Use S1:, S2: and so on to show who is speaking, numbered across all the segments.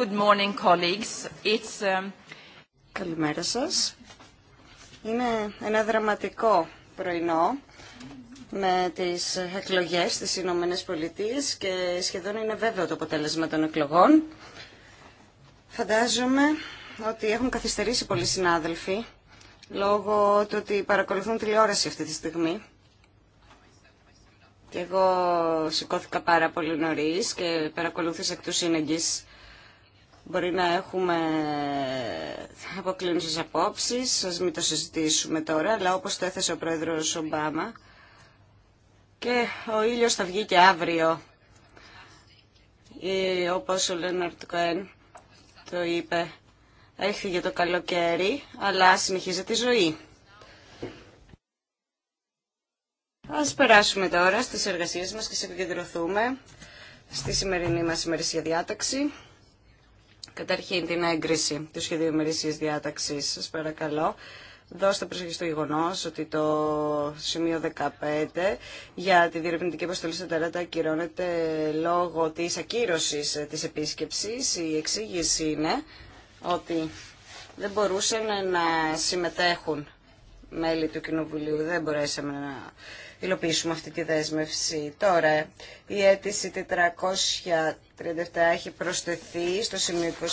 S1: Good
S2: um, Καλημέρα σας. Είναι ένα δραματικό πρωινό με τις εκλογές στις Ηνωμένε Πολιτείε και σχεδόν είναι βέβαιο το αποτέλεσμα των εκλογών. Φαντάζομαι ότι έχουν καθυστερήσει πολλοί συνάδελφοι λόγω του ότι παρακολουθούν τηλεόραση αυτή τη στιγμή. Και εγώ σηκώθηκα πάρα πολύ νωρί και παρακολούθησα εκ του Μπορεί να έχουμε αποκλίνουσες απόψεις, σας μην το συζητήσουμε τώρα, αλλά όπως το έθεσε ο Πρόεδρος Ομπάμα, και ο ήλιος θα βγει και αύριο, ή, ε, όπως ο Λέναρτ Κοέν το είπε, για το καλοκαίρι, αλλά συνεχίζει τη ζωή. Ας περάσουμε τώρα στις εργασίες μας και συγκεντρωθούμε στη σημερινή μας ημερήσια διάταξη. Καταρχήν την έγκριση του σχεδίου ημερήσιας διάταξης, σας παρακαλώ. Δώστε προσοχή στο γεγονό ότι το σημείο 15 για τη διερευνητική αποστολή στα τέρατα ακυρώνεται λόγω τη ακύρωση ε, της επίσκεψης. Η εξήγηση είναι ότι δεν μπορούσαν να συμμετέχουν μέλη του Κοινοβουλίου, δεν μπορέσαμε να υλοποιήσουμε αυτή τη δέσμευση. Τώρα, η αίτηση 437 έχει προσθεθεί στο σημείο 26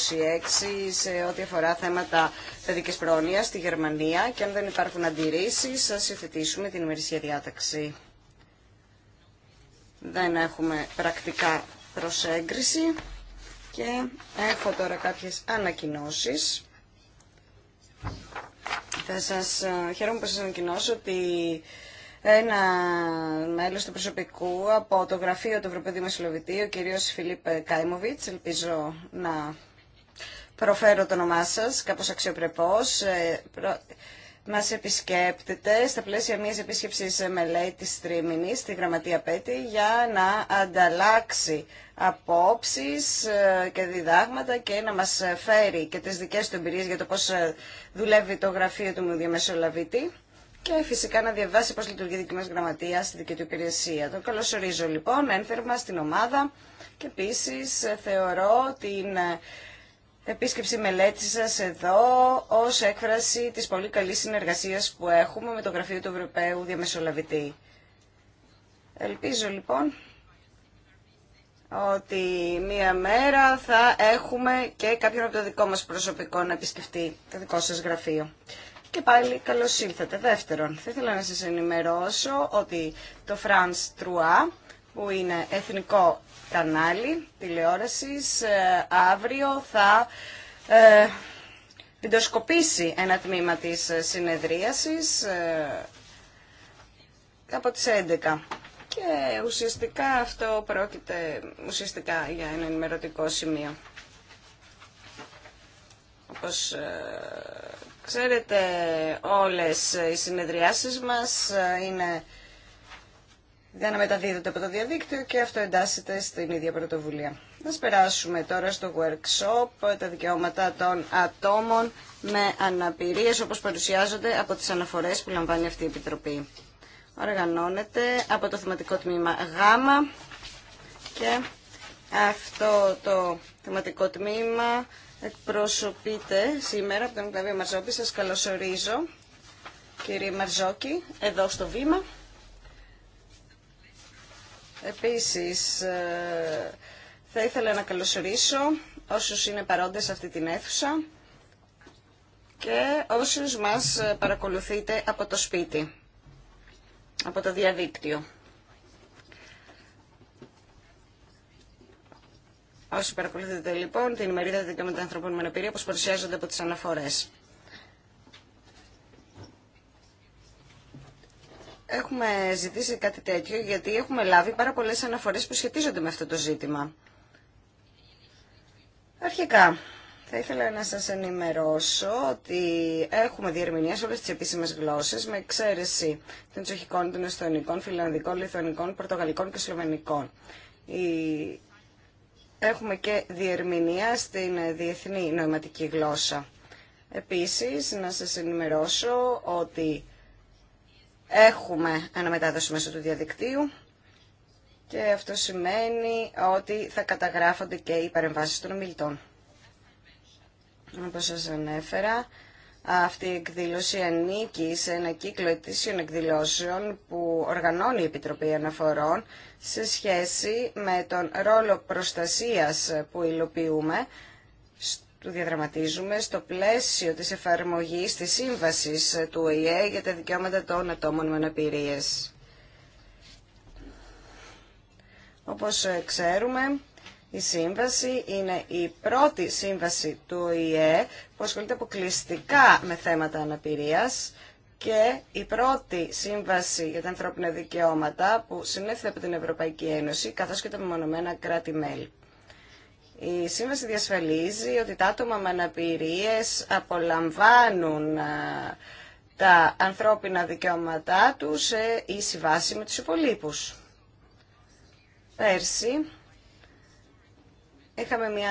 S2: σε ό,τι αφορά θέματα παιδικής πρόνοιας στη Γερμανία και αν δεν υπάρχουν αντιρρήσεις, θα υφετήσουμε την ημερησία διάταξη. Δεν έχουμε πρακτικά προσέγγιση και έχω τώρα κάποιες ανακοινώσεις. Θα σας χαίρομαι που σας ανακοινώσω ότι ένα μέλος του προσωπικού από το γραφείο του Ευρωπαϊκού Δημοσιολογητή, ο κυρίος Φιλίπ Κάιμοβιτς, ελπίζω να προφέρω το όνομά σας, κάπως αξιοπρεπώς, ε, μας επισκέπτεται στα πλαίσια μιας επίσκεψης μελέτης τρίμηνης στη Γραμματεία Πέτη για να ανταλλάξει απόψεις ε, και διδάγματα και να μας φέρει και τις δικές του εμπειρίες για το πώς ε, δουλεύει το γραφείο του Διαμεσολαβήτη και φυσικά να διαβάσει πώ λειτουργεί η δική μα γραμματεία στη δική του υπηρεσία. Το καλωσορίζω λοιπόν ένθερμα στην ομάδα και επίση ε, θεωρώ την ε, επίσκεψη μελέτη σα εδώ ω έκφραση τη πολύ καλή συνεργασία που έχουμε με το Γραφείο του Ευρωπαίου Διαμεσολαβητή. Ελπίζω λοιπόν ότι μία μέρα θα έχουμε και κάποιον από το δικό μας προσωπικό να επισκεφτεί το δικό σας γραφείο. Και πάλι καλώς ήλθατε. Δεύτερον, θα ήθελα να σας ενημερώσω ότι το France Trua, που είναι εθνικό κανάλι τηλεόρασης, ε, αύριο θα ε, ένα τμήμα της συνεδρίασης ε, από τις 11. Και ουσιαστικά αυτό πρόκειται ουσιαστικά για ένα ενημερωτικό σημείο. Όπως ε, Ξέρετε, όλες οι συνεδριάσεις μας ε, είναι να μεταδίδονται από το διαδίκτυο και αυτό εντάσσεται στην ίδια πρωτοβουλία. Να περάσουμε τώρα στο workshop, τα δικαιώματα των ατόμων με αναπηρίες όπως παρουσιάζονται από τις αναφορές που λαμβάνει αυτή η Επιτροπή. Οργανώνεται από το θεματικό τμήμα ΓΑΜΑ και αυτό το θεματικό τμήμα εκπροσωπείτε σήμερα από τον Κλαβία Μαρζόκη. Σας καλωσορίζω, κύριε Μαρζόκη, εδώ στο βήμα. Επίσης, ε, θα ήθελα να καλωσορίσω όσους είναι παρόντες σε αυτή την αίθουσα και όσους μας παρακολουθείτε από το σπίτι, από το διαδίκτυο. Όσοι παρακολουθείτε λοιπόν την ημερίδα δικαιωμάτων ανθρώπων με αναπηρία, όπω παρουσιάζονται από τι αναφορέ. Έχουμε ζητήσει κάτι τέτοιο γιατί έχουμε λάβει πάρα πολλέ αναφορέ που σχετίζονται με αυτό το ζήτημα. Αρχικά, θα ήθελα να σας ενημερώσω ότι έχουμε διερμηνία σε όλες τις επίσημες γλώσσες με εξαίρεση των τσοχικών, των εστονικών, φιλανδικών, λιθωνικών, πορτογαλικών και σλοβενικών. Η έχουμε και διερμηνία στην διεθνή νοηματική γλώσσα. Επίσης, να σας ενημερώσω ότι έχουμε αναμετάδοση μέσω του διαδικτύου και αυτό σημαίνει ότι θα καταγράφονται και οι παρεμβάσεις των ομιλητών. Όπως σας ανέφερα, αυτή η εκδήλωση ανήκει σε ένα κύκλο ετήσιων εκδηλώσεων που οργανώνει η Επιτροπή Αναφορών σε σχέση με τον ρόλο προστασίας που υλοποιούμε, του διαδραματίζουμε στο πλαίσιο της εφαρμογής της σύμβασης του ΟΗΕ για τα δικαιώματα των ατόμων με αναπηρίες. Όπως ξέρουμε, η σύμβαση είναι η πρώτη σύμβαση του ΟΗΕ που ασχολείται αποκλειστικά με θέματα αναπηρίας και η πρώτη σύμβαση για τα ανθρώπινα δικαιώματα που συνέφθηκε από την Ευρωπαϊκή Ένωση καθώς και τα μεμονωμένα κράτη-μέλη. Η σύμβαση διασφαλίζει ότι τα άτομα με αναπηρίες απολαμβάνουν τα ανθρώπινα δικαιώματά τους σε ίση βάση με τους υπολείπους. Πέρσι, Είχαμε μια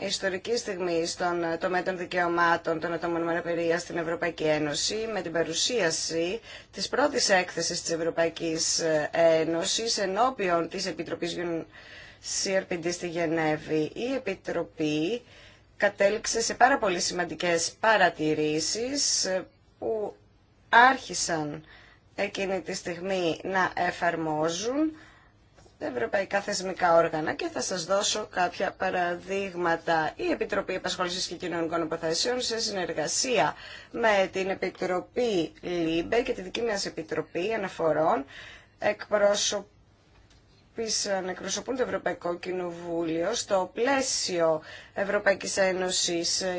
S2: ιστορική στιγμή στον τομέα των δικαιωμάτων των ατόμων με αναπηρία στην Ευρωπαϊκή Ένωση με την παρουσίαση της πρώτης έκθεσης της Ευρωπαϊκής ε, Ένωσης ενώπιον της Επιτροπής CRPD στη Γενέβη. Η Επιτροπή κατέληξε σε πάρα πολύ σημαντικές παρατηρήσεις ε, που άρχισαν εκείνη τη στιγμή να εφαρμόζουν ευρωπαϊκά θεσμικά όργανα και θα σας δώσω κάποια παραδείγματα. Η Επιτροπή Επασχόλησης και Κοινωνικών Υποθέσεων σε συνεργασία με την Επιτροπή ΛΥΜΠΕ και τη δική μας Επιτροπή Αναφορών εκπροσωπήσαν, εκπροσωπούν το Ευρωπαϊκό Κοινοβούλιο στο πλαίσιο Ευρωπαϊκής Ένωσης ε,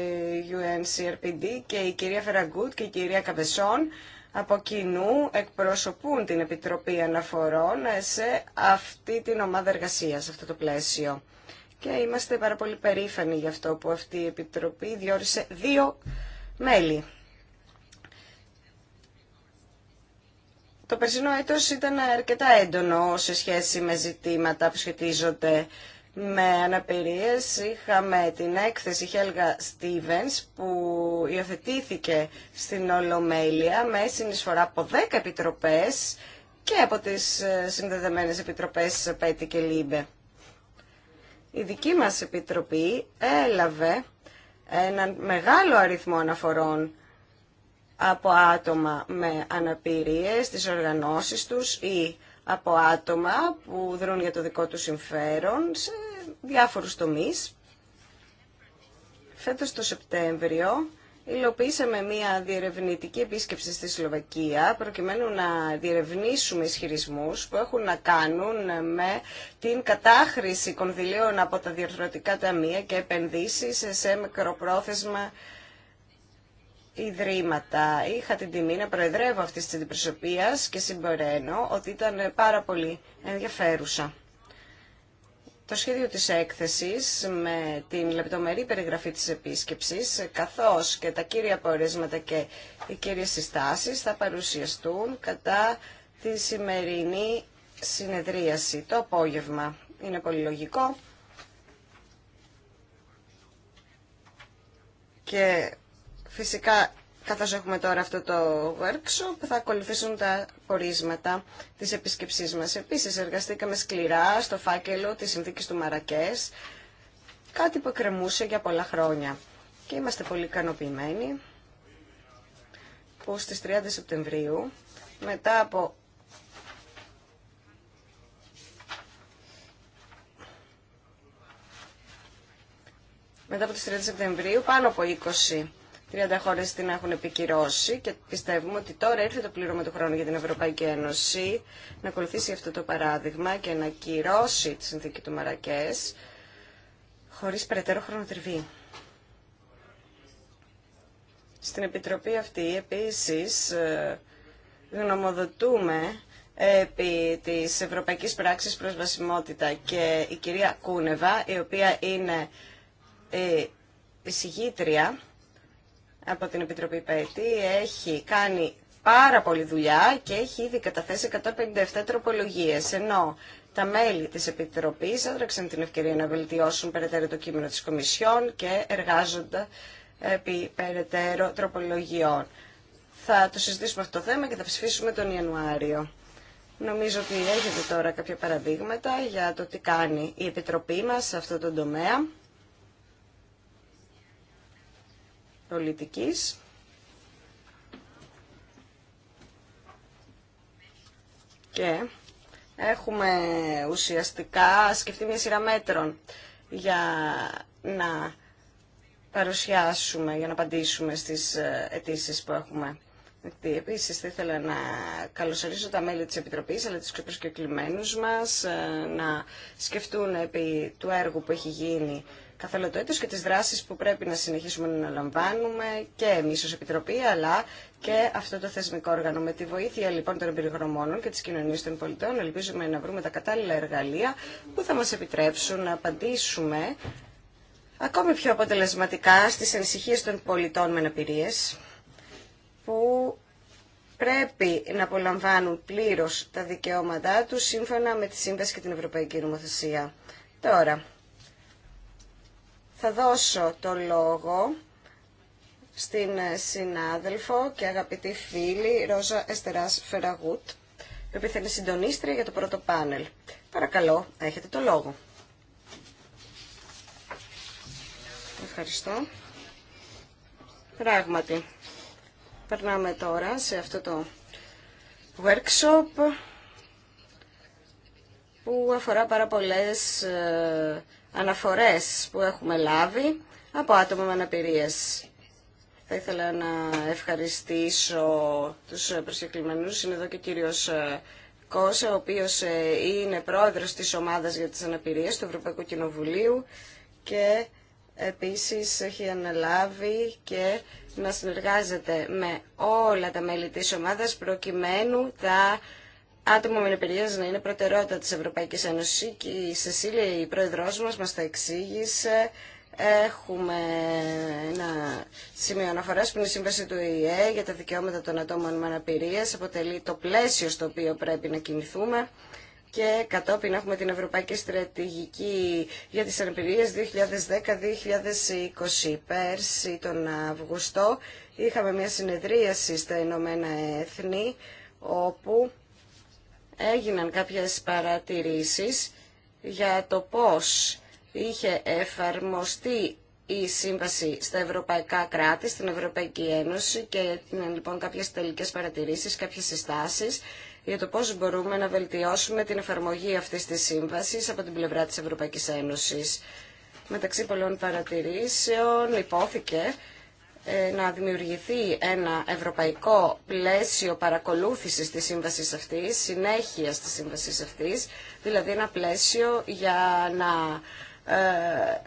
S2: UNCRPD και η κυρία Φεραγκούτ και η κυρία Καβεσόν από κοινού εκπροσωπούν την Επιτροπή Αναφορών σε αυτή την ομάδα εργασία, σε αυτό το πλαίσιο. Και είμαστε πάρα πολύ περήφανοι γι' αυτό που αυτή η Επιτροπή διόρισε δύο μέλη. Το περσινό έτος ήταν αρκετά έντονο σε σχέση με ζητήματα που σχετίζονται με αναπηρίες. Είχαμε την έκθεση Χέλγα Στίβενς που υιοθετήθηκε στην Ολομέλεια με συνεισφορά από 10 επιτροπές και από τις ε, συνδεδεμένες επιτροπές ΠΕΤΗ και ΛΥΜΠΕ. Η δική μας επιτροπή έλαβε έναν μεγάλο αριθμό αναφορών από άτομα με αναπηρίες, τι οργανώσεις τους ή από άτομα που δρούν για το δικό του συμφέρον σε διάφορους τομείς. Φέτος το Σεπτέμβριο υλοποιήσαμε μια διερευνητική επίσκεψη στη Σλοβακία προκειμένου να διερευνήσουμε ισχυρισμού που έχουν να κάνουν με την κατάχρηση κονδυλίων από τα διορθωτικά ταμεία και επενδύσεις σε μικροπρόθεσμα ιδρύματα. Είχα την τιμή να προεδρεύω αυτή τη αντιπροσωπεία και συμποραίνω ότι ήταν πάρα πολύ ενδιαφέρουσα. Το σχέδιο της έκθεσης με την λεπτομερή περιγραφή της επίσκεψης, καθώς και τα κύρια πορίσματα και οι κύριες συστάσεις θα παρουσιαστούν κατά τη σημερινή συνεδρίαση το απόγευμα. Είναι πολύ λογικό. Και Φυσικά, καθώς έχουμε τώρα αυτό το workshop, θα ακολουθήσουν τα πορίσματα της επισκεψής μας. Επίσης, εργαστήκαμε σκληρά στο φάκελο της συνθήκης του Μαρακές, κάτι που κρεμούσε για πολλά χρόνια. Και είμαστε πολύ ικανοποιημένοι που στις 30 Σεπτεμβρίου, μετά από μετά από τις 30 Σεπτεμβρίου, πάνω από 20 30 χώρες την έχουν επικυρώσει και πιστεύουμε ότι τώρα ήρθε το πλήρωμα του χρόνου για την Ευρωπαϊκή Ένωση να ακολουθήσει αυτό το παράδειγμα και να κυρώσει τη συνθήκη του Μαρακές χωρίς περαιτέρω χρονοτριβή. Στην Επιτροπή αυτή επίσης ε, γνωμοδοτούμε επί της Ευρωπαϊκής Πράξης Προσβασιμότητα και η κυρία Κούνεβα, η οποία είναι ε, η συγγήτρια από την Επιτροπή Πέτη έχει κάνει πάρα πολλή δουλειά και έχει ήδη καταθέσει 157 τροπολογίες, ενώ τα μέλη της Επιτροπής έδραξαν την ευκαιρία να βελτιώσουν περαιτέρω το κείμενο της Κομισιόν και εργάζονται επί περαιτέρω τροπολογιών. Θα το συζητήσουμε αυτό το θέμα και θα ψηφίσουμε τον Ιανουάριο. Νομίζω ότι έχετε τώρα κάποια παραδείγματα για το τι κάνει η Επιτροπή μας σε αυτό το τομέα. πολιτικής. Και έχουμε ουσιαστικά σκεφτεί μια σειρά μέτρων για να παρουσιάσουμε, για να απαντήσουμε στις ε, αιτήσει που έχουμε. επίση θα ήθελα να καλωσορίσω τα μέλη της Επιτροπής, αλλά του προσκεκλημένου μας, ε, να σκεφτούν επί του έργου που έχει γίνει καθόλου το έτος και τις δράσεις που πρέπει να συνεχίσουμε να αναλαμβάνουμε και εμείς ως Επιτροπή αλλά και αυτό το θεσμικό όργανο. Με τη βοήθεια λοιπόν των εμπειρογνωμόνων και της κοινωνίας των πολιτών ελπίζουμε να βρούμε τα κατάλληλα εργαλεία που θα μας επιτρέψουν να απαντήσουμε ακόμη πιο αποτελεσματικά στις ανησυχίες των πολιτών με αναπηρίες που πρέπει να απολαμβάνουν πλήρως τα δικαιώματά τους σύμφωνα με τη Σύμβαση και την Ευρωπαϊκή Νομοθεσία. Τώρα, θα δώσω το λόγο στην συνάδελφο και αγαπητή φίλη Ρόζα Εστεράς Φεραγούτ, η οποία θα είναι συντονίστρια για το πρώτο πάνελ. Παρακαλώ, έχετε το λόγο. Ευχαριστώ. Πράγματι, περνάμε τώρα σε αυτό το workshop που αφορά πάρα πολλές ε, αναφορές που έχουμε λάβει από άτομα με αναπηρίες. Θα ήθελα να ευχαριστήσω τους προσκεκλημένους. Είναι εδώ και ο κύριος ε, Κώσα, ο οποίος ε, είναι πρόεδρος της Ομάδας για τις Αναπηρίες του Ευρωπαϊκού Κοινοβουλίου και επίσης έχει αναλάβει και να συνεργάζεται με όλα τα μέλη της ομάδας προκειμένου τα άτομο με αναπηρία να είναι προτεραιότητα της Ευρωπαϊκής Ένωσης και η Σεσίλια, η πρόεδρός μας, μας τα εξήγησε. Έχουμε ένα σημείο αναφορά που είναι η Σύμβαση του ΙΕ για τα δικαιώματα των ατόμων με αναπηρία. Αποτελεί το πλαίσιο στο οποίο πρέπει να κινηθούμε και κατόπιν έχουμε την Ευρωπαϊκή Στρατηγική για τις Αναπηρίες 2010-2020. Πέρσι τον Αυγουστό είχαμε μια συνεδρίαση στα Ηνωμένα Έθνη όπου έγιναν κάποιες παρατηρήσεις για το πώς είχε εφαρμοστεί η σύμβαση στα ευρωπαϊκά κράτη, στην Ευρωπαϊκή Ένωση και έγιναν λοιπόν κάποιες τελικές παρατηρήσεις, κάποιες συστάσεις για το πώς μπορούμε να βελτιώσουμε την εφαρμογή αυτής της σύμβασης από την πλευρά της Ευρωπαϊκής Ένωσης. Μεταξύ πολλών παρατηρήσεων υπόθηκε ε, να δημιουργηθεί ένα ευρωπαϊκό πλαίσιο παρακολούθησης της σύμβασης αυτής, συνέχεια της σύμβασης αυτής, δηλαδή ένα πλαίσιο για να ε,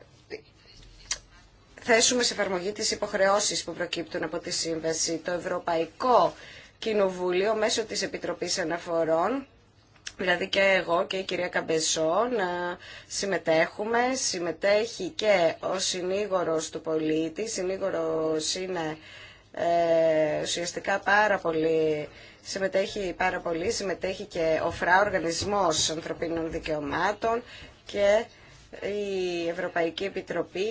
S2: θέσουμε σε εφαρμογή τις υποχρεώσεις που προκύπτουν από τη σύμβαση. Το Ευρωπαϊκό Κοινοβούλιο μέσω της Επιτροπής Αναφορών Δηλαδή και εγώ και η κυρία να ε, συμμετέχουμε, συμμετέχει και ο συνήγορος του πολίτη. Συνήγορος είναι ε, ουσιαστικά πάρα πολύ, συμμετέχει πάρα πολύ, συμμετέχει και ο ΦΡΑ, Οργανισμός Ανθρωπίνων Δικαιωμάτων και η Ευρωπαϊκή Επιτροπή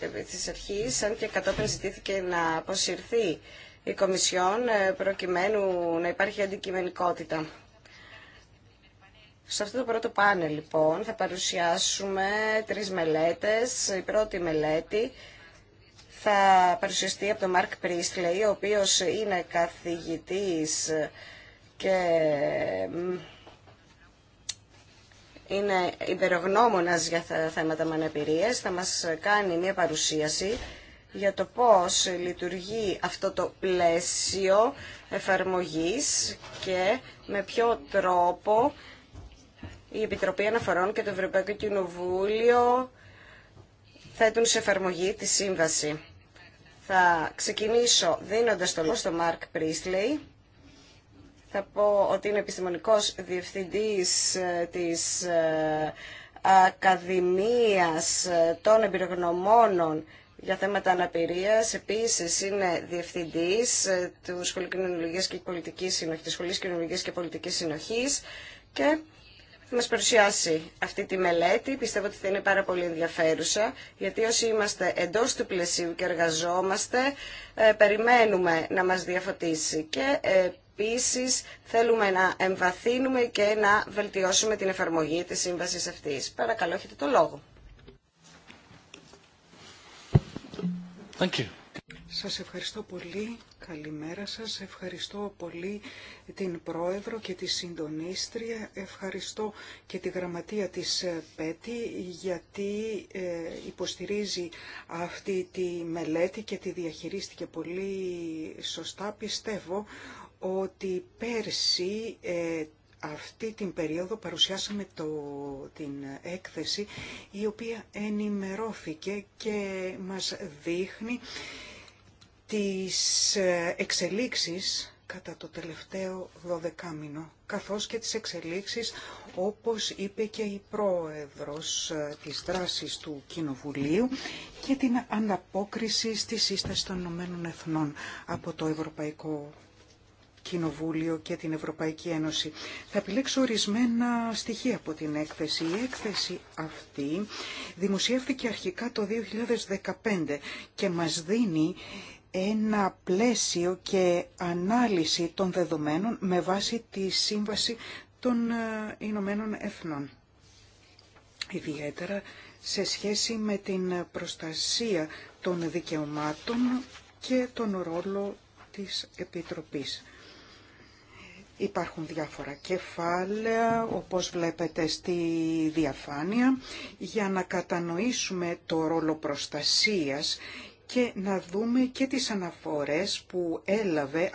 S2: ε, της αρχής, αν και κατόπιν ζητήθηκε να αποσυρθεί η Κομισιόν ε, προκειμένου να υπάρχει αντικειμενικότητα. Σε αυτό το πρώτο πάνελ, λοιπόν, θα παρουσιάσουμε τρεις μελέτες. Η πρώτη μελέτη θα παρουσιαστεί από τον Μάρκ Πρίστλεϊ, ο οποίος είναι καθηγητής και είναι υπερογνώμονας για θέματα με αναπηρίες. Θα μας κάνει μια παρουσίαση για το πώς λειτουργεί αυτό το πλαίσιο εφαρμογής και με ποιο τρόπο η Επιτροπή Αναφορών και το Ευρωπαϊκό Κοινοβούλιο θέτουν σε εφαρμογή τη σύμβαση. Θα ξεκινήσω δίνοντας το λόγο στο Μάρκ Πρίσλεϊ. Θα πω ότι είναι επιστημονικός διευθυντής ε, της ε, Ακαδημίας ε, των Εμπειρογνωμόνων για θέματα αναπηρίας. Επίσης είναι διευθυντής του Σχολείου Κοινωνικής και Πολιτικής Συνοχής, και Πολιτικής και θα μας παρουσιάσει αυτή τη μελέτη. Πιστεύω ότι θα είναι πάρα πολύ ενδιαφέρουσα, γιατί όσοι είμαστε εντός του πλαισίου και εργαζόμαστε, ε, περιμένουμε να μας διαφωτίσει και ε, επίσης θέλουμε να εμβαθύνουμε και να βελτιώσουμε την εφαρμογή της σύμβασης αυτής. Παρακαλώ, έχετε το λόγο.
S1: Thank
S3: Σας ευχαριστώ πολύ Καλημέρα σας. Ευχαριστώ πολύ την Πρόεδρο και τη Συντονίστρια. Ευχαριστώ και τη Γραμματεία της ε, ΠΕΤΗ γιατί ε, υποστηρίζει αυτή τη μελέτη και τη διαχειρίστηκε πολύ σωστά. Πιστεύω ότι πέρσι ε, αυτή την περίοδο παρουσιάσαμε το, την έκθεση η οποία ενημερώθηκε και μας δείχνει τις ε, εξελίξεις κατά το τελευταίο 12 καθώς και τις εξελίξεις, όπως είπε και η πρόεδρος ε, της δράσης του Κοινοβουλίου και την ανταπόκριση στη σύσταση των Ηνωμένων Εθνών από το Ευρωπαϊκό Κοινοβούλιο και την Ευρωπαϊκή Ένωση. Θα επιλέξω ορισμένα στοιχεία από την έκθεση. Η έκθεση αυτή δημοσιεύθηκε αρχικά το 2015 και μας δίνει ένα πλαίσιο και ανάλυση των δεδομένων με βάση τη Σύμβαση των ε, Ηνωμένων Εθνών. Ιδιαίτερα σε σχέση με την προστασία των δικαιωμάτων και τον ρόλο της Επιτροπής. Υπάρχουν διάφορα κεφάλαια, όπως βλέπετε στη διαφάνεια, για να κατανοήσουμε το ρόλο προστασίας και να δούμε και τις αναφορές που έλαβε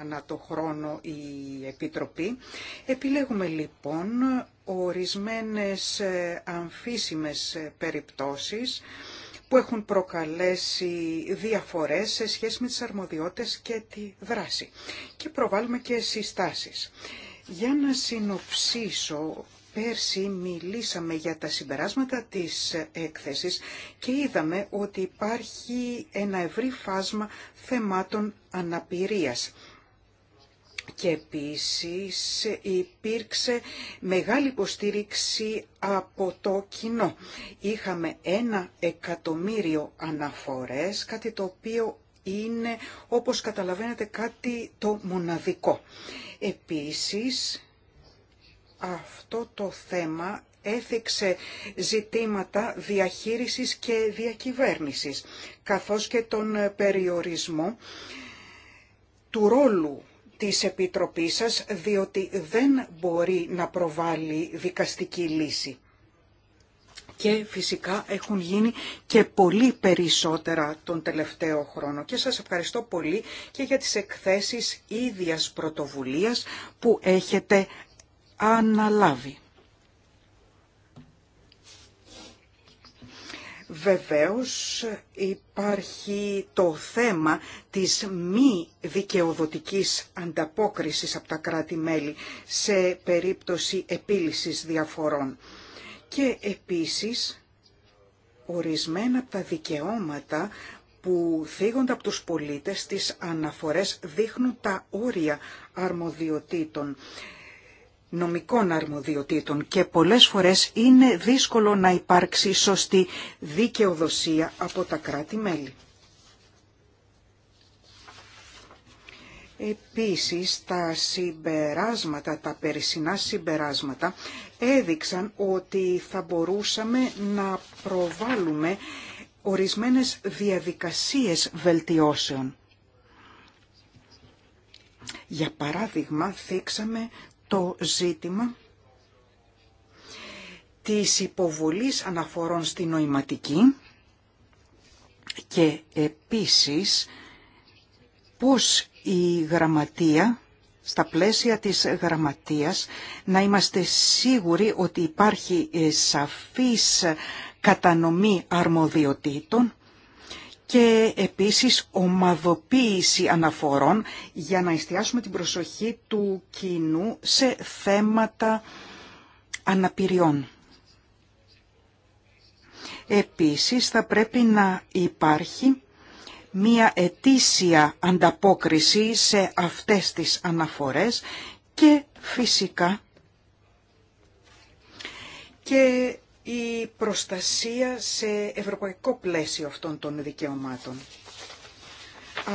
S3: ανά το χρόνο η Επιτροπή. Επιλέγουμε λοιπόν ορισμένες ε, αμφίσιμες ε, περιπτώσεις που έχουν προκαλέσει διαφορές σε σχέση με τις αρμοδιότητες και τη δράση. Και προβάλλουμε και συστάσεις. Για να συνοψίσω Πέρσι μιλήσαμε για τα συμπεράσματα της έκθεσης και είδαμε ότι υπάρχει ένα ευρύ φάσμα θεμάτων αναπηρίας. Και επίσης υπήρξε μεγάλη υποστήριξη από το κοινό. Είχαμε ένα εκατομμύριο αναφορές, κάτι το οποίο είναι, όπως καταλαβαίνετε, κάτι το μοναδικό. Επίσης, αυτό το θέμα έθιξε ζητήματα διαχείρισης και διακυβέρνησης, καθώς και τον περιορισμό του ρόλου της Επιτροπής σας, διότι δεν μπορεί να προβάλλει δικαστική λύση. Και φυσικά έχουν γίνει και πολύ περισσότερα τον τελευταίο χρόνο. Και σας ευχαριστώ πολύ και για τις εκθέσεις ίδιας πρωτοβουλίας που έχετε αναλάβει. Βεβαίως υπάρχει το θέμα της μη δικαιοδοτικής ανταπόκρισης από τα κράτη-μέλη σε περίπτωση επίλυσης διαφορών. Και επίσης ορισμένα από τα δικαιώματα που θίγονται από τους πολίτες στις αναφορές δείχνουν τα όρια αρμοδιοτήτων νομικών αρμοδιοτήτων και πολλές φορές είναι δύσκολο να υπάρξει σωστή δικαιοδοσία από τα κράτη-μέλη. Επίσης, τα συμπεράσματα, τα περσινά συμπεράσματα έδειξαν ότι θα μπορούσαμε να προβάλλουμε ορισμένες διαδικασίες βελτιώσεων. Για παράδειγμα, θίξαμε το ζήτημα της υποβολής αναφορών στη νοηματική και επίσης πώς η γραμματεία, στα πλαίσια της γραμματείας, να είμαστε σίγουροι ότι υπάρχει ε, σαφής κατανομή αρμοδιοτήτων και επίσης ομαδοποίηση αναφορών για να εστιάσουμε την προσοχή του κοινού σε θέματα αναπηριών. Επίσης θα πρέπει να υπάρχει μία ετήσια ανταπόκριση σε αυτές τις αναφορές και φυσικά η προστασία σε ευρωπαϊκό πλαίσιο αυτών των δικαιωμάτων.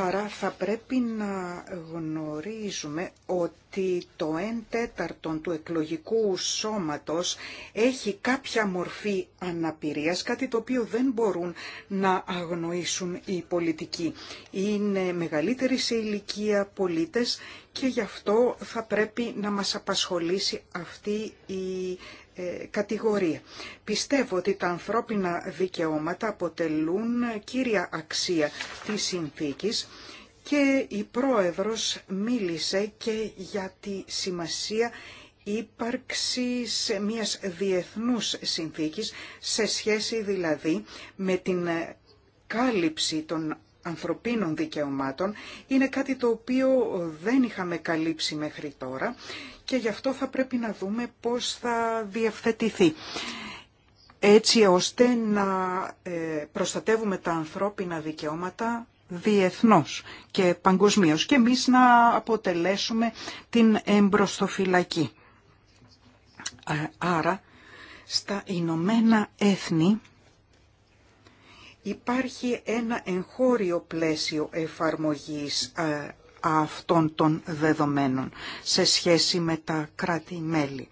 S3: Άρα θα πρέπει να γνωρίζουμε ότι το 1 τέταρτο του εκλογικού σώματος έχει κάποια μορφή αναπηρίας, κάτι το οποίο δεν μπορούν να αγνοήσουν οι πολιτικοί. Είναι μεγαλύτερη σε ηλικία πολίτες και γι' αυτό θα πρέπει να μας απασχολήσει αυτή η ε, κατηγορία. Πιστεύω ότι τα ανθρώπινα δικαιώματα αποτελούν κύρια αξία της συνθήκης και η πρόεδρος μίλησε και για τη σημασία ύπαρξης μιας διεθνούς συνθήκης σε σχέση δηλαδή με την κάλυψη των ανθρωπίνων δικαιωμάτων είναι κάτι το οποίο δεν είχαμε καλύψει μέχρι τώρα και γι' αυτό θα πρέπει να δούμε πώς θα διευθετηθεί. Έτσι ώστε να ε, προστατεύουμε τα ανθρώπινα δικαιώματα διεθνώς και παγκοσμίως και εμείς να αποτελέσουμε την εμπροστοφυλακή. Άρα, στα Ηνωμένα Έθνη υπάρχει ένα εγχώριο πλαίσιο εφαρμογής ε, αυτών των δεδομένων σε σχέση με τα κράτη-μέλη.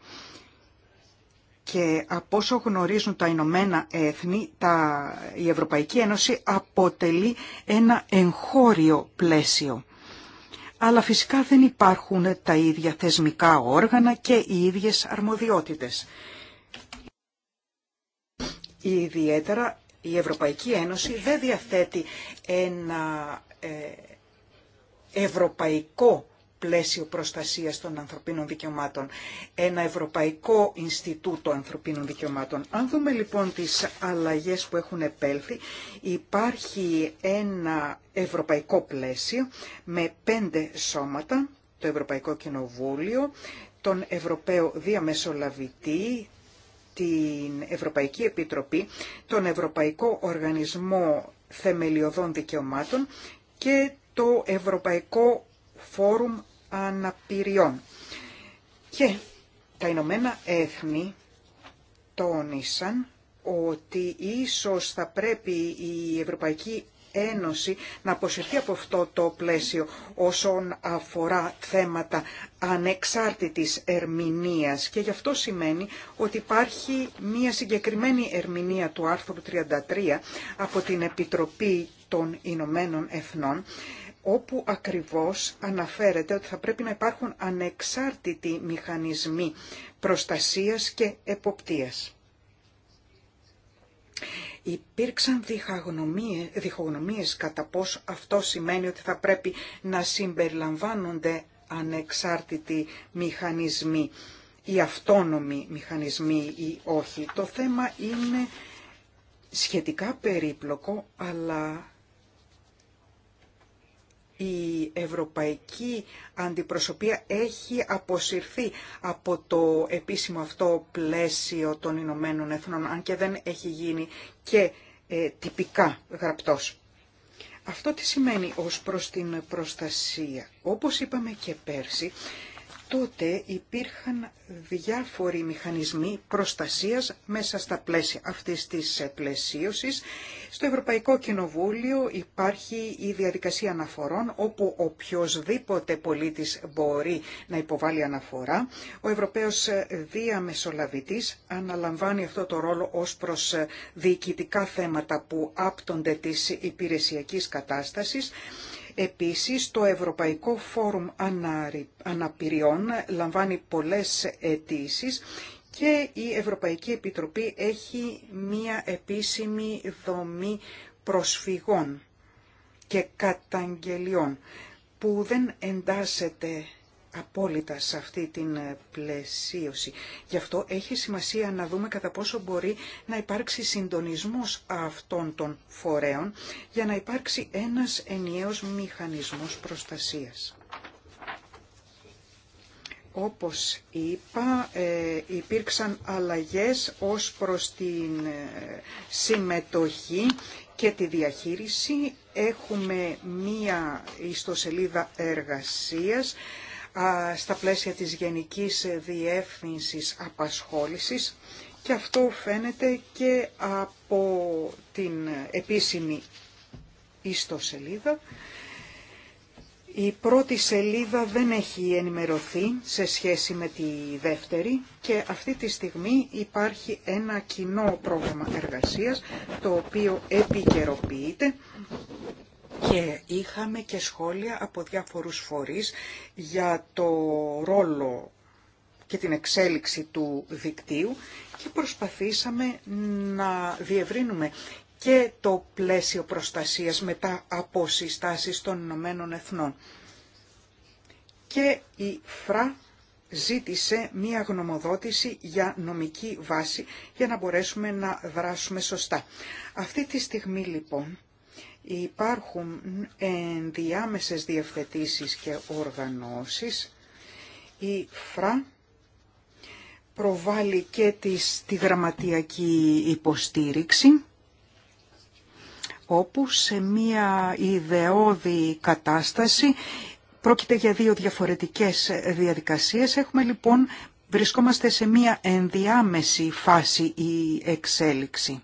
S3: Και από όσο γνωρίζουν τα Ηνωμένα Έθνη, τα, η Ευρωπαϊκή Ένωση αποτελεί ένα εγχώριο πλαίσιο. Αλλά φυσικά δεν υπάρχουν τα ίδια θεσμικά όργανα και οι ίδιες αρμοδιότητες. Ιδιαίτερα η Ευρωπαϊκή Ένωση δεν διαθέτει ένα ε, ευρωπαϊκό πλαίσιο προστασίας των ανθρωπίνων δικαιωμάτων, ένα Ευρωπαϊκό Ινστιτούτο Ανθρωπίνων Δικαιωμάτων. Αν δούμε λοιπόν τις αλλαγές που έχουν επέλθει, υπάρχει ένα ευρωπαϊκό πλαίσιο με πέντε σώματα, το Ευρωπαϊκό Κοινοβούλιο, τον Ευρωπαίο Διαμεσολαβητή, την Ευρωπαϊκή Επιτροπή, τον Ευρωπαϊκό Οργανισμό Θεμελιωδών Δικαιωμάτων και το Ευρωπαϊκό Φόρουμ Αναπηριών. Και τα Ηνωμένα Έθνη τόνισαν ότι ίσως θα πρέπει η Ευρωπαϊκή Ένωση να αποσυρθεί από αυτό το πλαίσιο όσον αφορά θέματα ανεξάρτητης ερμηνείας και γι' αυτό σημαίνει ότι υπάρχει μία συγκεκριμένη ερμηνεία του άρθρου 33 από την Επιτροπή των Ηνωμένων Εθνών όπου ακριβώς αναφέρεται ότι θα πρέπει να υπάρχουν ανεξάρτητοι μηχανισμοί προστασίας και εποπτείας. Υπήρξαν διχογνωμίες κατά πώς αυτό σημαίνει ότι θα πρέπει να συμπεριλαμβάνονται ανεξάρτητοι μηχανισμοί ή αυτόνομοι μηχανισμοί ή όχι. Το θέμα είναι σχετικά περίπλοκο, αλλά η ευρωπαϊκή αντιπροσωπεία έχει αποσυρθεί από το επίσημο αυτό πλαίσιο των Ηνωμένων Εθνών, αν και δεν έχει γίνει και ε, τυπικά γραπτός. Αυτό τι σημαίνει ως προς την προστασία. Όπως είπαμε και πέρσι, τότε υπήρχαν διάφοροι μηχανισμοί προστασίας μέσα στα πλαίσια αυτής της πλαισίωσης. Στο Ευρωπαϊκό Κοινοβούλιο υπάρχει η διαδικασία αναφορών όπου οποιοδήποτε πολίτης μπορεί να υποβάλει αναφορά. Ο Ευρωπαίος Διαμεσολαβητής αναλαμβάνει αυτό το ρόλο ως προς διοικητικά θέματα που άπτονται της υπηρεσιακής κατάστασης Επίσης, το Ευρωπαϊκό Φόρουμ Αναπηριών λαμβάνει πολλές αιτήσει και η Ευρωπαϊκή Επιτροπή έχει μία επίσημη δομή προσφυγών και καταγγελιών που δεν εντάσσεται απόλυτα σε αυτή την ε, πλαισίωση. Γι' αυτό έχει σημασία να δούμε κατά πόσο μπορεί να υπάρξει συντονισμός αυτών των φορέων για να υπάρξει ένας ενιαίος μηχανισμός προστασίας. Όπως είπα, ε, υπήρξαν αλλαγές ως προς την ε, συμμετοχή και τη διαχείριση. Έχουμε μία ιστοσελίδα εργασίας στα πλαίσια της Γενικής Διεύθυνσης Απασχόλησης και αυτό φαίνεται και από την επίσημη ιστοσελίδα. Η πρώτη σελίδα δεν έχει ενημερωθεί σε σχέση με τη δεύτερη και αυτή τη στιγμή υπάρχει ένα κοινό πρόγραμμα εργασίας το οποίο επικαιροποιείται και είχαμε και σχόλια από διάφορους φορείς για το ρόλο και την εξέλιξη του δικτύου και προσπαθήσαμε να διευρύνουμε και το πλαίσιο προστασίας μετά από συστάσεις των Ηνωμένων Εθνών. Και η ΦΡΑ ζήτησε μία γνωμοδότηση για νομική βάση για να μπορέσουμε να δράσουμε σωστά. Αυτή τη στιγμή λοιπόν Υπάρχουν ενδιάμεσες διευθετήσεις και οργανώσεις. Η ΦΡΑ προβάλλει και τη, τη γραμματιακή υποστήριξη όπου σε μία ιδεώδη κατάσταση πρόκειται για δύο διαφορετικές διαδικασίες. Έχουμε λοιπόν, βρισκόμαστε σε μία ενδιάμεση φάση η εξέλιξη.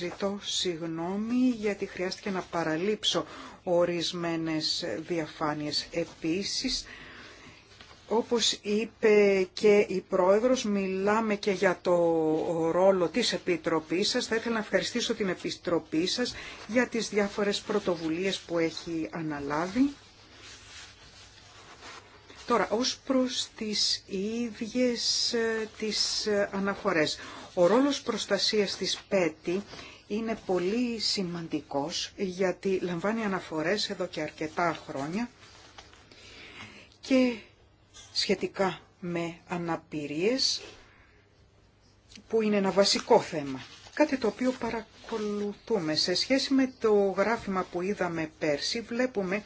S3: Ζητώ συγγνώμη γιατί χρειάστηκε να παραλείψω ορισμένες διαφάνειες. Επίσης, όπως είπε και η Πρόεδρος, μιλάμε και για το ρόλο της Επιτροπής σας. Θα ήθελα να ευχαριστήσω την Επιτροπή σας για τις διάφορες πρωτοβουλίες που έχει αναλάβει. Τώρα, ως προς τις ίδιες ε, τις ε, αναφορές. Ο ρόλος προστασίας της ΠΕΤΗ είναι πολύ σημαντικός γιατί λαμβάνει αναφορές εδώ και αρκετά χρόνια και σχετικά με αναπηρίες που είναι ένα βασικό θέμα. Κάτι το οποίο παρακολουθούμε. Σε σχέση με το γράφημα που είδαμε πέρσι βλέπουμε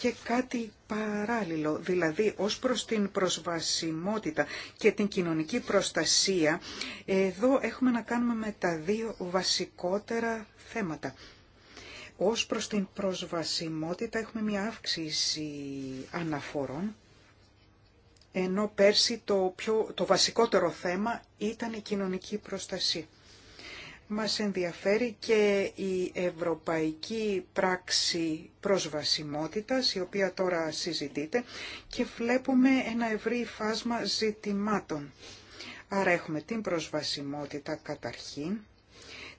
S3: και κάτι παράλληλο, δηλαδή ως προς την προσβασιμότητα και την κοινωνική προστασία, εδώ έχουμε να κάνουμε με τα δύο βασικότερα θέματα. Ως προς την προσβασιμότητα έχουμε μια αύξηση αναφορών, ενώ πέρσι το, πιο, το βασικότερο θέμα ήταν η κοινωνική προστασία. Μας ενδιαφέρει και η ευρωπαϊκή πράξη προσβασιμότητας, η οποία τώρα συζητείται, και βλέπουμε ένα ευρύ φάσμα ζητημάτων. Άρα έχουμε την προσβασιμότητα καταρχήν,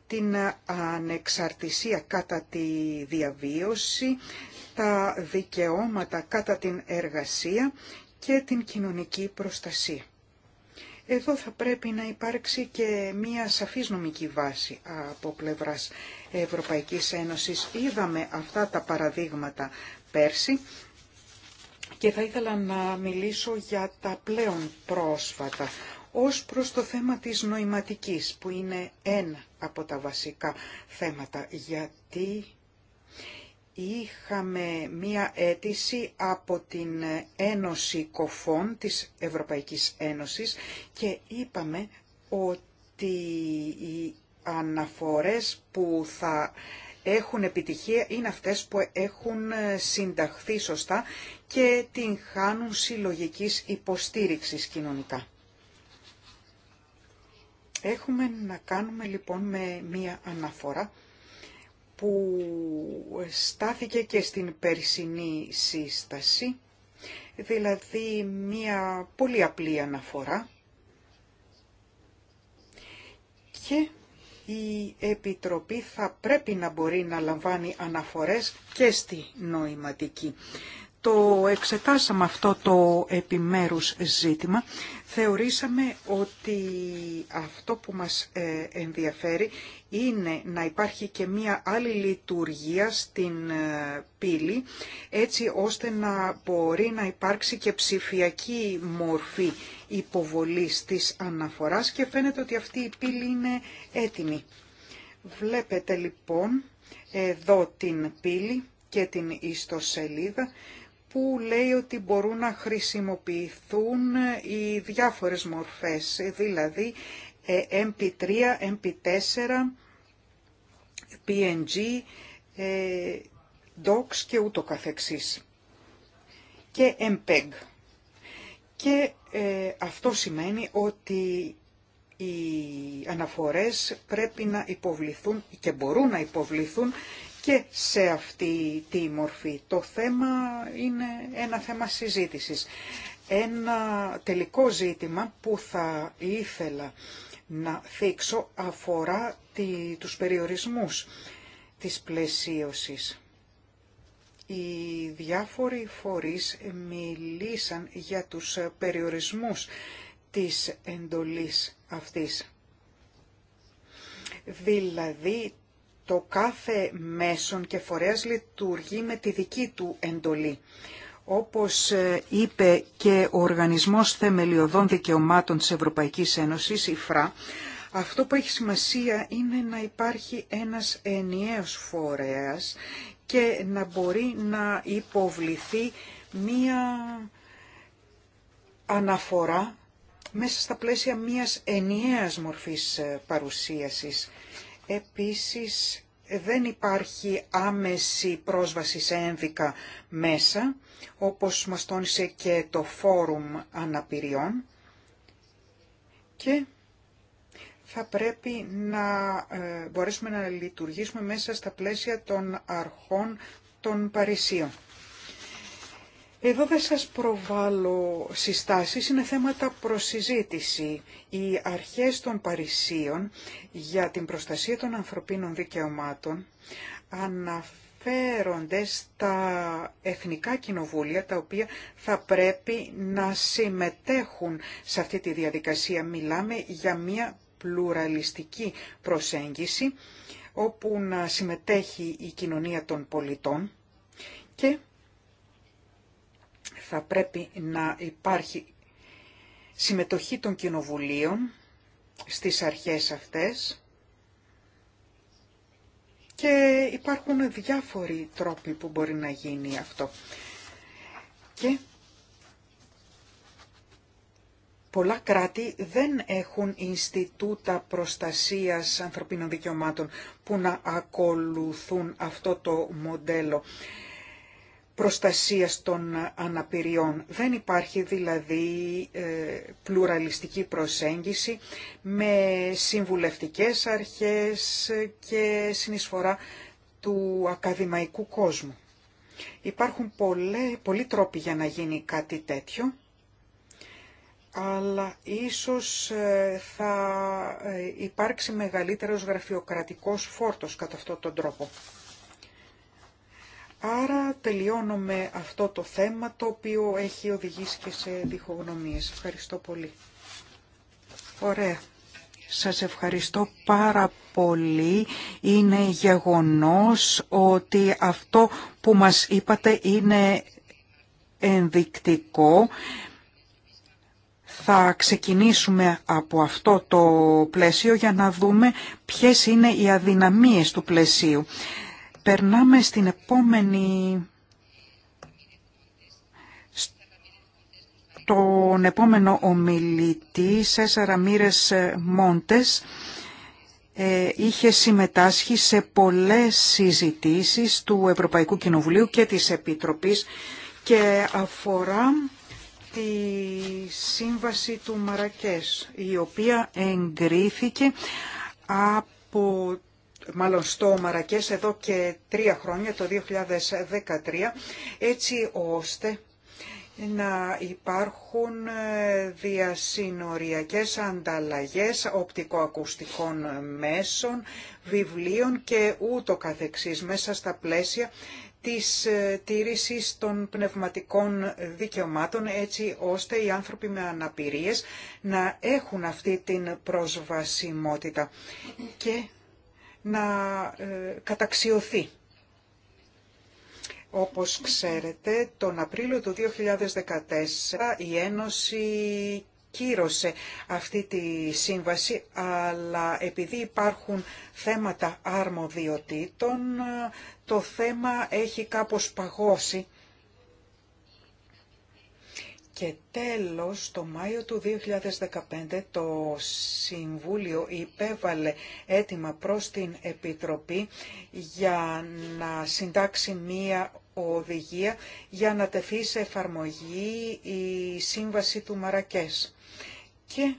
S3: την ανεξαρτησία κατά τη διαβίωση, τα δικαιώματα κατά την εργασία και την κοινωνική προστασία. Εδώ θα πρέπει να υπάρξει και μία σαφής νομική βάση από πλευράς Ευρωπαϊκής Ένωσης. Είδαμε αυτά τα παραδείγματα πέρσι και θα ήθελα να μιλήσω για τα πλέον πρόσφατα ως προς το θέμα της νοηματικής που είναι ένα από τα βασικά θέματα γιατί είχαμε μία αίτηση από την Ένωση Κοφών της Ευρωπαϊκής Ένωσης και είπαμε ότι οι αναφορές που θα έχουν επιτυχία είναι αυτές που έχουν συνταχθεί σωστά και την χάνουν συλλογικής υποστήριξης κοινωνικά. Έχουμε να κάνουμε λοιπόν με μία αναφορά που στάθηκε και στην περσινή σύσταση, δηλαδή μία πολύ απλή αναφορά και η Επιτροπή θα πρέπει να μπορεί να λαμβάνει αναφορές και στη νοηματική το εξετάσαμε αυτό το επιμέρους ζήτημα, θεωρήσαμε ότι αυτό που μας ε, ενδιαφέρει είναι να υπάρχει και μία άλλη λειτουργία στην ε, πύλη, έτσι ώστε να μπορεί να υπάρξει και ψηφιακή μορφή υποβολής της αναφοράς και φαίνεται ότι αυτή η πύλη είναι έτοιμη. Βλέπετε λοιπόν εδώ την πύλη και την ιστοσελίδα που λέει ότι μπορούν να χρησιμοποιηθούν οι διάφορες μορφές, δηλαδή ε, MP3, MP4, PNG, ε, DOCS και ούτω καθεξής και MPEG. Και ε, αυτό σημαίνει ότι οι αναφορές πρέπει να υποβληθούν και μπορούν να υποβληθούν και σε αυτή τη μορφή. Το θέμα είναι ένα θέμα συζήτησης. Ένα τελικό ζήτημα που θα ήθελα να θίξω αφορά τη, τους περιορισμούς της πλαισίωσης. Οι διάφοροι φορείς μιλήσαν για τους περιορισμούς της εντολής αυτής. Δηλαδή το κάθε μέσον και φορέας λειτουργεί με τη δική του εντολή. Όπως ε, είπε και ο Οργανισμός Θεμελιωδών Δικαιωμάτων της Ευρωπαϊκής Ένωσης, η ΦΡΑ, αυτό που έχει σημασία είναι να υπάρχει ένας ενιαίος φορέας και να μπορεί να υποβληθεί μία αναφορά μέσα στα πλαίσια μιας ενιαίας μορφής ε, παρουσίασης. Επίσης δεν υπάρχει άμεση πρόσβαση σε ένδικα μέσα, όπως μας τόνισε και το Φόρουμ Αναπηριών. Και θα πρέπει να ε, μπορέσουμε να λειτουργήσουμε μέσα στα πλαίσια των αρχών των Παρισίων. Εδώ δεν σας προβάλλω συστάσεις, είναι θέματα προσυζήτηση. Οι αρχές των Παρισίων για την προστασία των ανθρωπίνων δικαιωμάτων αναφέρονται στα εθνικά κοινοβούλια τα οποία θα πρέπει να συμμετέχουν σε αυτή τη διαδικασία. Μιλάμε για μια πλουραλιστική προσέγγιση όπου να συμμετέχει η κοινωνία των πολιτών και θα πρέπει να υπάρχει συμμετοχή των κοινοβουλίων στις αρχές αυτές και υπάρχουν διάφοροι τρόποι που μπορεί να γίνει αυτό. Και πολλά κράτη δεν έχουν Ινστιτούτα Προστασίας Ανθρωπίνων Δικαιωμάτων που να ακολουθούν αυτό το μοντέλο προστασίας των αναπηριών. Δεν υπάρχει δηλαδή ε, πλουραλιστική προσέγγιση με συμβουλευτικές αρχές και συνεισφορά του ακαδημαϊκού κόσμου. Υπάρχουν πολλοί, πολλοί τρόποι για να γίνει κάτι τέτοιο, αλλά ίσως ε, θα ε, υπάρξει μεγαλύτερος γραφειοκρατικός φόρτος κατά αυτόν τον τρόπο. Άρα με αυτό το θέμα το οποίο έχει οδηγήσει και σε διχογνωμίες. Ευχαριστώ πολύ. Ωραία. Σας ευχαριστώ πάρα πολύ. Είναι γεγονός ότι αυτό που μας είπατε είναι ενδεικτικό. Θα ξεκινήσουμε από αυτό το πλαίσιο για να δούμε ποιες είναι οι αδυναμίες του πλαισίου περνάμε στην επόμενη... Τον επόμενο ομιλητή, Σέσσαρα Μύρες Μόντες, ε, είχε συμμετάσχει σε πολλές συζητήσεις του Ευρωπαϊκού Κοινοβουλίου και της Επιτροπής και αφορά τη σύμβαση του Μαρακές, η οποία εγκρίθηκε από μάλλον στο Μαρακές εδώ και τρία χρόνια, το 2013, έτσι ώστε να υπάρχουν ε, διασυνοριακές ανταλλαγές οπτικοακουστικών μέσων, βιβλίων και ούτω καθεξής μέσα στα πλαίσια της ε, τήρησης των πνευματικών δικαιωμάτων έτσι ώστε οι άνθρωποι με αναπηρίες να έχουν αυτή την προσβασιμότητα. Και να ε, καταξιωθεί. Όπως ξέρετε, τον Απρίλιο του 2014 η Ένωση κύρωσε αυτή τη σύμβαση, αλλά επειδή υπάρχουν θέματα αρμοδιοτήτων, το θέμα έχει κάπως παγώσει και τέλος, το Μάιο του 2015 το Συμβούλιο υπέβαλε έτοιμα προς την Επιτροπή για να συντάξει μία οδηγία για να τεθεί σε εφαρμογή η Σύμβαση του Μαρακές. Και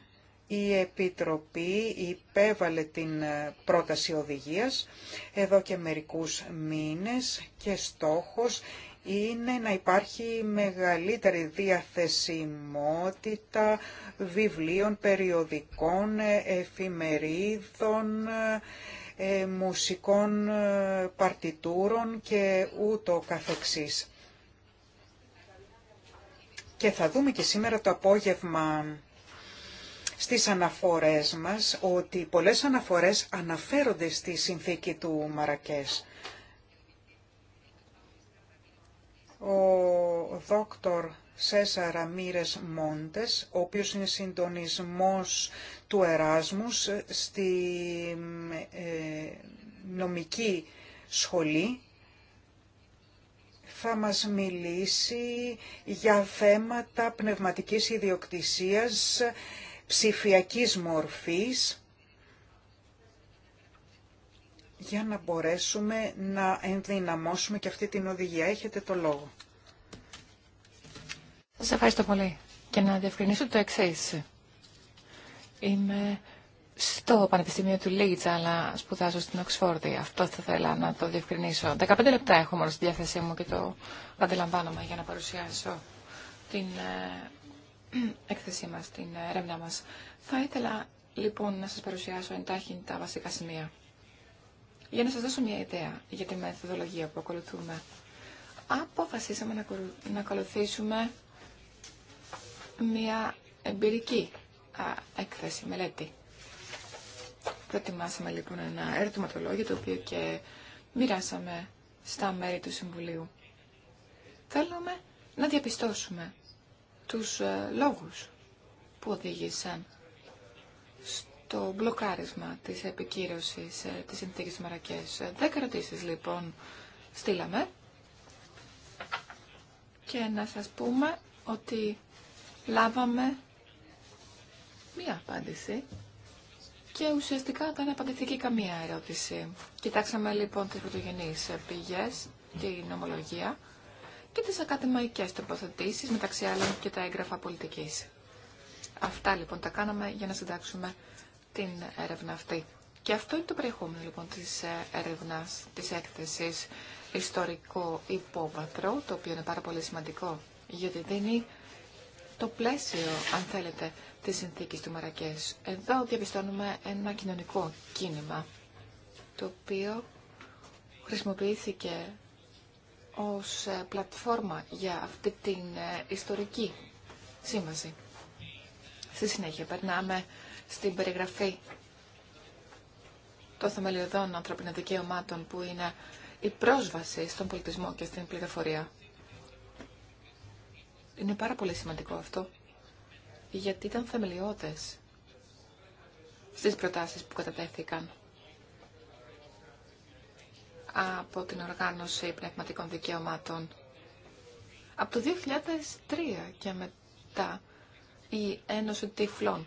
S3: η Επιτροπή υπέβαλε την πρόταση οδηγίας εδώ και μερικούς μήνες και στόχος είναι να υπάρχει μεγαλύτερη διαθεσιμότητα βιβλίων, περιοδικών, εφημερίδων, ε, μουσικών ε, παρτιτούρων και ούτω καθεξής. Και θα δούμε και σήμερα το απόγευμα στις αναφορές μας ότι πολλές αναφορές αναφέρονται στη συνθήκη του Μαρακές. ο δόκτωρ Σέσαρα Ραμίρες Μόντες, ο οποίος είναι συντονισμός του Εράσμους στη ε, νομική σχολή, θα μας μιλήσει για θέματα πνευματικής ιδιοκτησίας ψηφιακής μορφής για να μπορέσουμε να ενδυναμώσουμε και αυτή την οδηγία. Έχετε το λόγο.
S1: Σας ευχαριστώ πολύ. Και να διευκρινίσω το εξή. Είμαι στο Πανεπιστήμιο του Λίτσα, αλλά σπουδάζω στην Οξφόρδη. Αυτό θα ήθελα να το διευκρινίσω. 15 λεπτά έχω μόνο στη διάθεσή μου και το αντιλαμβάνομαι για να παρουσιάσω την ε, έκθεσή μας, την ε, έρευνά μας. Θα ήθελα λοιπόν να σας παρουσιάσω εντάχει τα βασικά σημεία. Για να σας δώσω μια ιδέα για τη μεθοδολογία που ακολουθούμε. Αποφασίσαμε να ακολουθήσουμε μια εμπειρική έκθεση, μελέτη. Προετοιμάσαμε λοιπόν ένα ερωτηματολόγιο το οποίο και μοιράσαμε στα μέρη του Συμβουλίου. Θέλουμε να διαπιστώσουμε τους ε, λόγους που οδήγησαν το μπλοκάρισμα της επικύρωσης ε, της συνθήκης της Μαρακές. Ε, δέκα ερωτήσεις λοιπόν στείλαμε και να σας πούμε ότι λάβαμε μία απάντηση και ουσιαστικά δεν απαντηθήκε καμία ερώτηση. Κοιτάξαμε λοιπόν τις πρωτογενείς πηγές, την νομολογία και τις ακαδημαϊκές τοποθετήσει, μεταξύ άλλων και τα έγγραφα πολιτικής. Αυτά λοιπόν τα κάναμε για να συντάξουμε την έρευνα αυτή. Και αυτό είναι το περιεχόμενο λοιπόν της ε, έρευνας, της έκθεσης ιστορικό υπόβαθρο, το οποίο είναι πάρα πολύ σημαντικό, γιατί δίνει το πλαίσιο, αν θέλετε, της συνθήκης του Μαρακές. Εδώ διαπιστώνουμε ένα κοινωνικό κίνημα, το οποίο χρησιμοποιήθηκε ως ε, πλατφόρμα για αυτή την ε, ιστορική σύμβαση. Στη συνέχεια περνάμε στην περιγραφή των θεμελιωδών ανθρωπινών δικαιωμάτων που είναι η πρόσβαση στον πολιτισμό και στην πληροφορία. Είναι πάρα πολύ σημαντικό αυτό, γιατί ήταν θεμελιώδες στις προτάσεις που κατατέθηκαν από την Οργάνωση Πνευματικών Δικαιωμάτων. Από το 2003 και μετά η Ένωση Τυφλών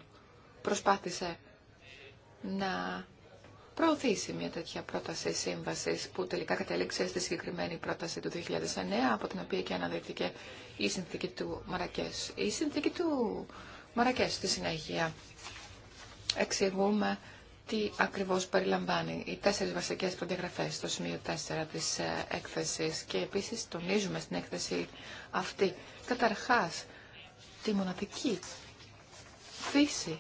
S1: προσπάθησε να προωθήσει μια τέτοια πρόταση σύμβαση που τελικά κατέληξε στη συγκεκριμένη πρόταση του 2009 από την οποία και αναδείχθηκε η συνθήκη του Μαρακές. Η συνθήκη του Μαρακές στη συνέχεια εξηγούμε τι ακριβώς περιλαμβάνει οι τέσσερις βασικές προδιαγραφές στο σημείο 4 της ε, έκθεσης και επίσης τονίζουμε στην έκθεση αυτή καταρχάς τη μοναδική φύση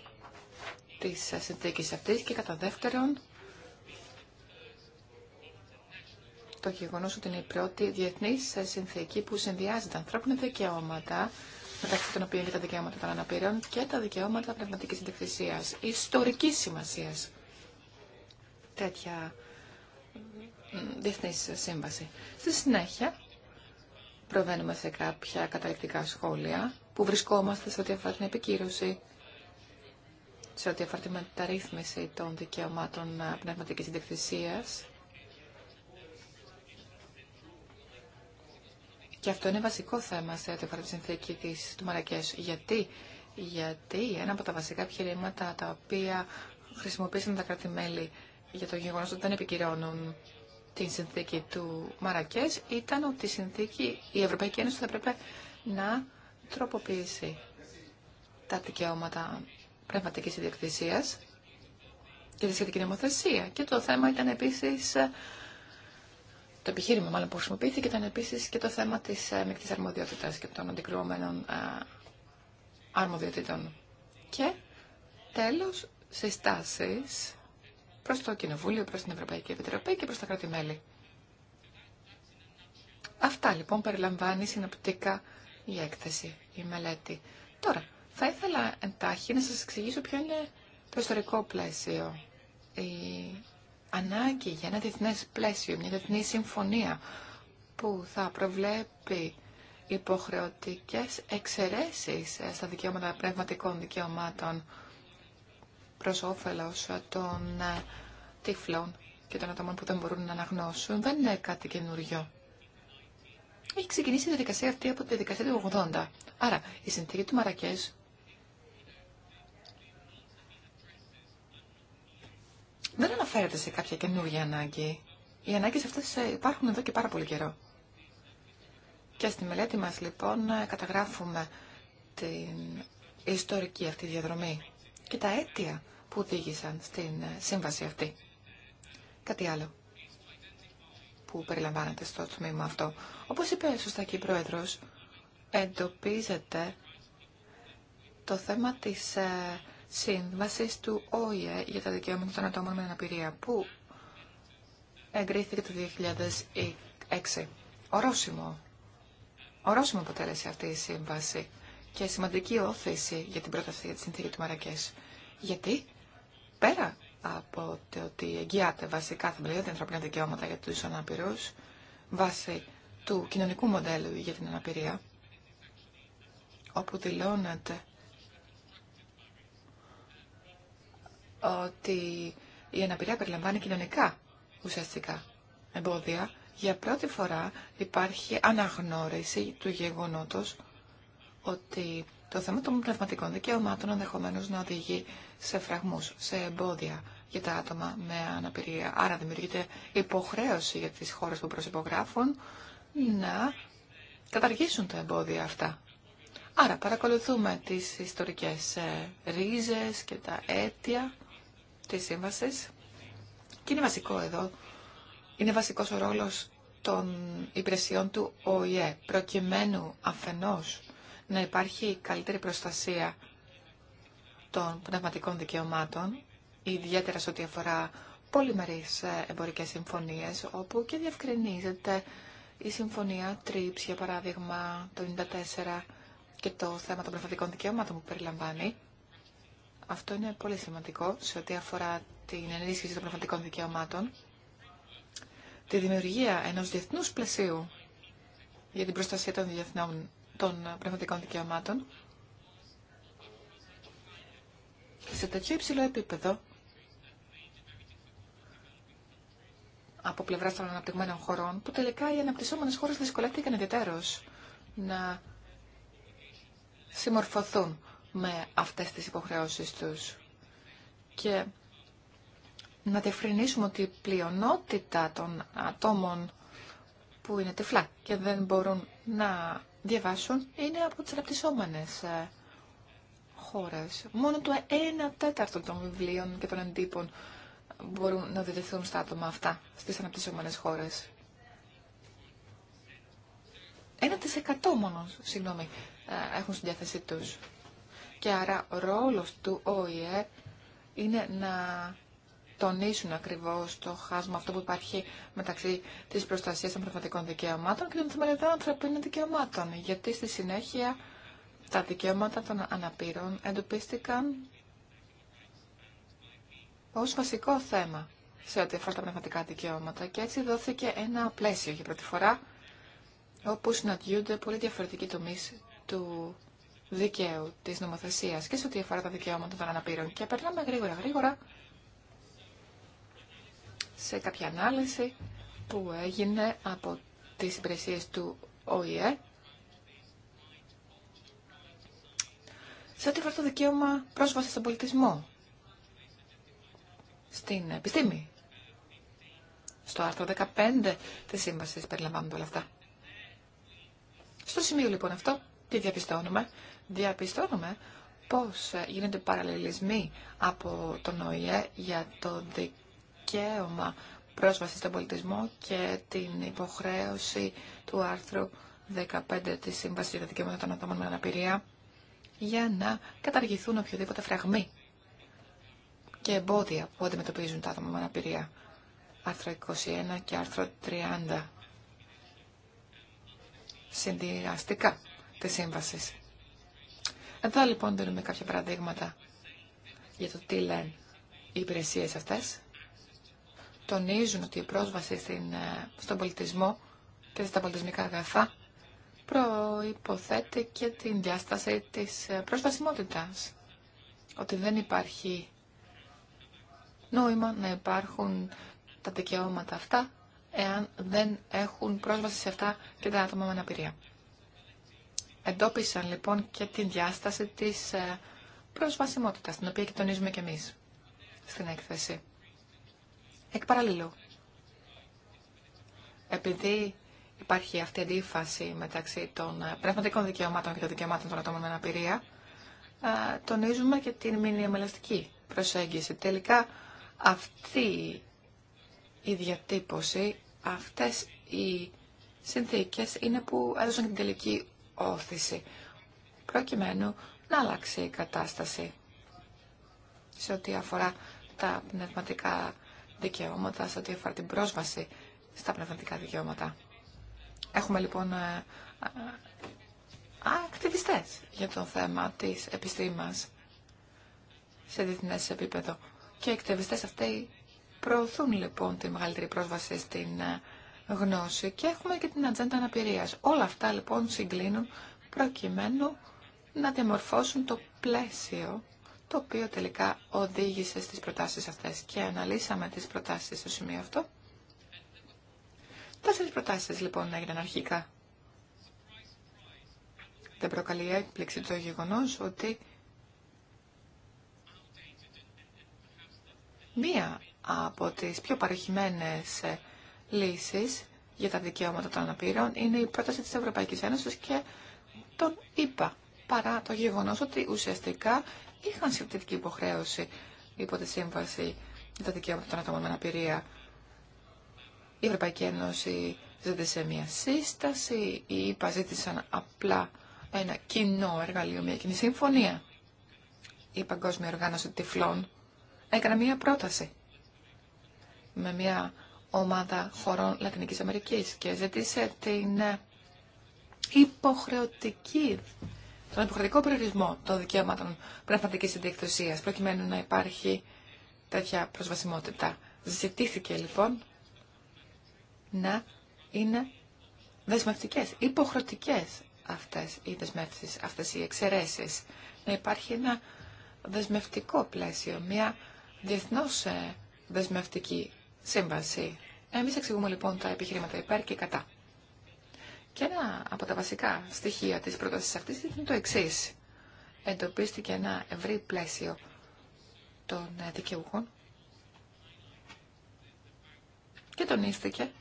S1: της συνθήκης αυτής και κατά δεύτερον το γεγονό ότι είναι η πρώτη διεθνή συνθήκη που συνδυάζει τα ανθρώπινα δικαιώματα, μεταξύ των οποίων και τα δικαιώματα των αναπηρών και τα δικαιώματα πνευματική συντεκτησίας, ιστορική σημασία. Τέτοια διεθνή σύμβαση. Στη συνέχεια, προβαίνουμε σε κάποια καταληκτικά σχόλια που βρισκόμαστε σε ό,τι αφορά την επικύρωση σε ό,τι αφορά τη μεταρρύθμιση των δικαιωμάτων ε, πνευματικής ιδιοκτησίας. Και αυτό είναι βασικό θέμα σε ό,τι αφορά τη συνθήκη της, του Μαρακές. Γιατί? Γιατί ένα από τα βασικά επιχειρήματα τα οποία χρησιμοποίησαν τα κράτη-μέλη για το γεγονός ότι δεν επικυρώνουν την συνθήκη του Μαρακές ήταν ότι η, συνθήκη, η Ευρωπαϊκή Ένωση θα έπρεπε να τροποποιήσει τα δικαιώματα Πνευματική ιδιοκτησία και τη σχετική νομοθεσία. Και το θέμα ήταν επίσης, ε, το επιχείρημα μάλλον που χρησιμοποιήθηκε ήταν επίση και το θέμα τη ε, μεικτή αρμοδιότητα και των αντικρουόμενων ε, αρμοδιοτήτων. Και τέλος, συστάσει προ το Κοινοβούλιο, προ την Ευρωπαϊκή Επιτροπή και προ τα κράτη-μέλη. Αυτά λοιπόν περιλαμβάνει συνοπτικά η έκθεση, η μελέτη. Τώρα, θα ήθελα εντάχει να σας εξηγήσω ποιο είναι το ιστορικό πλαίσιο. Η ανάγκη για ένα διεθνές πλαίσιο, μια διεθνή συμφωνία που θα προβλέπει υποχρεωτικές εξαιρέσεις στα δικαιώματα πνευματικών δικαιωμάτων προς όφελος των τυφλών και των ατόμων που δεν μπορούν να αναγνώσουν δεν είναι κάτι καινούριο. Έχει ξεκινήσει η διαδικασία αυτή από τη δικασία του 80. Άρα η συνθήκη του Μαρακές δεν αναφέρεται σε κάποια καινούργια ανάγκη. Οι ανάγκε αυτές ε, υπάρχουν εδώ και πάρα πολύ καιρό. Και στη μελέτη μας λοιπόν ε, καταγράφουμε την ιστορική αυτή διαδρομή και τα αίτια που οδήγησαν στην ε, σύμβαση αυτή. Κάτι άλλο που περιλαμβάνεται στο τμήμα αυτό. Όπως είπε σωστά και η Πρόεδρος, εντοπίζεται το θέμα της Σύμβαση του ΟΗΕ για τα δικαιώματα των ατόμων με αναπηρία που εγκρίθηκε το 2006. Ορόσημο. Ορόσημο αποτέλεσε αυτή η σύμβαση και σημαντική όθηση για την πρόταση για τη συνθήκη του Μαρακές. Γιατί πέρα από το ότι εγγυάται βασικά θεμελιώδη ανθρωπίνα δικαιώματα για τους αναπηρούς βάσει του κοινωνικού μοντέλου για την αναπηρία όπου δηλώνεται ότι η αναπηρία περιλαμβάνει κοινωνικά ουσιαστικά εμπόδια. Για πρώτη φορά υπάρχει αναγνώριση του γεγονότος ότι το θέμα των πνευματικών δικαιωμάτων ενδεχομένω να οδηγεί σε φραγμούς, σε εμπόδια για τα άτομα με αναπηρία. Άρα δημιουργείται υποχρέωση για τις χώρες που προσυπογράφουν να καταργήσουν τα εμπόδια αυτά. Άρα παρακολουθούμε τις ιστορικές ε, ρίζες και τα αίτια Τη σύμβαση και είναι βασικό εδώ. Είναι βασικός ο ρόλος των υπηρεσιών του ΟΗΕ, προκειμένου αφενός να υπάρχει καλύτερη προστασία των πνευματικών δικαιωμάτων, ιδιαίτερα σε ό,τι αφορά πολυμερείς ε, εμπορικές συμφωνίες, όπου και διευκρινίζεται η Συμφωνία TRIPS, για παράδειγμα, το 1994 και το θέμα των πνευματικών δικαιωμάτων που περιλαμβάνει. Αυτό είναι πολύ σημαντικό σε ό,τι αφορά την ενίσχυση των πνευματικών δικαιωμάτων, τη δημιουργία ενός διεθνούς πλαισίου για την προστασία των διεθνών των πνευματικών δικαιωμάτων. Σε τέτοιο υψηλό επίπεδο, από πλευρά των αναπτυγμένων χωρών, που τελικά οι αναπτυσσόμενες χώρες δυσκολεύτηκαν ιδιαίτερως να συμμορφωθούν με αυτές τις υποχρεώσεις τους. Και να διευκρινίσουμε ότι η πλειονότητα των ατόμων που είναι τυφλά και δεν μπορούν να διαβάσουν είναι από τις αναπτυσσόμενες ε, χώρες. Μόνο το 1 τέταρτο των βιβλίων και των εντύπων μπορούν να διδεθούν στα άτομα αυτά στις αναπτυσσόμενες χώρες. 1% μόνο, συγγνώμη, ε, έχουν στην διάθεσή τους. Και άρα ο ρόλος του ΟΗΕ είναι να τονίσουν ακριβώς το χάσμα αυτό που υπάρχει μεταξύ της προστασίας των πνευματικών δικαιωμάτων και των θεμελιωτών ανθρωπίνων δικαιωμάτων. Γιατί στη συνέχεια τα δικαιώματα των αναπήρων εντοπίστηκαν ως βασικό θέμα σε ό,τι αφορά τα πνευματικά δικαιώματα και έτσι δόθηκε ένα πλαίσιο για πρώτη φορά όπου συναντιούνται πολύ διαφορετικοί τομείς του δικαίου, της νομοθεσίας και σε ό,τι αφορά τα δικαιώματα των αναπήρων. Και περνάμε γρήγορα γρήγορα σε κάποια ανάλυση που έγινε από τις υπηρεσίε του ΟΗΕ σε ό,τι αφορά το δικαίωμα πρόσβαση στον πολιτισμό, στην επιστήμη. Στο άρθρο 15 της σύμβασης περιλαμβάνονται όλα αυτά. Στο σημείο λοιπόν αυτό, τι διαπιστώνουμε, διαπιστώνουμε πώς γίνονται παραλληλισμοί από τον ΟΗΕ για το δικαίωμα πρόσβαση στον πολιτισμό και την υποχρέωση του άρθρου 15 της Σύμβασης για τα Δικαιώματα των Ατόμων με Αναπηρία για να καταργηθούν οποιοδήποτε φραγμή και εμπόδια που αντιμετωπίζουν τα άτομα με αναπηρία. Άρθρο 21 και άρθρο 30. Συνδυαστικά της σύμβασης. Εδώ λοιπόν δίνουμε κάποια παραδείγματα για το τι λένε οι υπηρεσίε αυτές. Τονίζουν ότι η πρόσβαση στην, ε, στον πολιτισμό και στα πολιτισμικά αγαθά προϋποθέτει και την διάσταση της ε, προσβασιμότητας. Ότι δεν υπάρχει νόημα να υπάρχουν τα δικαιώματα αυτά εάν δεν έχουν πρόσβαση σε αυτά και τα άτομα με αναπηρία. Εντόπισαν λοιπόν και την διάσταση της ε, προσβασιμότητας, την οποία και τονίζουμε και εμείς στην έκθεση. Εκ παραλληλού, επειδή υπάρχει αυτή η αντίφαση μεταξύ των ε, πνευματικών δικαιωμάτων και των δικαιωμάτων των ατόμων με αναπηρία, ε, τονίζουμε και την μηνιαμελαστική προσέγγιση. Τελικά, αυτή η διατύπωση, αυτές οι συνθήκες είναι που έδωσαν την τελική όθηση, προκειμένου να αλλάξει η κατάσταση σε ό,τι αφορά τα πνευματικά δικαιώματα, σε ό,τι αφορά την πρόσβαση στα πνευματικά δικαιώματα. Έχουμε λοιπόν ε, ε, ακτιβιστές για το θέμα της επιστήμας σε διεθνές επίπεδο. Και οι ακτιβιστές αυτοί προωθούν λοιπόν τη μεγαλύτερη πρόσβαση στην ε, και έχουμε και την ατζέντα αναπηρίας. Όλα αυτά λοιπόν συγκλίνουν προκειμένου να διαμορφώσουν το πλαίσιο το οποίο τελικά οδήγησε στις προτάσεις αυτές και αναλύσαμε τις προτάσεις στο σημείο αυτό. Τέσσερις προτάσεις λοιπόν έγιναν αρχικά. Δεν προκαλεί έκπληξη το γεγονός ότι μία από τις πιο παροχημένες Λύσεις για τα δικαιώματα των αναπήρων είναι η πρόταση τη ευρωπαϊκή ένωση και τον είπα παρά το γεγονός ότι ουσιαστικά είχαν σχετική υποχρέωση υπό τη σύμβαση για τα δικαιώματα των ατόμων με αναπηρία. Η Ευρωπαϊκή Ένωση ζήτησε μια σύσταση, οι ΙΠΑ ζήτησαν απλά ένα κοινό εργαλείο, μια κοινή συμφωνία. Η Παγκόσμια Οργάνωση Τυφλών έκανε μια πρόταση με μια ομάδα χωρών Λατινικής Αμερικής και ζήτησε την ε, υποχρεωτική, τον υποχρεωτικό περιορισμό των δικαιωμάτων πνευματικής ιδιοκτησίας προκειμένου να υπάρχει τέτοια προσβασιμότητα. Ζητήθηκε λοιπόν να είναι δεσμευτικές, υποχρεωτικές αυτές οι δεσμεύσεις, αυτές οι εξαιρέσεις. Να υπάρχει ένα δεσμευτικό πλαίσιο, μια διεθνώς ε, δεσμευτική σύμβαση. Εμείς εξηγούμε λοιπόν τα επιχειρήματα υπέρ και κατά. Και ένα από τα βασικά στοιχεία της πρότασης αυτής είναι το εξή. Εντοπίστηκε ένα ευρύ πλαίσιο των δικαιούχων και τονίστηκε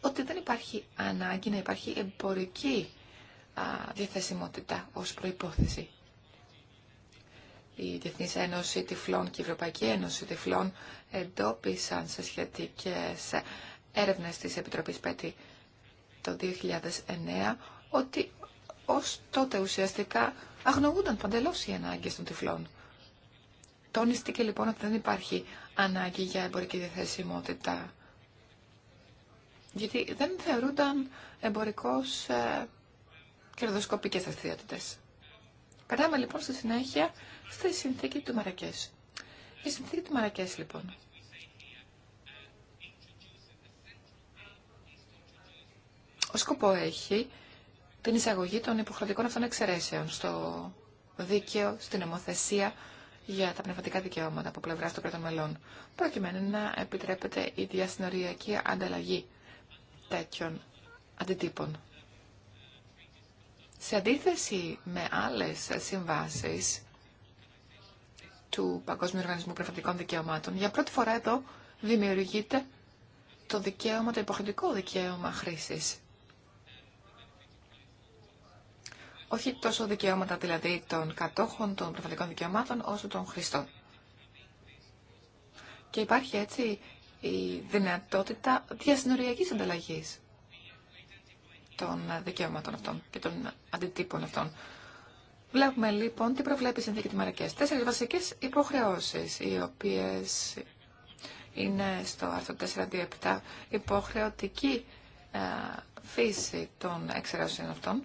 S1: ότι δεν υπάρχει ανάγκη να υπάρχει εμπορική διαθεσιμότητα ως προϋπόθεση η Διεθνή Ένωση Τυφλών και η Ευρωπαϊκή Ένωση Τυφλών εντόπισαν σε σχετικές έρευνες της Επιτροπής ΠΕΤΗ το 2009 ότι ως τότε ουσιαστικά αγνοούνταν παντελώ οι ανάγκε των τυφλών. Τόνιστηκε λοιπόν ότι δεν υπάρχει ανάγκη για εμπορική διαθεσιμότητα γιατί δεν θεωρούνταν εμπορικός ε, κερδοσκοπικές Περνάμε λοιπόν στη συνέχεια στη συνθήκη του Μαρακές. Η συνθήκη του Μαρακές λοιπόν. Ο σκοπό έχει την εισαγωγή των υποχρεωτικών αυτών εξαιρέσεων στο δίκαιο, στην νομοθεσία για τα πνευματικά δικαιώματα από πλευρά των κρατών μελών, προκειμένου να επιτρέπεται η διασυνοριακή ανταλλαγή τέτοιων αντιτύπων. Σε αντίθεση με άλλες συμβάσεις, του Παγκόσμιου Οργανισμού Πνευματικών Δικαιωμάτων. Για πρώτη φορά εδώ δημιουργείται το δικαίωμα, το υποχρεωτικό δικαίωμα χρήσης. Όχι τόσο δικαιώματα δηλαδή των κατόχων των πνευματικών δικαιωμάτων, όσο των χρηστών. Και υπάρχει έτσι η δυνατότητα διασυνοριακής ανταλλαγής των δικαιωμάτων αυτών και των αντιτύπων αυτών. Βλέπουμε λοιπόν τι προβλέπει η συνθήκη τη Μαρακέ. Τέσσερις βασικές υποχρεώσεις, οι οποίες είναι στο άρθρο 4.7 υποχρεωτική ε, φύση των εξαιρέσεων αυτών.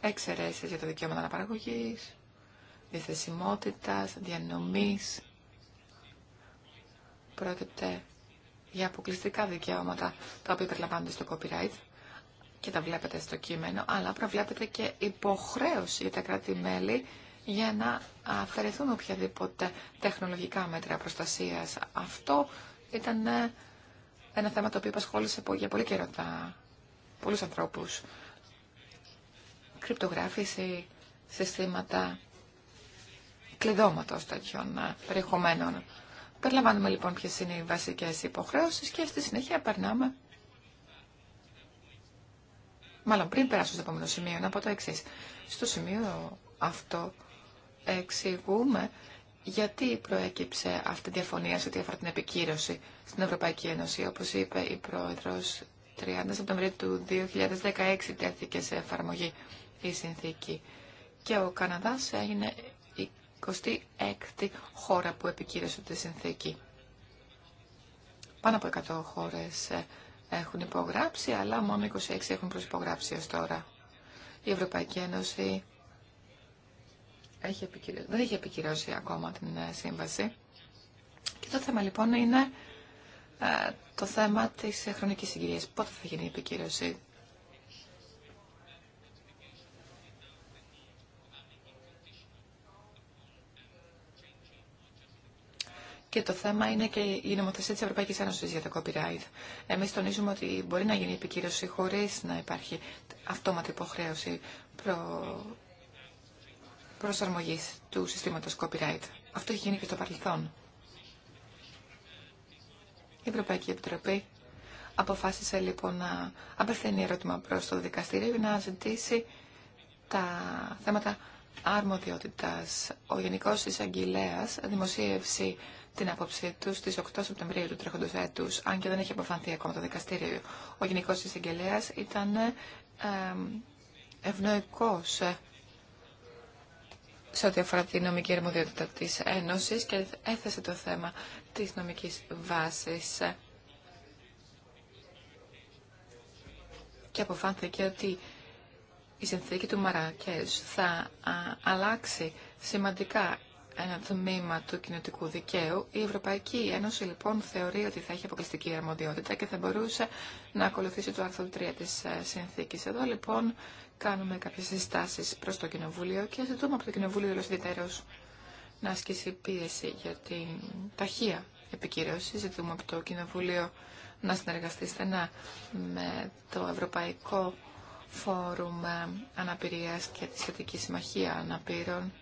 S1: Εξαιρέσει για το δικαίωμα αναπαραγωγή, διαθεσιμότητα, διανομής. Πρόκειται για αποκλειστικά δικαιώματα τα οποία περιλαμβάνονται στο copyright και τα βλέπετε στο κείμενο, αλλά προβλέπετε και υποχρέωση για τα κράτη-μέλη για να αφαιρεθούν οποιαδήποτε τεχνολογικά μέτρα προστασίας. Αυτό ήταν ε, ένα θέμα το οποίο απασχόλησε για πολύ καιρό τα πολλούς ανθρώπους. Κρυπτογράφηση, συστήματα κλειδώματος τέτοιων ε, περιεχομένων. Περιλαμβάνουμε λοιπόν ποιες είναι οι βασικές υποχρέωσεις και στη συνέχεια περνάμε Μάλλον πριν περάσω στο επόμενο σημείο, να πω το εξή. Στο σημείο αυτό εξηγούμε γιατί προέκυψε αυτή η διαφωνία σε ό,τι αφορά την επικύρωση στην Ευρωπαϊκή Ένωση. όπω είπε η πρόεδρο, 30 Σεπτεμβρίου του 2016 τέθηκε σε εφαρμογή η συνθήκη. Και ο Καναδά έγινε η 26η χώρα που επικύρωσε τη συνθήκη. Πάνω από 100 χώρες έχουν υπογράψει, αλλά μόνο 26 έχουν προσυπογράψει ως τώρα. Η Ευρωπαϊκή Ένωση έχει επικυρώσει, δεν έχει επικυρώσει ακόμα την ε, σύμβαση. Και το θέμα λοιπόν είναι ε, το θέμα της ε, χρονικής συγκυρίας. Πότε θα γίνει η επικύρωση. Και το θέμα είναι και η νομοθεσία τη Ευρωπαϊκή Ένωση για το copyright. Εμεί τονίζουμε ότι μπορεί να γίνει επικύρωση χωρί να υπάρχει αυτόματη υποχρέωση προ... προσαρμογή του συστήματο copyright. Αυτό έχει γίνει και στο παρελθόν. Η Ευρωπαϊκή Επιτροπή αποφάσισε λοιπόν να απευθύνει ερώτημα προ το δικαστήριο για να ζητήσει τα θέματα αρμοδιότητας. Ο Γενικός Εισαγγελέας δημοσίευσε την άποψή του στι 8 Σεπτεμβρίου του τρέχοντο έτου, αν και δεν έχει αποφανθεί ακόμα το δικαστήριο. Ο Γενικό Εισαγγελέα ήταν ευνοϊκό σε ό,τι αφορά την νομική αρμοδιότητα της Ένωσης και έθεσε το θέμα της νομικής βάσης. Και αποφάνθηκε ότι η συνθήκη του Μαρακές θα αλλάξει σημαντικά ένα τμήμα του κοινωτικού δικαίου. Η Ευρωπαϊκή Ένωση λοιπόν θεωρεί ότι θα έχει αποκλειστική αρμοδιότητα και θα μπορούσε να ακολουθήσει το άρθρο 3 της ε, συνθήκης. Εδώ λοιπόν κάνουμε κάποιες συστάσεις προς το Κοινοβούλιο και ζητούμε από το Κοινοβούλιο Ιδιαίτερος να ασκήσει πίεση για την ταχεία επικυρώση. Ζητούμε από το Κοινοβούλιο να συνεργαστεί στενά με το Ευρωπαϊκό Φόρουμ Αναπηρίας και τη Σχετική Συμμαχία Αναπήρων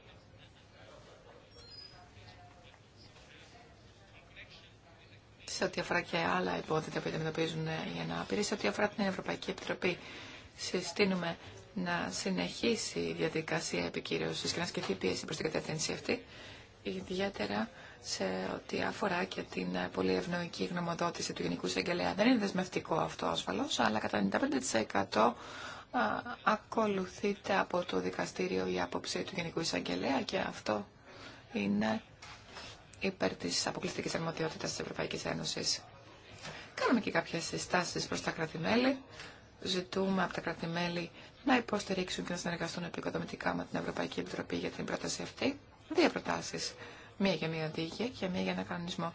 S1: σε ό,τι αφορά και άλλα υπόθετα που αντιμετωπίζουν οι ανάπηροι. Σε ό,τι αφορά την Ευρωπαϊκή Επιτροπή, συστήνουμε να συνεχίσει η διαδικασία επικύρωση και να σκεφτεί πίεση προ την κατεύθυνση αυτή, ιδιαίτερα σε ό,τι αφορά και την πολύ ευνοϊκή γνωμοδότηση του Γενικού Συγγελέα. Δεν είναι δεσμευτικό αυτό ασφαλώς, αλλά κατά 95% ακολουθείται από το δικαστήριο η άποψη του Γενικού Εισαγγελέα και αυτό είναι υπέρ τη αποκλειστική αρμοδιότητα της Ευρωπαϊκής Ένωσης. Κάνουμε και κάποιε συστάσει προ τα κράτη-μέλη. Ζητούμε από τα κράτη-μέλη να υποστηρίξουν και να συνεργαστούν επικοδομητικά με την Ευρωπαϊκή Επιτροπή για την πρόταση αυτή. Δύο προτάσει: Μία για μία οδηγία και μία για ένα κανονισμό.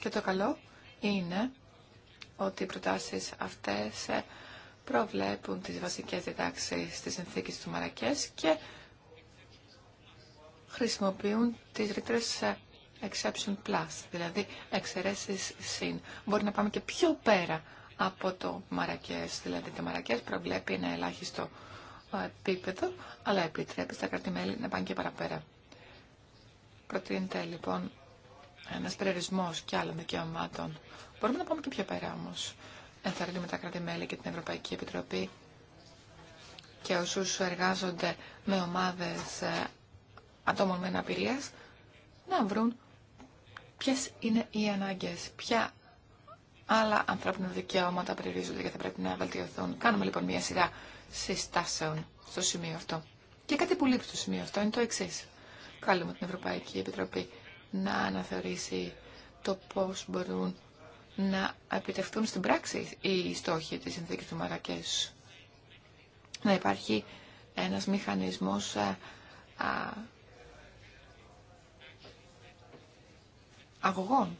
S1: Και το καλό είναι ότι οι προτάσει αυτέ ε, προβλέπουν τι βασικέ διδάξεις τη συνθήκη του Μαρακέ. και χρησιμοποιούν τις ρήτρες exception plus, δηλαδή εξαιρέσεις συν. Μπορεί να πάμε και πιο πέρα από το Μαρακές, δηλαδή το Μαρακές προβλέπει ένα ελάχιστο επίπεδο, αλλά επιτρέπει στα κρατημέλη να πάνε και παραπέρα. Προτείνεται λοιπόν ένα περιορισμό και άλλων δικαιωμάτων. Μπορούμε να πάμε και πιο πέρα όμω. Ενθαρρύνουμε τα κρατη και την Ευρωπαϊκή Επιτροπή και όσου εργάζονται με ομάδε ε, ατόμων με αναπηρία να βρουν ποιε είναι οι ανάγκε, ποια άλλα ανθρώπινα δικαιώματα περιορίζονται και θα πρέπει να βελτιωθούν. Κάνουμε λοιπόν μια σειρά συστάσεων στο σημείο αυτό. Και κάτι που λείπει στο σημείο αυτό είναι το εξή. Καλούμε την Ευρωπαϊκή Επιτροπή να αναθεωρήσει το πώς μπορούν να επιτευχθούν στην πράξη οι στόχοι της συνθήκης του Μαρακές. Να υπάρχει ένας μηχανισμός ε, α, α, αγωγών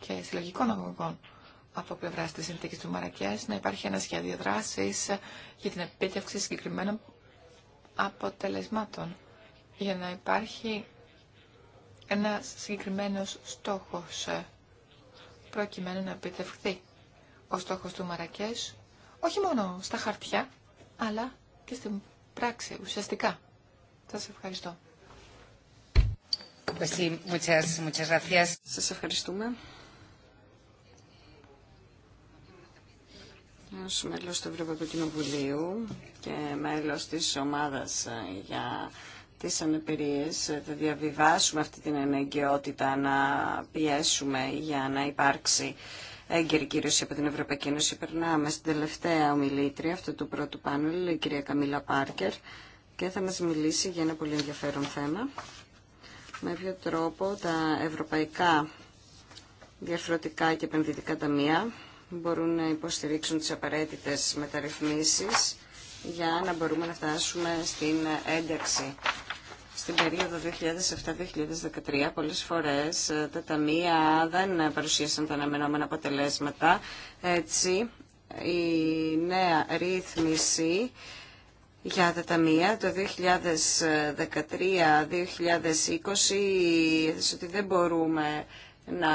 S1: και συλλογικών αγωγών από πλευρά τη συνθήκη του Μαρακέ, να υπάρχει ένα σχέδιο δράση για την επίτευξη συγκεκριμένων αποτελεσμάτων, για να υπάρχει ένα συγκεκριμένο στόχο προκειμένου να επιτευχθεί ο στόχος του Μαρακές, όχι μόνο στα χαρτιά, αλλά και στην πράξη, ουσιαστικά. Σας ευχαριστώ.
S2: Pues muchas, muchas gracias. Σας ευχαριστούμε. Ως μέλος του Ευρωπαϊκού Κοινοβουλίου και μέλος της ομάδας ε, για τις ανεπηρίες ε, θα διαβιβάσουμε αυτή την αναγκαιότητα να πιέσουμε για να υπάρξει έγκαιρη κύρωση από την Ευρωπαϊκή Ένωση. Περνάμε στην τελευταία ομιλήτρια αυτού του πρώτου πάνελ, η κυρία Καμίλα Πάρκερ, και θα μας μιλήσει για ένα πολύ ενδιαφέρον θέμα με ποιο τρόπο τα ευρωπαϊκά διαφορετικά και επενδυτικά ταμεία μπορούν να υποστηρίξουν τις απαραίτητες μεταρρυθμίσεις για να μπορούμε να φτάσουμε στην ένταξη. Στην περίοδο 2007-2013 πολλές φορές ε, τα ταμεία δεν παρουσίασαν τα αναμενόμενα αποτελέσματα. Έτσι η νέα ρύθμιση για τα ταμεία το 2013-2020 ότι δεν μπορούμε να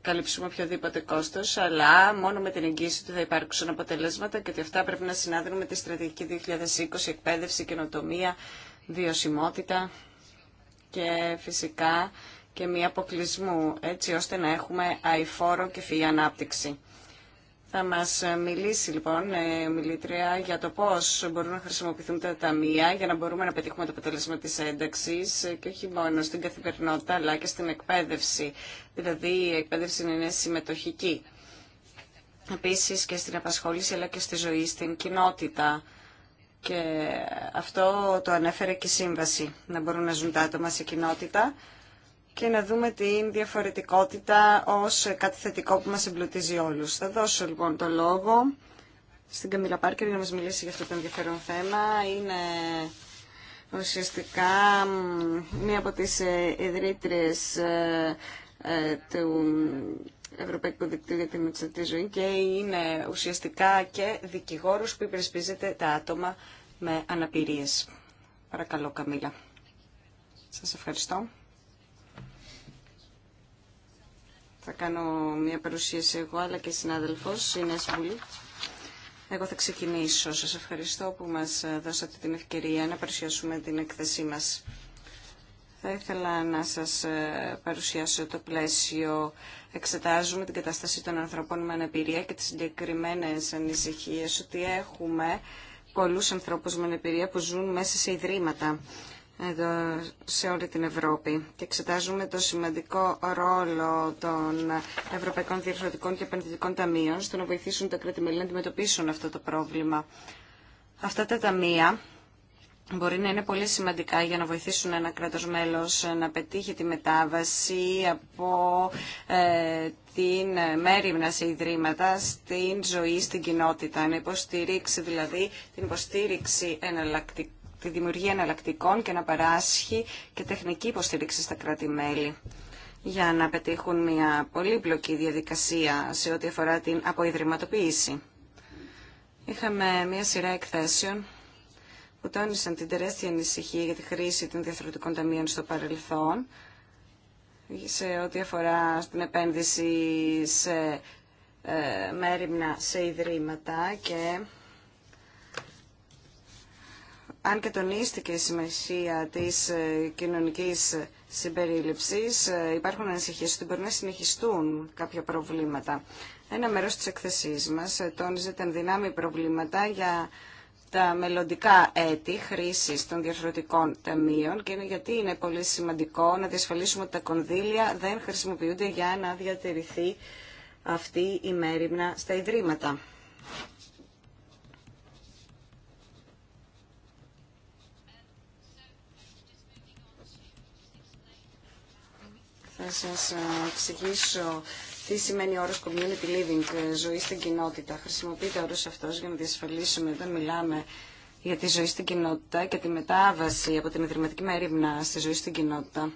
S2: καλύψουμε οποιοδήποτε κόστος, αλλά μόνο με την εγγύηση του θα υπάρξουν αποτελέσματα και ότι αυτά πρέπει να συνάδουν με τη στρατηγική 2020, εκπαίδευση, καινοτομία, βιωσιμότητα και φυσικά και μη αποκλεισμού, έτσι ώστε να έχουμε αηφόρο και φυγή ανάπτυξη. Θα μας μιλήσει λοιπόν ε, μιλήτρια για το πώς μπορούν να χρησιμοποιηθούν τα ταμεία για να μπορούμε να πετύχουμε το αποτέλεσμα της ένταξης ε, και όχι μόνο στην καθημερινότητα αλλά και στην εκπαίδευση. Δηλαδή η εκπαίδευση είναι συμμετοχική. Επίσης και στην απασχόληση αλλά και στη ζωή, στην κοινότητα. Και αυτό το ανέφερε και η Σύμβαση, να μπορούν να ζουν τα άτομα σε κοινότητα και να δούμε την διαφορετικότητα ως κάτι θετικό που μας εμπλουτίζει όλους. Θα δώσω λοιπόν το λόγο στην Καμίλα Πάρκερ για να μας μιλήσει για αυτό το ενδιαφέρον θέμα. Είναι ουσιαστικά μία από τις ε, ιδρύτριες ε, ε, του Ευρωπαϊκού Δικτύου για την Μετσοτή Ζωή και είναι ουσιαστικά και δικηγόρος που υπερισπίζεται τα άτομα με αναπηρίες. Παρακαλώ Καμίλα. Σας ευχαριστώ. θα κάνω μια παρουσίαση εγώ αλλά και συνάδελφος, η Νέα Συμβουλή. Εγώ θα ξεκινήσω. Σας ευχαριστώ που μας δώσατε την ευκαιρία να παρουσιάσουμε την έκθεσή μας. Θα ήθελα να σας ε, παρουσιάσω το πλαίσιο. Εξετάζουμε την κατάσταση των ανθρώπων με αναπηρία και τις συγκεκριμένε ανησυχίες ότι έχουμε πολλούς ανθρώπους με αναπηρία που ζουν μέσα σε ιδρύματα εδώ σε όλη την Ευρώπη και εξετάζουμε το σημαντικό ρόλο των Ευρωπαϊκών Διευθυντικών και Επενδυτικών Ταμείων στο να βοηθήσουν τα κράτη-μέλη να αντιμετωπίσουν αυτό το πρόβλημα. Αυτά τα ταμεία μπορεί να είναι πολύ σημαντικά για να βοηθήσουν ένα κράτος μέλος να πετύχει τη μετάβαση από ε, την μέρημνα σε ιδρύματα στην ζωή, στην κοινότητα. Να υποστηρίξει δηλαδή την υποστήριξη εναλλακτικών τη δημιουργία εναλλακτικών και να παράσχει και τεχνική υποστήριξη στα κράτη-μέλη για να πετύχουν μια πολύπλοκη διαδικασία σε ό,τι αφορά την αποϊδρυματοποίηση. Είχαμε μια σειρά εκθέσεων που τόνισαν την τεράστια ανησυχία για τη χρήση των διαθροτικών ταμείων στο παρελθόν σε ό,τι αφορά την επένδυση σε ε, μέρημνα σε ιδρύματα και αν και τονίστηκε η σημασία της ε, κοινωνικής συμπερίληψης, ε, υπάρχουν ανησυχίες ότι μπορεί να συνεχιστούν κάποια προβλήματα. Ένα μέρος της εκθεσής μας ε, τόνιζε τα δυνάμει προβλήματα για τα μελλοντικά έτη χρήση των διαφορετικών ταμείων και είναι γιατί είναι πολύ σημαντικό να διασφαλίσουμε ότι τα κονδύλια δεν χρησιμοποιούνται για να διατηρηθεί αυτή η μέρημνα στα Ιδρύματα. Θα σας ε, εξηγήσω τι σημαίνει ο όρος community living, ε, ζωή στην κοινότητα. Χρησιμοποιείται ο όρος αυτός για να διασφαλίσουμε όταν μιλάμε για τη ζωή στην κοινότητα και τη μετάβαση από την ιδρυματική μερίμνα στη ζωή στην κοινότητα.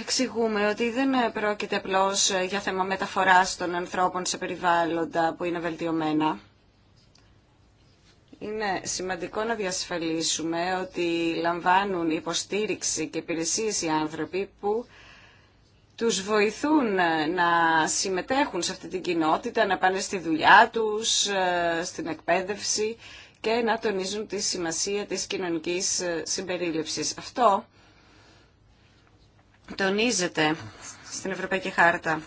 S2: Εξηγούμε ότι δεν πρόκειται απλώ ε, για θέμα μεταφοράς των ανθρώπων σε περιβάλλοντα που είναι βελτιωμένα. Είναι σημαντικό να διασφαλίσουμε ότι λαμβάνουν υποστήριξη και υπηρεσίες οι άνθρωποι που τους βοηθούν να συμμετέχουν σε αυτή την κοινότητα, να πάνε στη δουλειά τους, ε, στην εκπαίδευση και να τονίζουν τη σημασία της κοινωνικής ε, συμπερίληψης. Αυτό τονίζεται στην Ευρωπαϊκή Χάρτα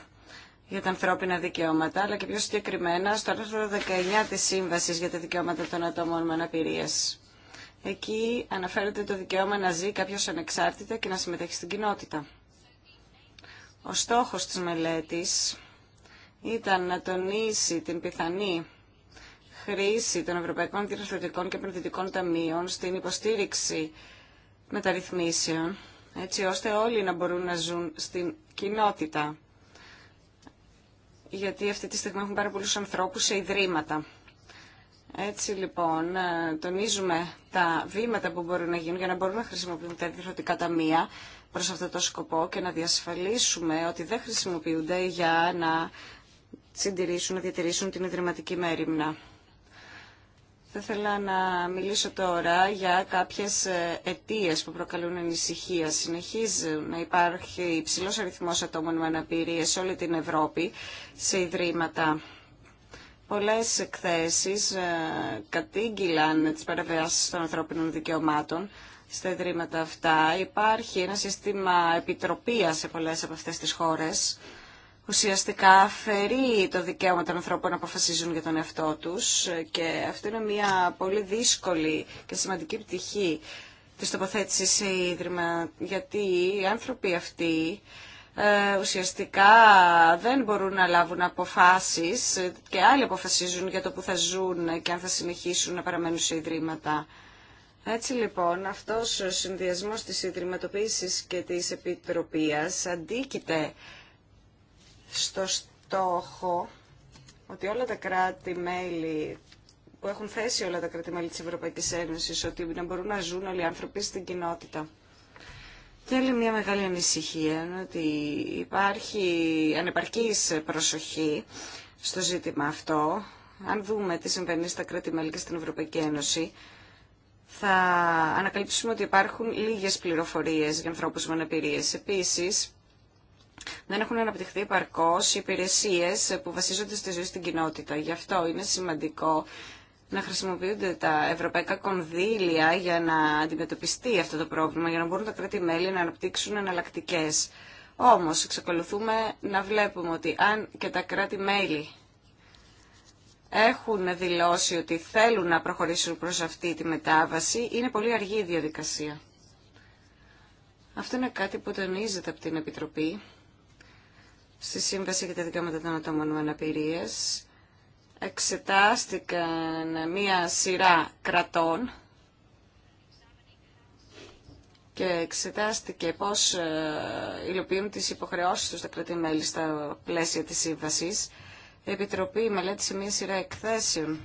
S2: για τα ανθρώπινα δικαιώματα, αλλά και πιο συγκεκριμένα στο άρθρο 19 της Σύμβασης για τα δικαιώματα των ατόμων με αναπηρίες. Εκεί αναφέρεται το δικαίωμα να ζει κάποιος ανεξάρτητα και να συμμετέχει στην κοινότητα. Ο στόχος της μελέτης ήταν να τονίσει την πιθανή χρήση των Ευρωπαϊκών Διευθυντικών και Επενδυτικών Ταμείων στην υποστήριξη μεταρρυθμίσεων, έτσι ώστε όλοι να μπορούν να ζουν στην κοινότητα. Γιατί αυτή τη στιγμή έχουν πάρα πολλούς ανθρώπους σε ιδρύματα. Έτσι λοιπόν, ε, τονίζουμε τα βήματα που μπορούν να γίνουν για να μπορούν να χρησιμοποιούν τα διευθυντικά ταμεία προς αυτό το σκοπό και να διασφαλίσουμε ότι δεν χρησιμοποιούνται για να συντηρήσουν, να διατηρήσουν την ιδρυματική μέρημνα. Θα ήθελα να μιλήσω τώρα για κάποιες ε, αιτίες που προκαλούν ανησυχία. Συνεχίζει να υπάρχει υψηλό αριθμός ατόμων με αναπηρίες σε όλη την Ευρώπη σε ιδρύματα. Πολλές εκθέσεις ε, κατήγγυλαν τις παραβιάσεις των ανθρώπινων δικαιωμάτων στα ιδρύματα αυτά. Υπάρχει ένα σύστημα επιτροπία σε πολλές από αυτές τις χώρες. Ουσιαστικά αφαιρεί το δικαίωμα των ανθρώπων να αποφασίζουν για τον εαυτό τους και αυτό είναι μια πολύ δύσκολη και σημαντική πτυχή της τοποθέτησης σε ίδρυμα, γιατί οι άνθρωποι αυτοί ε, ουσιαστικά δεν μπορούν να λάβουν αποφάσεις και άλλοι αποφασίζουν για το που θα ζουν και αν θα συνεχίσουν να παραμένουν σε ιδρύματα. Έτσι λοιπόν, αυτός ο συνδυασμός της ιδρυματοποίησης και της επιτροπίας αντίκειται στο στόχο ότι όλα τα κράτη-μέλη που έχουν θέσει όλα τα κράτη-μέλη της Ευρωπαϊκής Ένωσης ότι να μπορούν να ζουν όλοι οι άνθρωποι στην κοινότητα. Και άλλη μια μεγάλη ανησυχία είναι ότι υπάρχει ανεπαρκής προσοχή στο ζήτημα αυτό. Αν δούμε τι συμβαίνει στα κράτη-μέλη και στην Ευρωπαϊκή Ένωση, θα ανακαλύψουμε ότι υπάρχουν λίγες πληροφορίες για ανθρώπους με αναπηρίες. Επίσης, δεν έχουν αναπτυχθεί υπαρκώ οι υπηρεσίες που βασίζονται στη ζωή στην κοινότητα. Γι' αυτό είναι σημαντικό να χρησιμοποιούνται τα ευρωπαϊκά κονδύλια για να αντιμετωπιστεί αυτό το πρόβλημα, για να μπορούν τα κράτη-μέλη να αναπτύξουν εναλλακτικέ. Όμως, εξακολουθούμε να βλέπουμε ότι αν και τα κράτη-μέλη έχουν δηλώσει ότι θέλουν να προχωρήσουν προς αυτή τη μετάβαση, είναι πολύ αργή η διαδικασία. Αυτό είναι κάτι που τονίζεται από την Επιτροπή στη Σύμβαση για τα Δικαιώματα των Ατόμων με Αναπηρίες. Εξετάστηκαν μία σειρά κρατών και εξετάστηκε πώς ε, υλοποιούν τις υποχρεώσεις τους τα κρατή μέλη στα πλαίσια της Σύμβασης η Επιτροπή μελέτησε μία σειρά εκθέσεων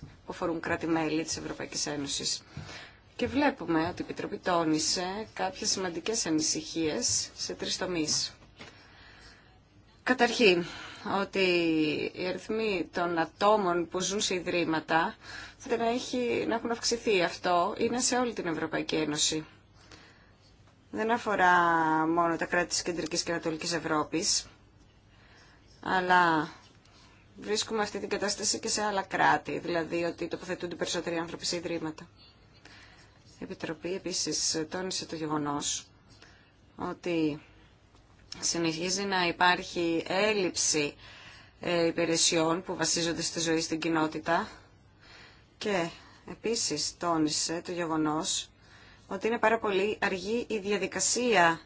S2: που αφορούν κράτη-μέλη της Ευρωπαϊκής Ένωσης. Και βλέπουμε ότι η Επιτροπή τόνισε κάποιες σημαντικές ανησυχίες σε τρεις τομείς. Καταρχήν, ότι οι αριθμοί των ατόμων που ζουν σε ιδρύματα θα να, έχει, να έχουν αυξηθεί. Αυτό είναι σε όλη την Ευρωπαϊκή Ένωση. Δεν αφορά μόνο τα κράτη της Κεντρικής και Ανατολικής Ευρώπης, αλλά Βρίσκουμε αυτή την κατάσταση και σε άλλα κράτη, δηλαδή ότι τοποθετούνται περισσότεροι άνθρωποι σε ιδρύματα. Η Επιτροπή επίσης τόνισε το γεγονός ότι συνεχίζει να υπάρχει έλλειψη ε, υπηρεσιών που βασίζονται στη ζωή στην κοινότητα και επίσης τόνισε το γεγονός ότι είναι πάρα πολύ αργή η διαδικασία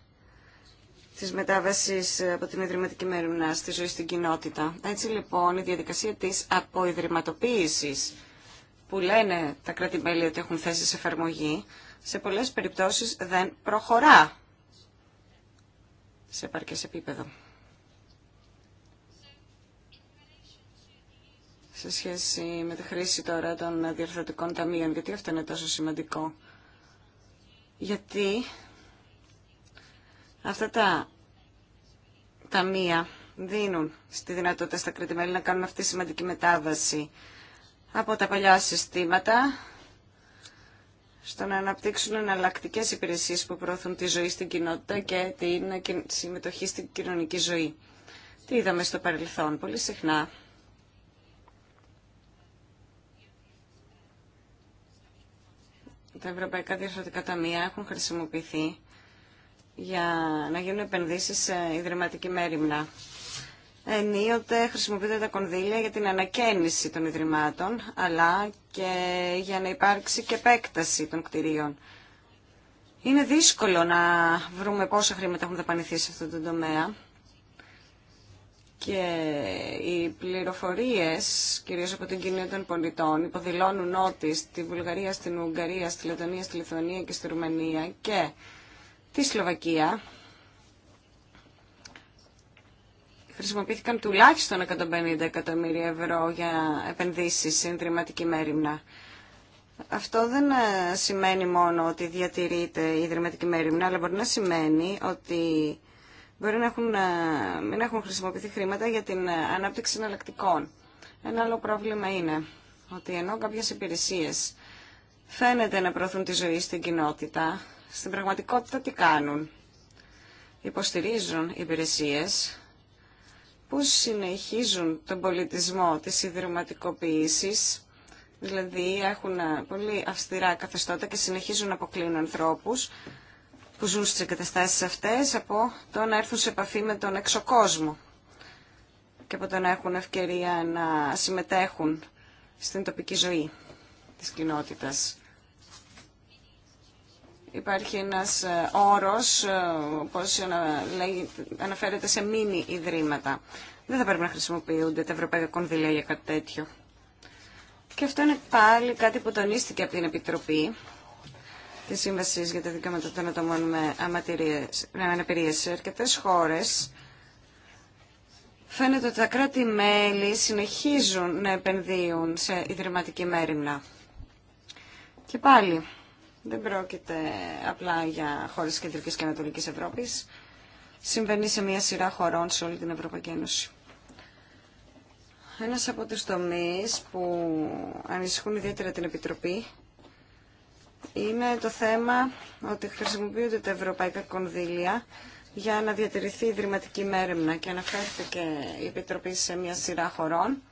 S2: Τη μετάβαση ε, από την ιδρυματική μέρημνα στη ζωή στην κοινότητα. Έτσι λοιπόν η διαδικασία της αποϊδρυματοποίηση που λένε τα κράτη-μέλη ότι έχουν θέσει σε εφαρμογή, σε πολλές περιπτώσεις δεν προχωρά σε επαρκές επίπεδο. σε σχέση με τη χρήση τώρα των διορθωτικών ταμείων, γιατί αυτό είναι τόσο σημαντικό. Γιατί Αυτά τα ταμεία δίνουν στη δυνατότητα στα κρατημέλη να κάνουν αυτή τη σημαντική μετάβαση από τα παλιά συστήματα στο να αναπτύξουν εναλλακτικέ υπηρεσίες που προωθούν τη ζωή στην κοινότητα και την συμμετοχή στην κοινωνική ζωή. Τι είδαμε στο παρελθόν πολύ συχνά. Τα ευρωπαϊκά διαφορετικά ταμεία έχουν χρησιμοποιηθεί για να γίνουν επενδύσεις σε ιδρυματική μέρημνα. Ενίοτε χρησιμοποιούνται τα κονδύλια για την ανακαίνιση των ιδρυμάτων, αλλά και για να υπάρξει και επέκταση των κτηρίων. Είναι δύσκολο να βρούμε πόσα χρήματα έχουν δαπανηθεί σε αυτό το τομέα και οι πληροφορίες, κυρίως από την κοινή των πολιτών, υποδηλώνουν ότι στη Βουλγαρία, στην Ουγγαρία, στη Λετωνία, στη Λιθουανία και στη Ρουμανία και Τη Σλοβακία χρησιμοποιήθηκαν τουλάχιστον 150 εκατομμύρια ευρώ για επενδύσεις σε ιδρυματική μέρημνα. Αυτό δεν ε, σημαίνει μόνο ότι διατηρείται η ιδρυματική μέρημνα, αλλά μπορεί να σημαίνει ότι μπορεί να έχουν, ε, μην έχουν χρησιμοποιηθεί χρήματα για την ε, ανάπτυξη εναλλακτικών. Ένα άλλο πρόβλημα είναι ότι ενώ κάποιες υπηρεσίες φαίνεται να προωθούν τη ζωή στην κοινότητα, στην πραγματικότητα τι κάνουν. Υποστηρίζουν υπηρεσίες που συνεχίζουν τον πολιτισμό της ιδρυματικοποίησης, δηλαδή έχουν πολύ αυστηρά καθεστώτα και συνεχίζουν να αποκλίνουν ανθρώπους που ζουν στις εγκαταστάσεις αυτές από το να έρθουν σε επαφή με τον εξωκόσμο και από το να έχουν ευκαιρία να συμμετέχουν στην τοπική ζωή της κοινότητας υπάρχει ένας ε, όρος, ε, όπως αναφέρεται σε μίνι ιδρύματα. Δεν θα πρέπει να χρησιμοποιούνται τα ευρωπαϊκά κονδυλία για κάτι τέτοιο. Και αυτό είναι πάλι κάτι που τονίστηκε από την Επιτροπή τη Σύμβαση για τα Δικαιώματα των Ατομών με, με αναπηρία σε αρκετέ χώρε. Φαίνεται ότι τα κράτη-μέλη συνεχίζουν να επενδύουν σε ιδρυματική μέρημνα. Και πάλι, δεν πρόκειται απλά για χώρες της Κεντρικής και Ανατολικής Ευρώπης. Συμβαίνει σε μια σειρά χωρών σε όλη την Ευρωπαϊκή Ένωση. Ένας από τους τομείς που ανησυχούν ιδιαίτερα την Επιτροπή είναι το θέμα ότι χρησιμοποιούνται τα ευρωπαϊκά κονδύλια για να διατηρηθεί η ιδρυματική μέρημνα και αναφέρθηκε η Επιτροπή σε μια σειρά χωρών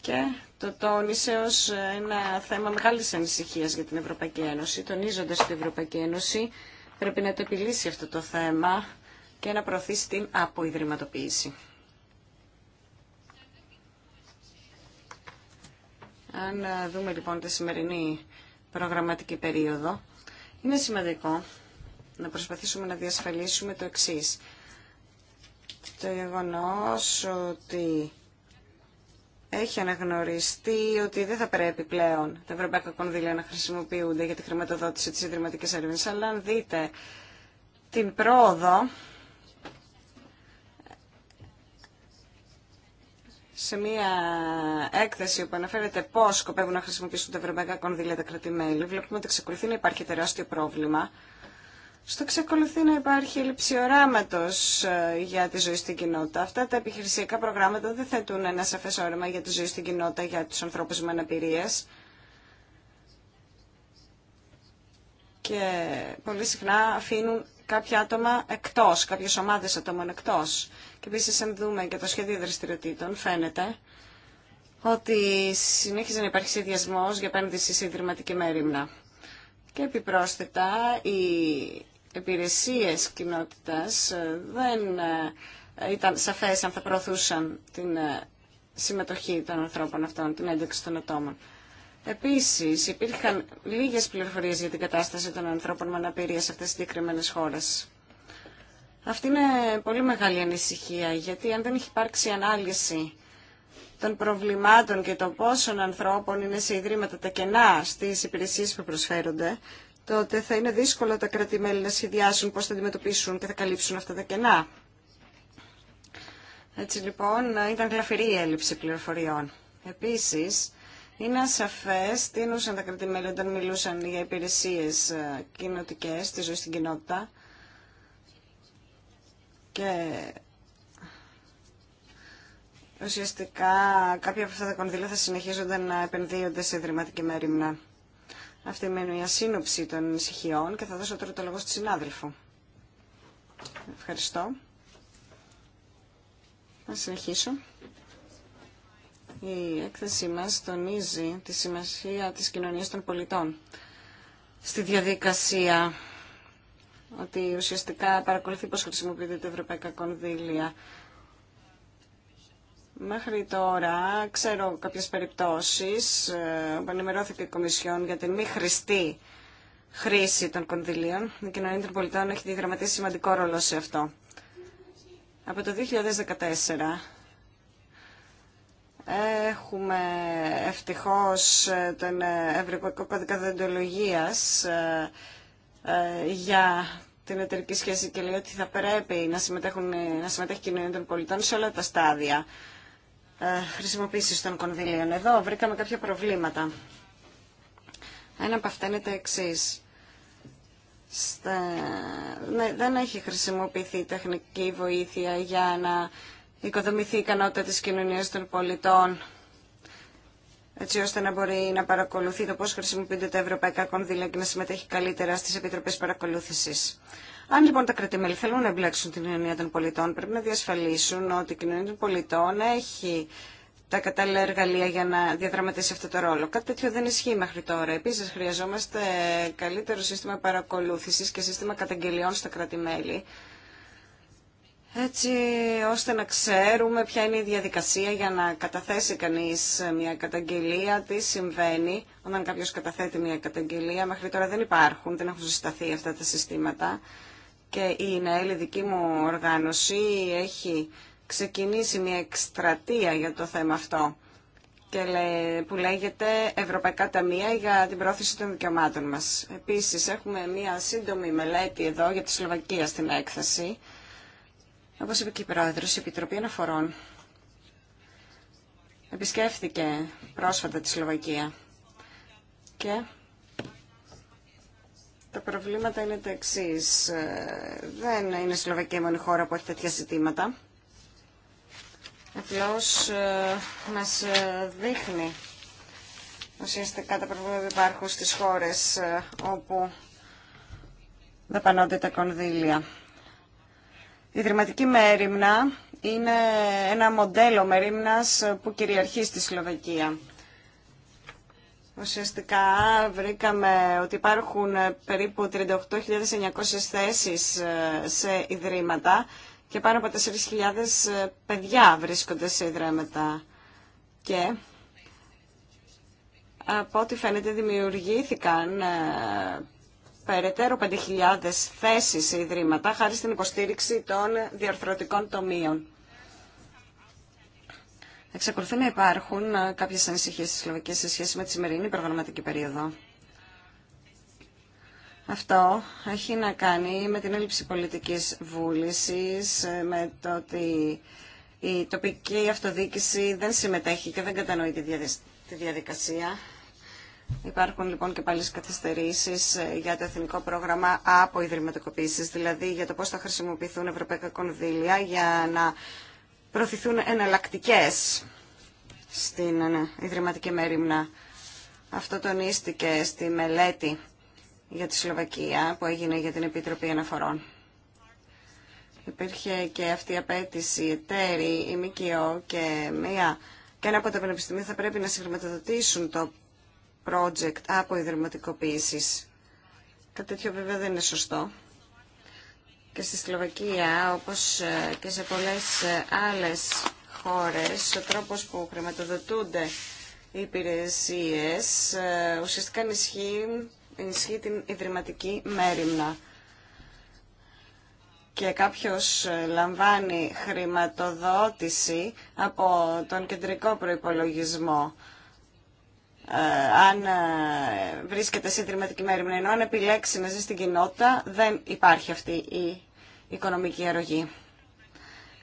S2: και το τόνισε ω ένα θέμα μεγάλης ανησυχία για την Ευρωπαϊκή Ένωση, τονίζοντας ότι η Ευρωπαϊκή Ένωση πρέπει να το επιλύσει αυτό το θέμα και να προωθήσει την αποϊδρυματοποίηση. Αν δούμε λοιπόν τη σημερινή προγραμματική περίοδο, είναι σημαντικό να προσπαθήσουμε να διασφαλίσουμε το εξής. Το γεγονός ότι έχει αναγνωριστεί ότι δεν θα πρέπει πλέον τα ευρωπαϊκά κονδύλια να χρησιμοποιούνται για τη χρηματοδότηση της ιδρυματικής έρευνας, αλλά αν δείτε την πρόοδο σε μία έκθεση που αναφέρεται πώς σκοπεύουν να χρησιμοποιήσουν τα ευρωπαϊκά κονδύλια τα κρατημέλη, βλέπουμε ότι εξακολουθεί να υπάρχει τεράστιο πρόβλημα στο ξεκολουθεί να υπάρχει έλλειψη οράματο ε, για τη ζωή στην κοινότητα. Αυτά τα επιχειρησιακά προγράμματα δεν θέτουν ένα σαφέ όραμα για τη ζωή στην κοινότητα για του ανθρώπου με αναπηρίε. Και πολύ συχνά αφήνουν κάποια άτομα εκτό, κάποιε ομάδε ατόμων εκτό. Και επίση, αν δούμε και το σχέδιο δραστηριοτήτων, φαίνεται ότι συνέχιζε να υπάρχει σχεδιασμό για επένδυση σε ιδρυματική μέρημνα. Και επιπρόσθετα, η υπηρεσίες κοινότητας ε, δεν ε, ήταν σαφές αν θα προωθούσαν την ε, συμμετοχή των ανθρώπων αυτών, την ένταξη των ατόμων. Επίσης, υπήρχαν λίγες πληροφορίες για την κατάσταση των ανθρώπων με αναπηρία σε αυτές τις συγκεκριμένε χώρες. Αυτή είναι πολύ μεγάλη ανησυχία, γιατί αν δεν έχει υπάρξει ανάλυση των προβλημάτων και των πόσων ανθρώπων είναι σε ιδρύματα τα κενά στις υπηρεσίες που προσφέρονται, τότε θα είναι δύσκολο τα κρατημέλη να σχεδιάσουν πώς θα αντιμετωπίσουν και θα καλύψουν αυτά τα κενά. Έτσι λοιπόν ήταν γλαφυρή η έλλειψη πληροφοριών. Επίσης, είναι ασαφές τι εννοούσαν τα κρατημέλη όταν μιλούσαν για υπηρεσίες ε, κοινωτικέ στη ζωή στην κοινότητα. Και ουσιαστικά κάποια από αυτά τα κονδύλια θα συνεχίζονται να επενδύονται σε ιδρυματική μέρημνα. Αυτή είναι μια σύνοψη των ησυχιών και θα δώσω τώρα το λόγο στη συνάδελφο. Ευχαριστώ. Να συνεχίσω. Η έκθεσή μας τονίζει τη σημασία της κοινωνίας των πολιτών στη διαδικασία ότι ουσιαστικά παρακολουθεί πώς χρησιμοποιείται τα ευρωπαϊκά κονδύλια Μέχρι τώρα ξέρω κάποιες περιπτώσεις ε, που ενημερώθηκε η Κομισιόν για την μη χρηστή χρήση των κονδυλίων. Η κοινωνία των πολιτών έχει διδραματίσει σημαντικό ρόλο σε αυτό. Από το 2014 έχουμε ευτυχώς τον Ευρωπαϊκό Κώδικα Δεντολογίας ε, ε, για την εταιρική σχέση και λέει ότι θα πρέπει να, συμμετέχουν, να συμμετέχει η κοινωνία των πολιτών σε όλα τα στάδια ε, χρησιμοποίηση των κονδυλίων. Εδώ βρήκαμε κάποια προβλήματα. Ένα από αυτά είναι το εξή. Ναι, δεν έχει χρησιμοποιηθεί τεχνική βοήθεια για να οικοδομηθεί η ικανότητα της κοινωνίας των πολιτών έτσι ώστε να μπορεί να παρακολουθεί το πώς χρησιμοποιούνται τα ευρωπαϊκά κονδύλια και να συμμετέχει καλύτερα στις επιτροπές παρακολούθησης. Αν λοιπόν τα κρατημέλη θέλουν να εμπλέξουν την κοινωνία των πολιτών, πρέπει να διασφαλίσουν ότι η κοινωνία των πολιτών έχει τα κατάλληλα εργαλεία για να διαδραματίσει αυτό το ρόλο. Κάτι τέτοιο δεν ισχύει μέχρι τώρα. Επίση, χρειαζόμαστε καλύτερο σύστημα παρακολούθηση και σύστημα καταγγελιών στα κρατημέλη Έτσι ώστε να ξέρουμε ποια είναι η διαδικασία για να καταθέσει κανείς μια καταγγελία, τι συμβαίνει όταν κάποιος καταθέτει μια καταγγελία. Μέχρι τώρα δεν υπάρχουν, δεν έχουν συσταθεί αυτά τα συστήματα και η ΝΑΕΛ, δική μου οργάνωση, έχει ξεκινήσει μια εκστρατεία για το θέμα αυτό και που λέγεται Ευρωπαϊκά Ταμεία για την πρόθεση των δικαιωμάτων μας. Επίσης, έχουμε μια σύντομη μελέτη εδώ για τη Σλοβακία στην έκθεση. Όπως είπε και η Πρόεδρος, η Επιτροπή Αναφορών επισκέφθηκε πρόσφατα τη Σλοβακία και τα προβλήματα είναι τα εξή. Δεν είναι η Σλοβακία η μόνη χώρα που έχει τέτοια ζητήματα. Απλώς ε, μας ε, δείχνει ουσιαστικά τα προβλήματα που υπάρχουν στις χώρες ε, όπου δαπανώνται τα κονδύλια. Η δρυματική μέρημνα είναι ένα μοντέλο μερίμνας που κυριαρχεί στη Σλοβακία. Ουσιαστικά βρήκαμε ότι υπάρχουν ε, περίπου 38.900 θέσεις ε, σε ιδρύματα και πάνω από 4.000 ε, παιδιά βρίσκονται σε ιδρύματα. Και από ό,τι φαίνεται δημιουργήθηκαν περαιτέρω 5.000 θέσεις σε ιδρύματα χάρη στην υποστήριξη των διαρθρωτικών τομείων. Εξακολουθεί να υπάρχουν ε, κάποιες ανησυχίες στις Σλοβακίας σε σχέση με τη σημερινή προγραμματική περίοδο. Αυτό έχει να κάνει με την έλλειψη πολιτικής βούλησης, ε, με το ότι η τοπική αυτοδιοίκηση δεν συμμετέχει και δεν κατανοεί τη διαδικασία. Υπάρχουν λοιπόν και πάλι καθυστερήσει ε, για το εθνικό πρόγραμμα από ιδρυματικοποίηση, δηλαδή για το πώ θα χρησιμοποιηθούν ευρωπαϊκά κονδύλια για να προωθηθούν εναλλακτικέ στην ε, ναι, Ιδρυματική μερίμνα. Αυτό τονίστηκε στη μελέτη για τη Σλοβακία που έγινε για την Επίτροπη Αναφορών. Υπήρχε και αυτή η απέτηση τέρη η ΜΚΟ και, μία, και ένα από τα πανεπιστημία θα πρέπει να συγχρηματοδοτήσουν το project από ιδρυματικοποίησης. Κάτι τέτοιο βέβαια δεν είναι σωστό στη Σλοβακία, όπως ε, και σε πολλές ε, άλλες χώρες, ο τρόπος που χρηματοδοτούνται οι υπηρεσίες ε, ουσιαστικά ενισχύει, την ιδρυματική μέρημνα. Και κάποιος λαμβάνει χρηματοδότηση από τον κεντρικό προϋπολογισμό. αν βρίσκεται σε ιδρυματική μέρημνα, ενώ αν επιλέξει να ζει στην κοινότητα, δεν υπάρχει αυτή η οικονομική αρρωγή.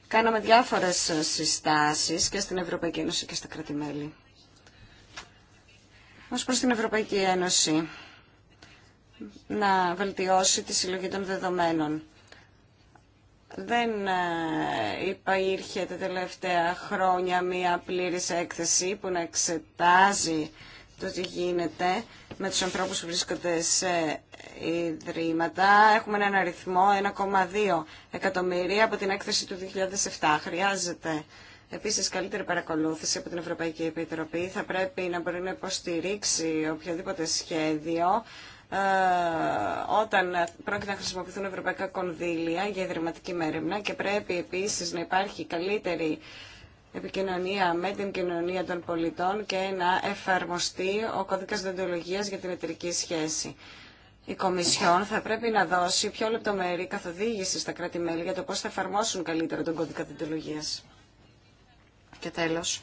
S2: Κάναμε διάφορες συστάσεις και στην Ευρωπαϊκή Ένωση και στα κράτη-μέλη. Ως προς την Ευρωπαϊκή Ένωση, να βελτιώσει τη συλλογή των δεδομένων. Δεν ε, ήρχε τα τελευταία χρόνια μία πλήρης έκθεση που να εξετάζει το τι γίνεται με τους ανθρώπους που βρίσκονται σε ιδρύματα. Έχουμε έναν αριθμό 1,2 εκατομμύρια από την έκθεση του 2007. Χρειάζεται επίσης καλύτερη παρακολούθηση από την Ευρωπαϊκή Επιτροπή. Θα πρέπει να μπορεί να υποστηρίξει οποιοδήποτε σχέδιο ε, όταν πρόκειται να χρησιμοποιηθούν ευρωπαϊκά κονδύλια για ιδρυματική μέρημνα και πρέπει επίσης να υπάρχει καλύτερη επικοινωνία με την κοινωνία των πολιτών και να εφαρμοστεί ο κώδικας διοντολογίας για την εταιρική σχέση. Η Κομισιόν θα πρέπει να δώσει πιο λεπτομερή καθοδήγηση στα κράτη-μέλη για το πώς θα εφαρμόσουν καλύτερα τον κώδικα διοντολογίας. Και τέλος,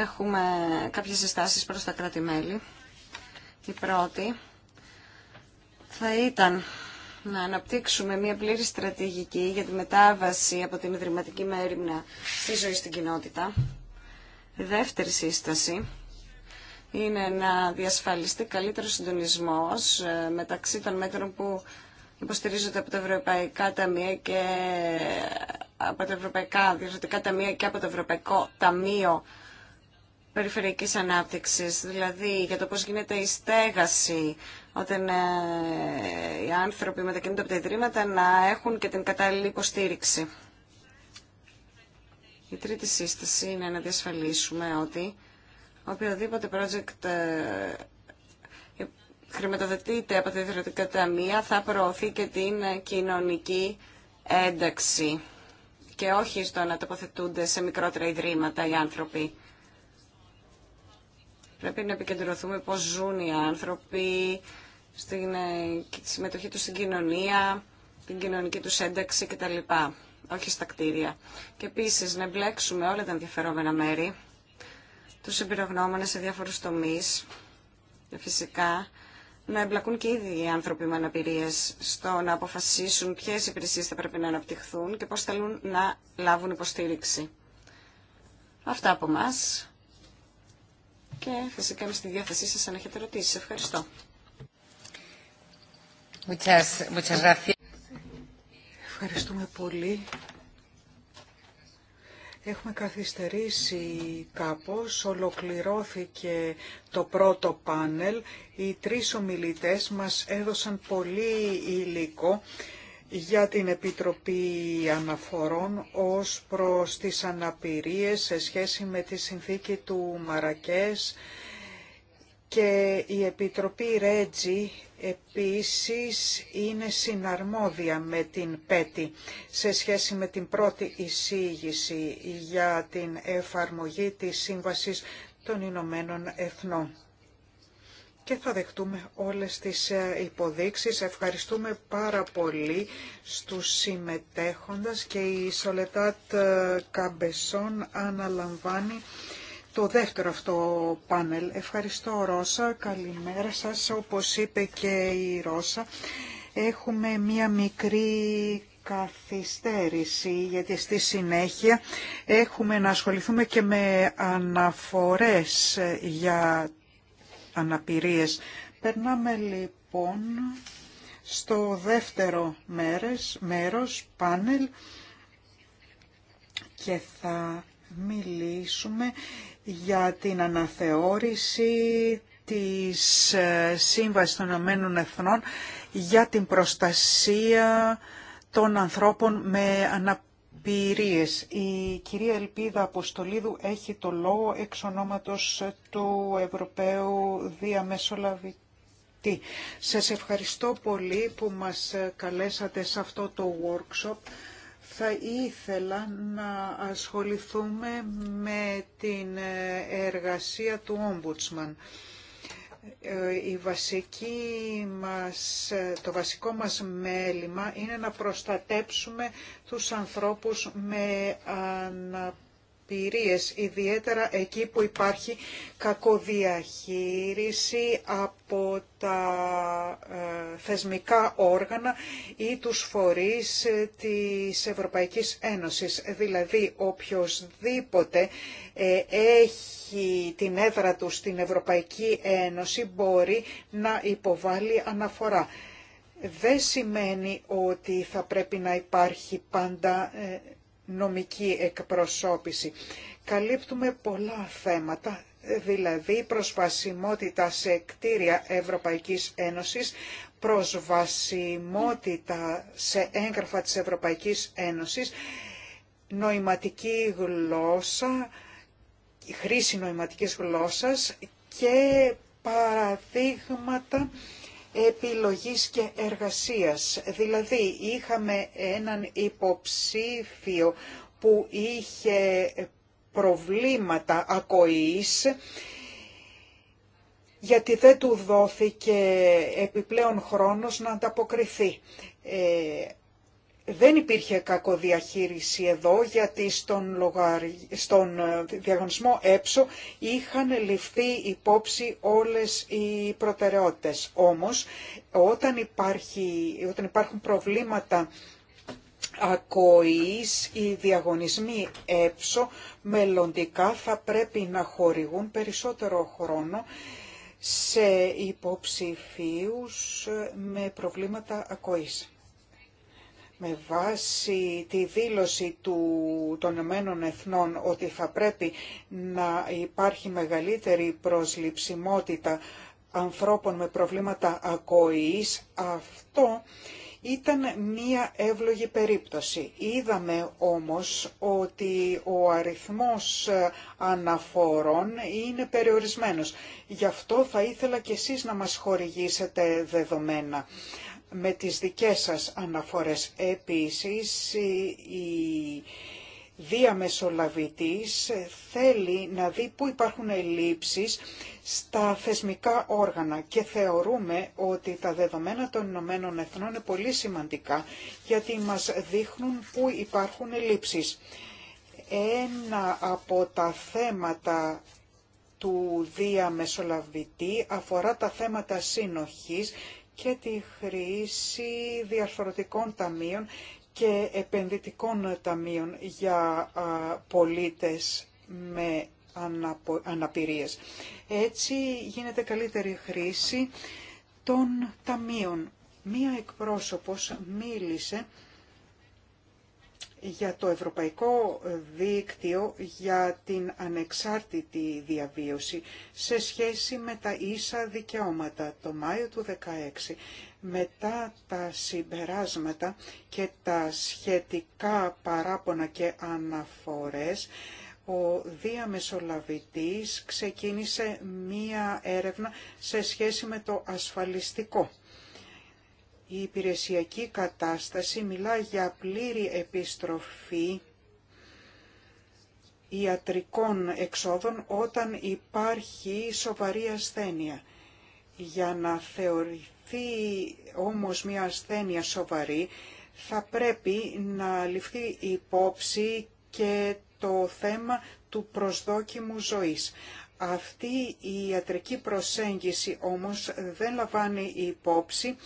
S2: έχουμε κάποιες συστάσεις προς τα κράτη-μέλη. Η πρώτη θα ήταν να αναπτύξουμε μια πλήρη στρατηγική για τη μετάβαση από την ιδρυματική μέρημνα στη ζωή στην κοινότητα. Η δεύτερη σύσταση είναι να διασφαλιστεί καλύτερο συντονισμός ε, μεταξύ των μέτρων που υποστηρίζονται από τα Ευρωπαϊκά Ταμεία και ε, από τα Ευρωπαϊκά Διευθυντικά Ταμεία και από το Ευρωπαϊκό Ταμείο Περιφερειακής Ανάπτυξης, δηλαδή για το πώς γίνεται η στέγαση όταν ε, οι άνθρωποι μετακινούνται από τα ιδρύματα να έχουν και την κατάλληλη υποστήριξη. Η τρίτη σύσταση είναι να διασφαλίσουμε ότι οποιοδήποτε project ε, ε, χρηματοδοτείται από τα ιδρυτικά ταμεία θα προωθεί και την κοινωνική ένταξη και όχι στο να τοποθετούνται σε μικρότερα ιδρύματα οι άνθρωποι. Πρέπει να επικεντρωθούμε πώς ζουν οι άνθρωποι, στην ε, συμμετοχή του στην κοινωνία, την κοινωνική του ένταξη κτλ. Όχι στα κτίρια. Και επίση να εμπλέξουμε όλα τα ενδιαφερόμενα μέρη, του εμπειρογνώμονε σε διάφορου τομεί και φυσικά να εμπλακούν και ήδη οι άνθρωποι με αναπηρίε στο να αποφασίσουν ποιε υπηρεσίε θα πρέπει να αναπτυχθούν και πώ θέλουν να λάβουν υποστήριξη. Αυτά από εμά. Και φυσικά είμαι στη διάθεσή σα αν έχετε ερωτήσει. Ευχαριστώ.
S1: Ευχαριστούμε
S3: πολύ. Έχουμε καθυστερήσει κάπως, ολοκληρώθηκε το πρώτο πάνελ. Οι τρεις ομιλητές μας έδωσαν πολύ υλικό για την Επιτροπή Αναφορών ως προς τις αναπηρίες σε σχέση με τη συνθήκη του Μαρακές και η Επιτροπή Ρέτζι Επίσης είναι συναρμόδια με την ΠΕΤΗ σε σχέση με την πρώτη εισήγηση για την εφαρμογή της Σύμβασης των Ηνωμένων Εθνών. Και θα δεχτούμε όλες τις ε, υποδείξεις. Ευχαριστούμε πάρα πολύ στους συμμετέχοντας και η Σολετάτ Καμπεσόν αναλαμβάνει το δεύτερο αυτό πάνελ. Ευχαριστώ Ρώσα, καλημέρα σας. Όπως είπε και η Ρώσα, έχουμε μία μικρή καθυστέρηση, γιατί στη συνέχεια έχουμε να ασχοληθούμε και με αναφορές για αναπηρίες. Περνάμε λοιπόν στο δεύτερο μέρες, μέρος, πάνελ και θα μιλήσουμε για την αναθεώρηση της ε, Σύμβασης των Ηνωμένων Εθνών για την προστασία των ανθρώπων με αναπηρίες. Η κυρία Ελπίδα Αποστολίδου έχει το λόγο εξ ονόματος του Ευρωπαίου Διαμεσολαβητή. Σας ευχαριστώ πολύ που μας καλέσατε σε αυτό το workshop θα ήθελα να ασχοληθούμε με την εργασία του Ombudsman. Ε, η βασική μας, το βασικό μας μέλημα είναι να προστατέψουμε τους ανθρώπους με αναπτύξεις ιδιαίτερα εκεί που υπάρχει κακοδιαχείριση από τα ε, θεσμικά όργανα ή τους φορείς ε, της Ευρωπαϊκής Ένωσης. Δηλαδή, οποιοδήποτε ε, έχει την έδρα του στην Ευρωπαϊκή Ένωση μπορεί να υποβάλει αναφορά. Δεν σημαίνει ότι θα πρέπει να υπάρχει πάντα νομική εκπροσώπηση. Καλύπτουμε πολλά θέματα, δηλαδή προσβασιμότητα σε κτίρια Ευρωπαϊκής Ένωσης, προσβασιμότητα σε έγγραφα της Ευρωπαϊκής Ένωσης, νοηματική γλώσσα, χρήση νοηματικής γλώσσας και παραδείγματα επιλογής και εργασίας. Δηλαδή είχαμε έναν υποψήφιο που είχε προβλήματα ακοής γιατί δεν του δόθηκε επιπλέον χρόνος να ανταποκριθεί. Ε, δεν υπήρχε κακοδιαχείριση εδώ γιατί στον, ε, διαγωνισμό έψο είχαν ληφθεί υπόψη όλες οι προτεραιότητες. Όμως όταν, υπάρχει... όταν υπάρχουν προβλήματα ακοής οι διαγωνισμοί έψω μελλοντικά θα πρέπει να χορηγούν περισσότερο χρόνο σε υποψηφίους με προβλήματα ακοής με βάση τη δήλωση του, των Ηνωμένων Εθνών ότι θα πρέπει να υπάρχει μεγαλύτερη προσληψιμότητα ανθρώπων με προβλήματα ακοής, αυτό ήταν μία εύλογη περίπτωση. Είδαμε όμως ότι ο αριθμός ε, αναφορών είναι περιορισμένος. Γι' αυτό θα ήθελα και εσείς να μας χορηγήσετε δεδομένα με τις δικές σας αναφορές. Επίσης, η διαμεσολαβητής θέλει να δει πού υπάρχουν ελλείψεις στα θεσμικά όργανα και θεωρούμε ότι τα δεδομένα των Ηνωμένων Εθνών είναι πολύ σημαντικά γιατί μας δείχνουν πού υπάρχουν ελλείψεις. Ένα από τα θέματα του διαμεσολαβητή αφορά τα θέματα σύνοχης και τη χρήση διαφορετικών ταμείων και επενδυτικών ταμείων για πολίτες με αναπηρίες. Έτσι γίνεται καλύτερη χρήση των ταμείων. Μία εκπρόσωπος μίλησε για το Ευρωπαϊκό Δίκτυο για την Ανεξάρτητη Διαβίωση σε σχέση με τα ίσα δικαιώματα το Μάιο του 2016. Μετά τα συμπεράσματα και τα σχετικά παράπονα και αναφορές, ο διαμεσολαβητής ξεκίνησε μία έρευνα σε σχέση με το ασφαλιστικό η υπηρεσιακή κατάσταση μιλά για πλήρη επιστροφή ιατρικών εξόδων όταν υπάρχει σοβαρή ασθένεια. Για να θεωρηθεί όμως μια ασθένεια σοβαρή, θα πρέπει να ληφθεί υπόψη και το θέμα του προσδόκιμου ζωής. Αυτή η ιατρική προσέγγιση όμως δεν λαμβάνει υπόψη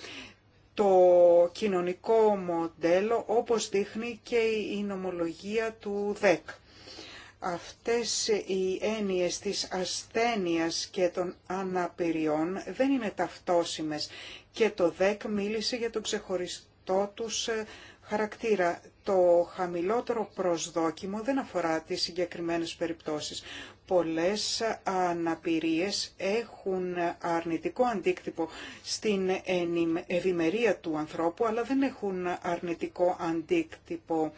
S3: το κοινωνικό μοντέλο όπως δείχνει και η νομολογία του ΔΕΚ. Αυτές οι έννοιες της ασθένειας και των αναπηριών δεν είναι ταυτόσιμες και το ΔΕΚ μίλησε για τον ξεχωριστό τους ε, χαρακτήρα. Το χαμηλότερο προσδόκιμο δεν αφορά τις συγκεκριμένες περιπτώσεις πολλές αναπηρίες έχουν αρνητικό αντίκτυπο στην ευημερία του ανθρώπου, αλλά δεν έχουν αρνητικό αντίκτυπο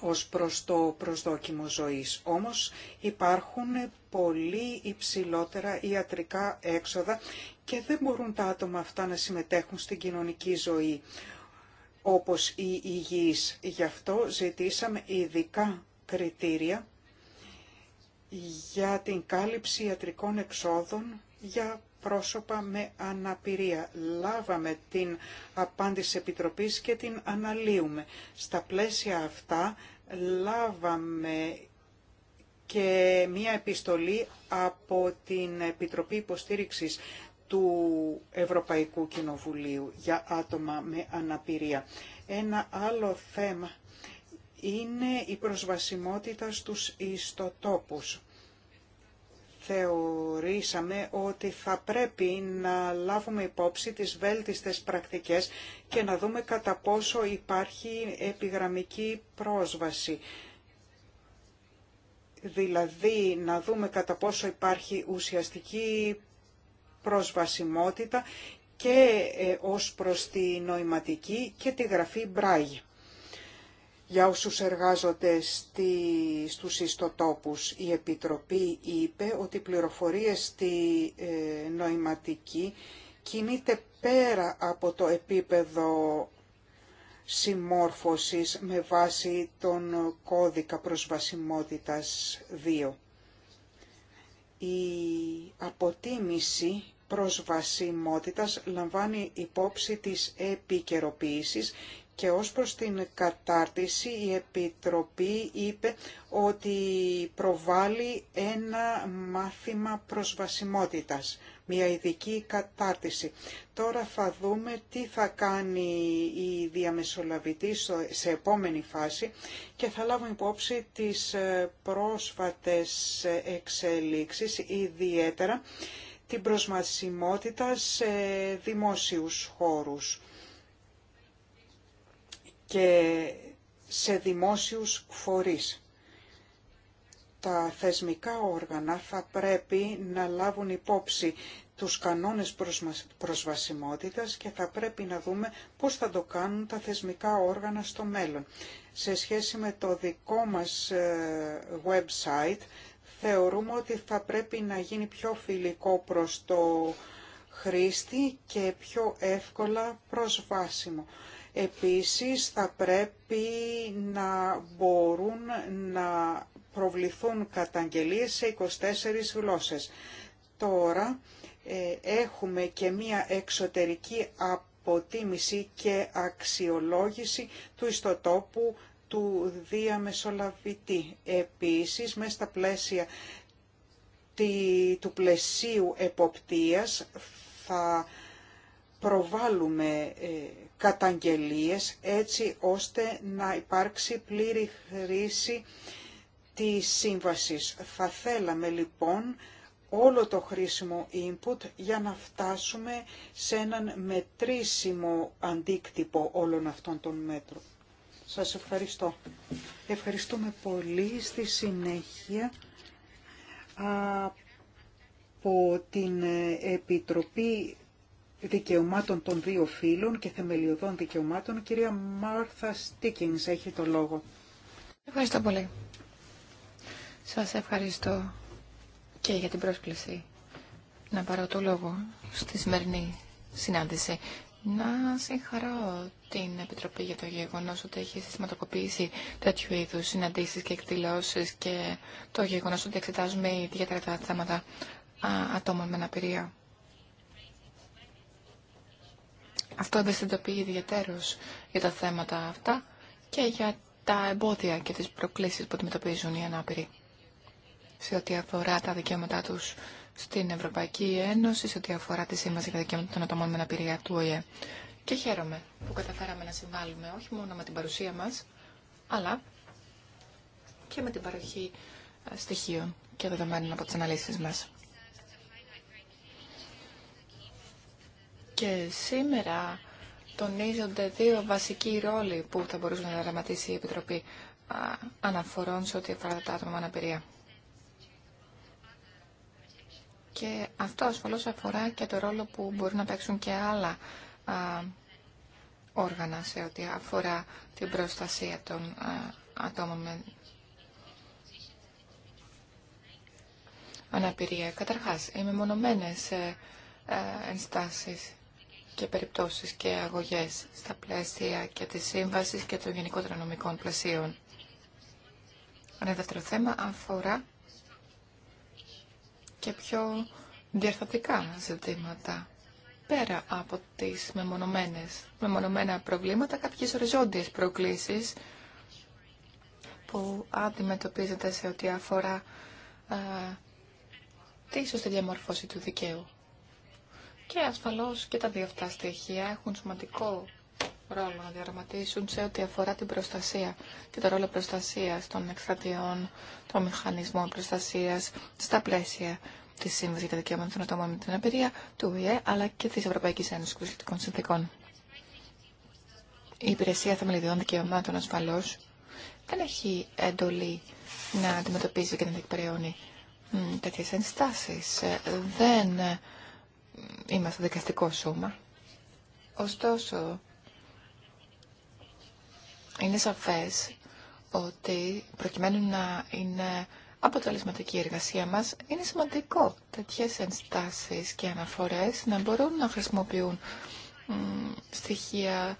S3: ως προς το προσδόκιμο ζωής. Όμως υπάρχουν πολύ υψηλότερα ιατρικά έξοδα και δεν μπορούν τα άτομα αυτά να συμμετέχουν στην κοινωνική ζωή όπως η υγιής. Γι' αυτό ζητήσαμε ειδικά κριτήρια για την κάλυψη ιατρικών εξόδων για πρόσωπα με αναπηρία. Λάβαμε την απάντηση Επιτροπής και την αναλύουμε. Στα πλαίσια αυτά λάβαμε και μία επιστολή από την Επιτροπή Υποστήριξης του Ευρωπαϊκού Κοινοβουλίου για άτομα με αναπηρία. Ένα άλλο θέμα είναι η προσβασιμότητα στους ιστοτόπους θεωρήσαμε ότι θα πρέπει να λάβουμε υπόψη τις βέλτιστες πρακτικές και να δούμε κατά πόσο υπάρχει επιγραμμική πρόσβαση. Δηλαδή να δούμε κατά πόσο υπάρχει ουσιαστική προσβασιμότητα και ε, ως προς τη νοηματική και τη γραφή μπράγη για όσους εργάζονται στη, στους ιστοτόπους. Η Επιτροπή είπε ότι οι πληροφορίες στη ε, νοηματική κινείται πέρα από το επίπεδο συμμόρφωσης με βάση τον κώδικα προσβασιμότητας 2. Η αποτίμηση προσβασιμότητας λαμβάνει υπόψη της επικαιροποίησης. Και ως προς την κατάρτιση η Επιτροπή είπε ότι προβάλλει ένα μάθημα προσβασιμότητας, μια ειδική κατάρτιση. Τώρα θα δούμε τι θα κάνει η διαμεσολαβητή σε επόμενη φάση και θα λάβουμε υπόψη τις ε, πρόσφατες ε, εξελίξεις, ιδιαίτερα την προσβασιμότητα σε δημόσιους χώρους και σε δημόσιους φορείς. Τα θεσμικά όργανα θα πρέπει να λάβουν υπόψη τους κανόνες προσβασιμότητας και θα πρέπει να δούμε πώς θα το κάνουν τα θεσμικά όργανα στο μέλλον. Σε σχέση με το δικό μας ε, website θεωρούμε ότι θα πρέπει να γίνει πιο φιλικό προς το χρήστη και πιο εύκολα προσβάσιμο. Επίσης θα πρέπει να μπορούν να προβληθούν καταγγελίες σε 24 γλώσσες. Τώρα ε, έχουμε και μία εξωτερική αποτίμηση και αξιολόγηση του ιστοτόπου του διαμεσολαβητή. Επίσης, μέσα στα πλαίσια του πλαισίου εποπτείας θα προβάλλουμε ε, καταγγελίες έτσι ώστε να υπάρξει πλήρη χρήση της σύμβασης. Θα θέλαμε λοιπόν όλο το χρήσιμο input για να φτάσουμε σε έναν μετρήσιμο αντίκτυπο όλων αυτών των μέτρων. Σας ευχαριστώ. Ευχαριστούμε πολύ στη συνέχεια από την Επιτροπή δικαιωμάτων των δύο φίλων και θεμελιωδών δικαιωμάτων. Κυρία Μάρθα Στίκινγκς έχει το λόγο.
S1: Ευχαριστώ πολύ. Σας ευχαριστώ και για την πρόσκληση να πάρω το λόγο στη σημερινή συνάντηση. Να συγχαρώ την Επιτροπή για το γεγονός ότι έχει συστηματοποιήσει τέτοιου είδους συναντήσεις και εκδηλώσεις και το γεγονός ότι εξετάζουμε ιδιαίτερα τα θέματα ατόμων με αναπηρία. Αυτό δεν ευαισθητοποιεί ιδιαίτερως για τα θέματα αυτά και για τα εμπόδια και τις προκλήσεις που αντιμετωπίζουν οι ανάπηροι σε ό,τι αφορά τα δικαιώματά τους στην Ευρωπαϊκή Ένωση, σε ό,τι αφορά τη Σύμβαση για τα δικαιώματα των ατομών με αναπηρία του ΟΗΕ. Και χαίρομαι που καταφέραμε να συμβάλλουμε όχι μόνο με την παρουσία μας, αλλά και με την παροχή ε, στοιχείων και δεδομένων από τις αναλύσεις μας. Και σήμερα τονίζονται δύο βασικοί ρόλοι που θα μπορούσε να δραματίσει η Επιτροπή Αναφορών σε ό,τι αφορά τα άτομα με αναπηρία. Και αυτό ασφαλώς αφορά και το ρόλο που μπορούν να παίξουν και άλλα όργανα σε ό,τι αφορά την προστασία των ατόμων με αναπηρία. Καταρχάς, οι μεμονωμένες ε, ε, ενστάσεις και περιπτώσεις και αγωγές στα πλαίσια και της σύμβασης και των γενικότερων νομικών πλαισίων. Ένα δεύτερο θέμα αφορά και πιο διαρθωτικά ζητήματα. Πέρα από τις μεμονωμένες, μεμονωμένα προβλήματα, κάποιες οριζόντιες προκλήσεις που αντιμετωπίζεται σε ό,τι αφορά α, ε, τη σωστή διαμορφώση του δικαίου. Και ασφαλώς και τα δύο αυτά στοιχεία έχουν σημαντικό ρόλο να διαρματίσουν σε ό,τι αφορά την προστασία και το ρόλο προστασίας των εκστρατιών, των μηχανισμών προστασίας στα πλαίσια τη Σύμβαση για τα Δικαιώματα των Ατόμων με την Απειρία, του ΟΗΕ, αλλά και τη Ευρωπαϊκή Ένωση Κουσιαστικών Συνθήκων. Η Υπηρεσία Θεμελιδιών Δικαιωμάτων ασφαλώ δεν έχει εντολή να αντιμετωπίζει και να διεκπαιρεώνει τέτοιε ενστάσει. Ε, δεν είμαστε δικαστικό σώμα. Ωστόσο, είναι σαφές ότι προκειμένου να είναι αποτελεσματική η εργασία μας, είναι σημαντικό τέτοιες ενστάσεις και αναφορές να μπορούν να χρησιμοποιούν στοιχεία,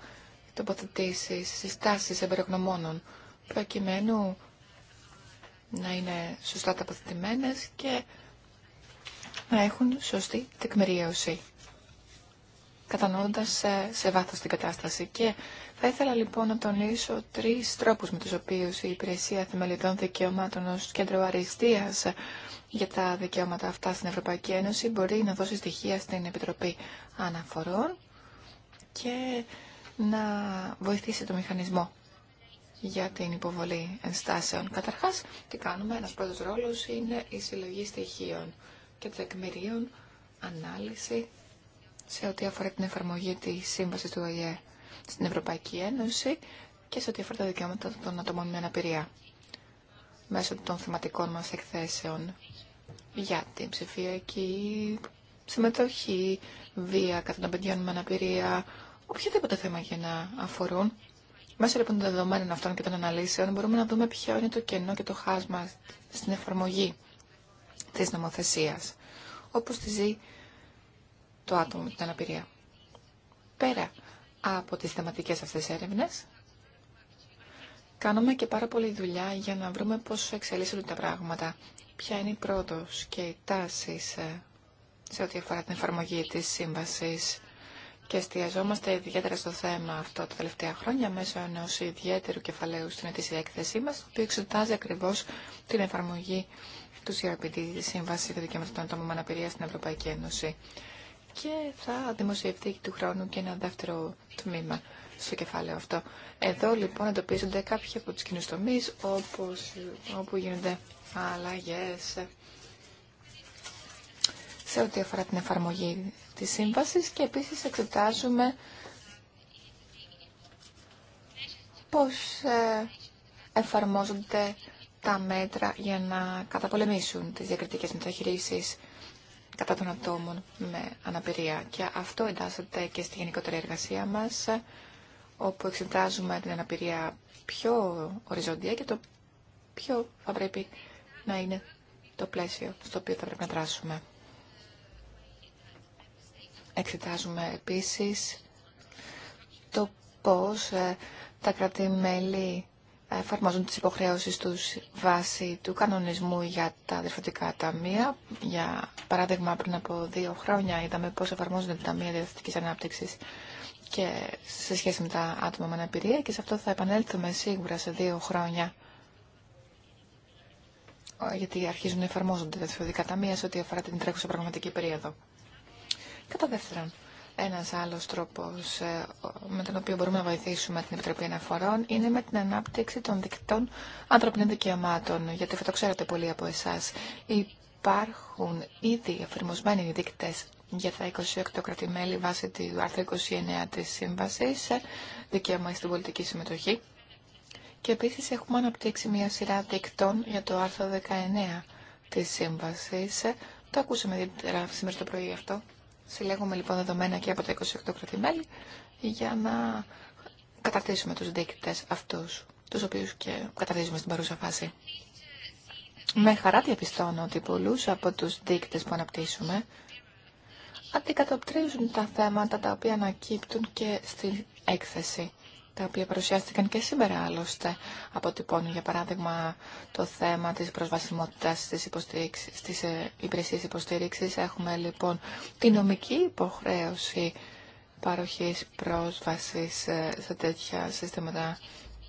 S1: τοποθετήσεις, συστάσεις εμπερογνωμόνων, προκειμένου να είναι σωστά τοποθετημένες και να έχουν σωστή τεκμηρίωση, κατανοώντας σε βάθος την κατάσταση. Και θα ήθελα λοιπόν να τονίσω τρεις τρόπους με τους οποίους η Υπηρεσία Θεμελιδών Δικαιωμάτων ως κέντρο αριστείας για τα δικαιώματα αυτά στην Ευρωπαϊκή Ένωση μπορεί να δώσει στοιχεία στην Επιτροπή Αναφορών και να βοηθήσει το μηχανισμό για την υποβολή ενστάσεων. Καταρχάς, τι κάνουμε, ένας πρώτος ρόλος είναι η συλλογή στοιχείων και τεκμηρίων ανάλυση σε ό,τι αφορά την εφαρμογή της σύμβασης του ΟΗΕ στην Ευρωπαϊκή Ένωση και σε ό,τι αφορά τα δικαιώματα των ατόμων με αναπηρία μέσω των θεματικών μας εκθέσεων για την ψηφιακή συμμετοχή, βία κατά των παιδιών με αναπηρία, οποιαδήποτε θέμα για να αφορούν. Μέσω λοιπόν των δεδομένων αυτών και των αναλύσεων μπορούμε να δούμε ποιο είναι το κενό και το χάσμα στην εφαρμογή της νομοθεσίας, όπως τη ζει το άτομο με την αναπηρία. Πέρα από τις θεματικές αυτές έρευνες, κάνουμε και πάρα πολλή δουλειά για να βρούμε πώς εξελίσσονται τα πράγματα, ποια είναι η πρόοδος και οι τάσεις ε, σε ό,τι αφορά την εφαρμογή της σύμβασης και εστιαζόμαστε ιδιαίτερα στο θέμα αυτό τα τελευταία χρόνια μέσω ενό ιδιαίτερου κεφαλαίου στην ετήσια έκθεσή μα, το οποίο εξετάζει ακριβώ την εφαρμογή του CRPD, τη Σύμβαση για Δικαίωμα των Ατόμων Αναπηρία στην Ευρωπαϊκή Ένωση. Και θα δημοσιευτεί του χρόνου και ένα δεύτερο τμήμα στο κεφάλαιο αυτό. Εδώ λοιπόν εντοπίζονται κάποιοι από του κοινού τομεί όπου γίνονται αλλαγέ σε ό,τι αφορά την εφαρμογή της σύμβασης και επίσης εξετάζουμε πώς ε, εφαρμόζονται τα μέτρα για να καταπολεμήσουν τις διακριτικές μεταχειρήσεις κατά των ατόμων με αναπηρία. Και αυτό εντάσσεται και στη γενικότερη εργασία μας, όπου εξετάζουμε την αναπηρία πιο οριζοντία και το πιο θα πρέπει να είναι το πλαίσιο στο οποίο θα πρέπει να δράσουμε. Εξετάζουμε επίσης το πώς ε, τα κρατημέλη εφαρμόζουν τις υποχρεώσεις τους βάσει του κανονισμού για τα διευθυντικά ταμεία. Για παράδειγμα, πριν από δύο χρόνια είδαμε πώς εφαρμόζονται τα ταμεία διευθυντικής ανάπτυξης και σε σχέση με τα άτομα με αναπηρία και σε αυτό θα επανέλθουμε σίγουρα σε δύο χρόνια ε, γιατί αρχίζουν να εφαρμόζονται τα διευθυντικά ταμεία σε ό,τι αφορά την τρέχουσα πραγματική περίοδο. Κατά δεύτερον, ένα άλλο τρόπο ε, με τον οποίο μπορούμε να βοηθήσουμε την Επιτροπή Αναφορών είναι με την ανάπτυξη των δικτών ανθρωπινών δικαιωμάτων, γιατί αυτό το ξέρετε πολλοί από εσά. Υπάρχουν ήδη εφαρμοσμένοι δείκτε για τα 28 κρατημέλη βάσει του άρθρου 29 τη σύμβαση, δικαίωμα στην πολιτική συμμετοχή. Και επίση έχουμε αναπτύξει μια σειρά δικτών για το άρθρο 19 τη σύμβαση. Ε, το ακούσαμε σήμερα το πρωί αυτό Συλλέγουμε λοιπόν δεδομένα και από τα 28 κρατημέλη για να καταρτήσουμε τους δείκτες αυτούς, τους οποίους και καταρτίζουμε στην παρούσα φάση. Με χαρά διαπιστώνω ότι πολλούς από τους δείκτες που αναπτύσσουμε αντικατοπτρίζουν τα θέματα τα οποία ανακύπτουν και στην έκθεση τα οποία παρουσιάστηκαν και σήμερα άλλωστε αποτυπώνουν για παράδειγμα το θέμα της προσβασιμότητας στις, στις ε, υπηρεσίες υποστήριξης. Έχουμε λοιπόν τη νομική υποχρέωση παροχής πρόσβασης ε, σε τέτοια συστήματα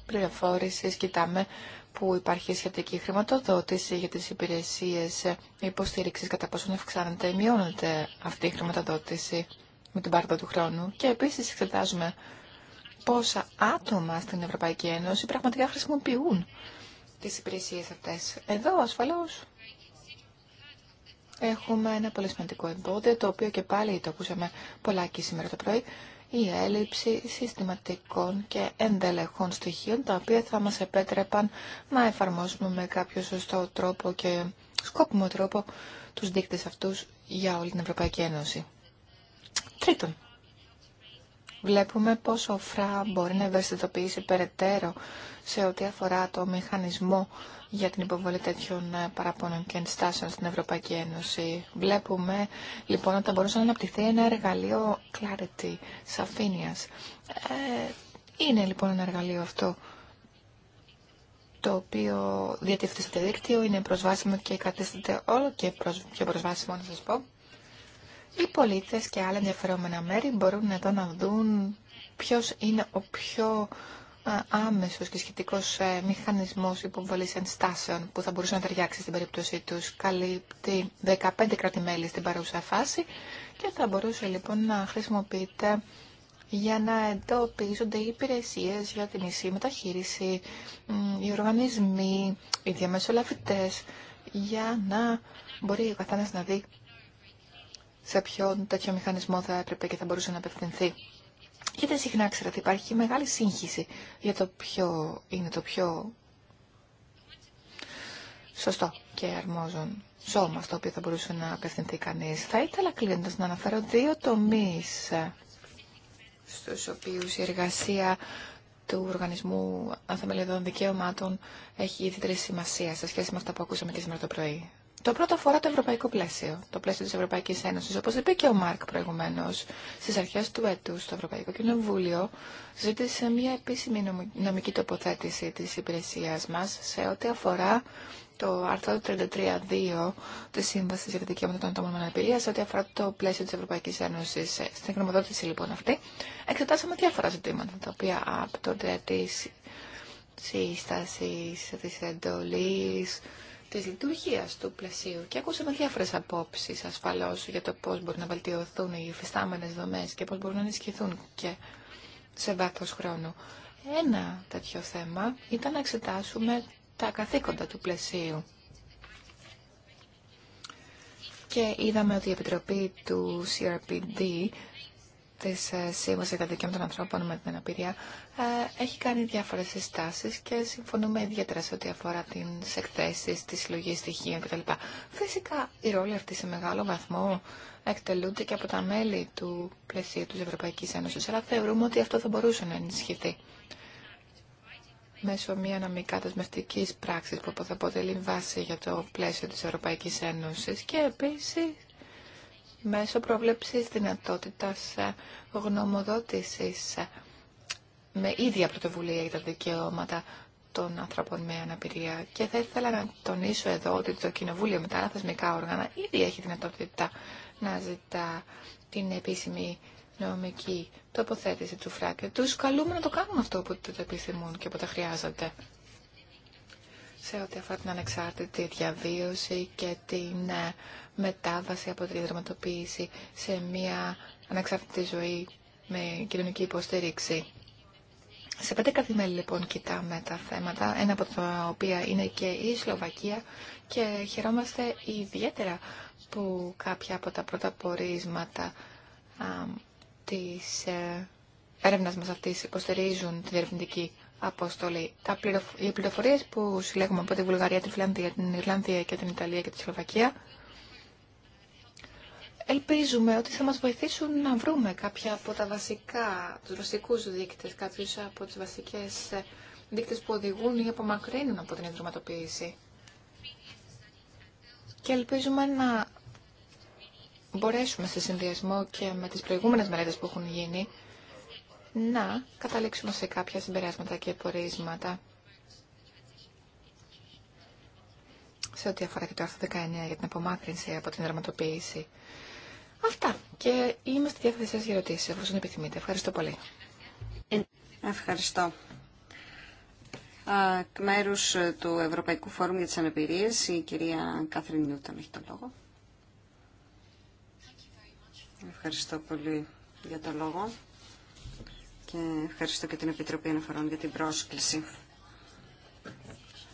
S1: πληροφόρησης. Κοιτάμε που υπάρχει σχετική χρηματοδότηση για τις υπηρεσίες υποστήριξης κατά πόσον αυξάνεται ή μειώνεται αυτή η χρηματοδότηση με την πάρδα του χρόνου. Και επίσης εξετάζουμε πόσα άτομα στην Ευρωπαϊκή Ένωση πραγματικά χρησιμοποιούν τις υπηρεσίες αυτές. Εδώ ασφαλώς έχουμε ένα πολύ σημαντικό εμπόδιο, το οποίο και πάλι το ακούσαμε και σήμερα το πρωί, η έλλειψη συστηματικών και εντελεχών στοιχείων, τα οποία θα μας επέτρεπαν να εφαρμόσουμε με κάποιο σωστό τρόπο και σκόπιμο τρόπο τους δείκτες αυτούς για όλη την Ευρωπαϊκή Ένωση. Τρίτον, βλέπουμε πόσο ο ΦΡΑ μπορεί να ευαισθητοποιήσει περαιτέρω σε ό,τι αφορά το μηχανισμό για την υποβολή τέτοιων ε, παραπώνων και ενστάσεων στην Ευρωπαϊκή Ένωση. Βλέπουμε λοιπόν ότι θα μπορούσε να αναπτυχθεί ένα εργαλείο clarity, σαφήνειας. Ε, είναι λοιπόν ένα εργαλείο αυτό το οποίο διατίθεται στο δίκτυο, είναι προσβάσιμο και κατέστηται όλο και πιο προσβάσιμο να σας πω οι πολίτες και άλλα ενδιαφερόμενα μέρη μπορούν εδώ να δουν ποιος είναι ο πιο ε, άμεσος και σχετικός ε, μηχανισμός υποβολής ενστάσεων που θα μπορούσε να ταιριάξει στην περίπτωσή τους. Καλύπτει 15 κρατημέλη στην παρούσα φάση και θα μπορούσε λοιπόν να χρησιμοποιείται για να εντοπίζονται οι υπηρεσίες για την ισή μεταχείριση, οι οργανισμοί, οι διαμεσολαβητές, για να μπορεί ο καθένας να δει σε ποιον τέτοιο μηχανισμό θα έπρεπε και θα μπορούσε να απευθυνθεί. Γιατί συχνά ξέρετε υπάρχει μεγάλη σύγχυση για το ποιο είναι το πιο σωστό και αρμόζον σώμα στο οποίο θα μπορούσε να απευθυνθεί κανείς. Θα ήθελα κλείνοντα να αναφέρω δύο τομείς ε, στους οποίους η εργασία του Οργανισμού Ανθαμελιδών Δικαιωμάτων έχει ιδιαίτερη σημασία σε σχέση με αυτά που ακούσαμε και σήμερα το πρωί. Το πρώτο αφορά το ευρωπαϊκό πλαίσιο, το πλαίσιο τη Ευρωπαϊκή Ένωση, όπω είπε και ο Μάρκ προηγουμένω, στι αρχέ του έτου το Ευρωπαϊκό Κοινοβούλιο ζήτησε μια επίσημη νομική τοποθέτηση τη υπηρεσία μα σε ό,τι αφορά το άρθρο 33.2 τη Σύμβαση για τη Δικαιώματα των Ατόμων με Αναπηρία σε ό,τι αφορά το πλαίσιο τη Ευρωπαϊκή Ένωση. Ε, στην εκνομοδότηση λοιπόν αυτή, εξετάσαμε διάφορα ζητήματα τα οποία από τη σύσταση, τη εντολή, Τη λειτουργία του πλαισίου και ακούσαμε διάφορε απόψει ασφαλώ για το πώ μπορεί να βελτιωθούν οι υφιστάμενε δομέ και πώ μπορούν να ενισχυθούν και σε βάθο χρόνου. Ένα τέτοιο θέμα ήταν να εξετάσουμε τα καθήκοντα του πλαισίου. Και είδαμε ότι η Επιτροπή του CRPD της ε, Σύμβασης για τα των Ανθρώπων με την Αναπηρία ε, έχει κάνει διάφορες συστάσεις και συμφωνούμε ιδιαίτερα σε ό,τι αφορά τις εκθέσεις, τη συλλογή στοιχείων κτλ. Φυσικά, οι ρόλοι αυτοί σε μεγάλο βαθμό εκτελούνται και από τα μέλη του πλαισίου της Ευρωπαϊκής Ένωσης, αλλά θεωρούμε ότι αυτό θα μπορούσε να ενισχυθεί μέσω μια νομικά δεσμευτική πράξη που θα αποτελεί βάση για το πλαίσιο της Ευρωπαϊκής Ένωσης και επίσης μέσω προβλέψης δυνατότητας ε, γνωμοδότησης ε, με ίδια πρωτοβουλία για τα δικαιώματα των ανθρώπων με αναπηρία. Και θα ήθελα να τονίσω εδώ ότι το Κοινοβούλιο με τα άλλα θεσμικά όργανα ήδη έχει δυνατότητα να ζητά την επίσημη νομική τοποθέτηση του ΦΡΑΚ. Τους καλούμε να το κάνουμε αυτό που το επιθυμούν και που τα χρειάζονται. Σε ό,τι αφορά την ανεξάρτητη διαβίωση και την ε, μετάβαση από τη δραματοποίηση σε μια ανεξάρτητη ζωή με κοινωνική υποστήριξη. Σε πέντε καθημέρι λοιπόν κοιτάμε τα θέματα, ένα από τα οποία είναι και η Σλοβακία και χαιρόμαστε ιδιαίτερα που κάποια από τα πρώτα πορίσματα α, της ε, έρευνας μας αυτής υποστηρίζουν τη διερευνητική αποστολή. Τα Οι πληροφορίες που συλλέγουμε από τη Βουλγαρία, τη Φιλανδία, την Ιρλανδία και την Ιταλία και τη Σλοβακία Ελπίζουμε ότι θα μας βοηθήσουν να βρούμε κάποια από τα βασικά, τους βασικούς δείκτες, κάποιους από τις βασικές δείκτες που οδηγούν ή απομακρύνουν από την ιδρυματοποίηση. Και ελπίζουμε να μπορέσουμε σε συνδυασμό και με τις προηγούμενες μελέτες που έχουν γίνει να καταλήξουμε σε κάποια συμπεράσματα και πορίσματα σε ό,τι αφορά και το άρθρο 19 για την απομάκρυνση από την δραματοποίηση. Αυτά. Και είμαι στη διάθεσή σας για ερωτήσεις, εφόσον επιθυμείτε. Ευχαριστώ πολύ. Ευχαριστώ. Εκ
S2: μέρου του Ευρωπαϊκού Φόρουμ για τι Αναπηρίε, η κυρία Κάθριν Νιούτον έχει το λόγο. Ευχαριστώ πολύ για το λόγο και ευχαριστώ και την Επιτροπή Αναφορών για την πρόσκληση.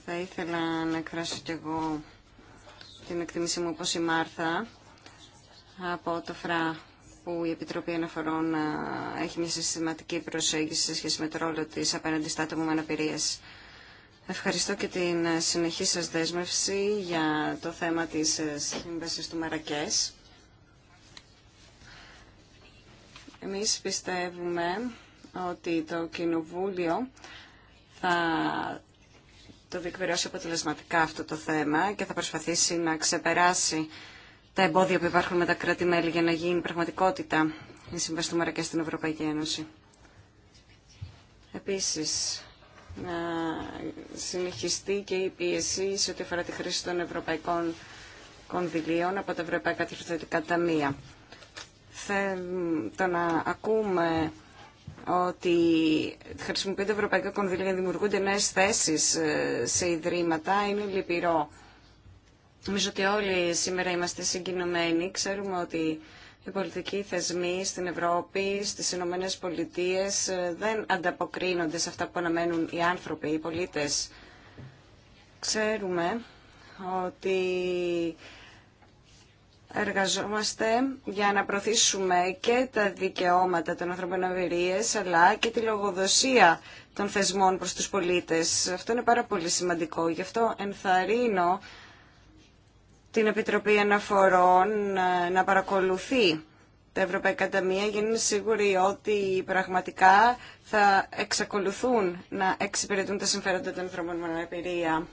S2: Θα ήθελα να εκφράσω κι εγώ την εκτίμησή μου όπως η Μάρθα από το ΦΡΑ που η Επιτροπή Αναφορών έχει μια συστηματική προσέγγιση σε σχέση με το ρόλο της απέναντι στα άτομα με Ευχαριστώ και την συνεχή σας δέσμευση για το θέμα της σύμβασης του Μαρακές. Εμείς πιστεύουμε ότι το Κοινοβούλιο θα το διεκπαιρεώσει αποτελεσματικά αυτό το θέμα και θα προσπαθήσει να ξεπεράσει τα εμπόδια που υπάρχουν με τα κράτη-μέλη για να γίνει πραγματικότητα η Σύμβαση του Μαρακέ στην Ευρωπαϊκή Ένωση. Επίσης, να συνεχιστεί και η πίεση σε ό,τι αφορά τη χρήση των ευρωπαϊκών κονδυλίων από τα ευρωπαϊκά τριφθετικά ταμεία. Θε, το να ακούμε ότι χρησιμοποιούνται ευρωπαϊκά κονδύλια για να δημιουργούνται νέες θέσεις ε, σε ιδρύματα είναι λυπηρό. Νομίζω ότι όλοι σήμερα είμαστε συγκινημένοι. Ξέρουμε ότι οι πολιτικοί θεσμοί στην Ευρώπη, στις Ηνωμένε Πολιτείε ε, δεν ανταποκρίνονται σε αυτά που αναμένουν οι άνθρωποι, οι πολίτες. Ξέρουμε ότι εργαζόμαστε για να προωθήσουμε και τα δικαιώματα των ανθρώπων ευηρίες, αλλά και τη λογοδοσία των θεσμών προς τους πολίτες. Αυτό είναι πάρα πολύ σημαντικό. Γι' αυτό ενθαρρύνω την Επιτροπή Αναφορών ε, να παρακολουθεί τα Ευρωπαϊκά Ταμεία για να είναι σίγουροι ότι πραγματικά θα εξακολουθούν να εξυπηρετούν τα συμφέροντα των ανθρώπων με αναπηρία.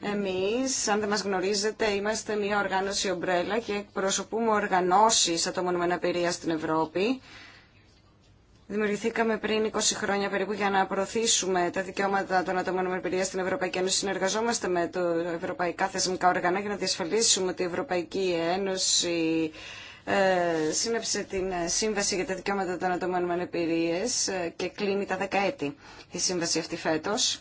S2: Εμείς, αν δεν μας γνωρίζετε, είμαστε μια οργάνωση ομπρέλα και εκπροσωπούμε οργανώσεις ατόμων με αναπηρία στην Ευρώπη Δημιουργηθήκαμε πριν 20 χρόνια περίπου για να προωθήσουμε τα δικαιώματα των ατόμων με εμπειρία στην Ευρωπαϊκή Ένωση. Συνεργαζόμαστε με το ευρωπαϊκά θεσμικά όργανα για να διασφαλίσουμε ότι η Ευρωπαϊκή Ένωση ε, σύνεψε την Σύμβαση για τα Δικαιώματα των Ατόμων με Ανεπηρίες ε, και κλείνει τα δεκαέτη η σύμβαση αυτή φέτος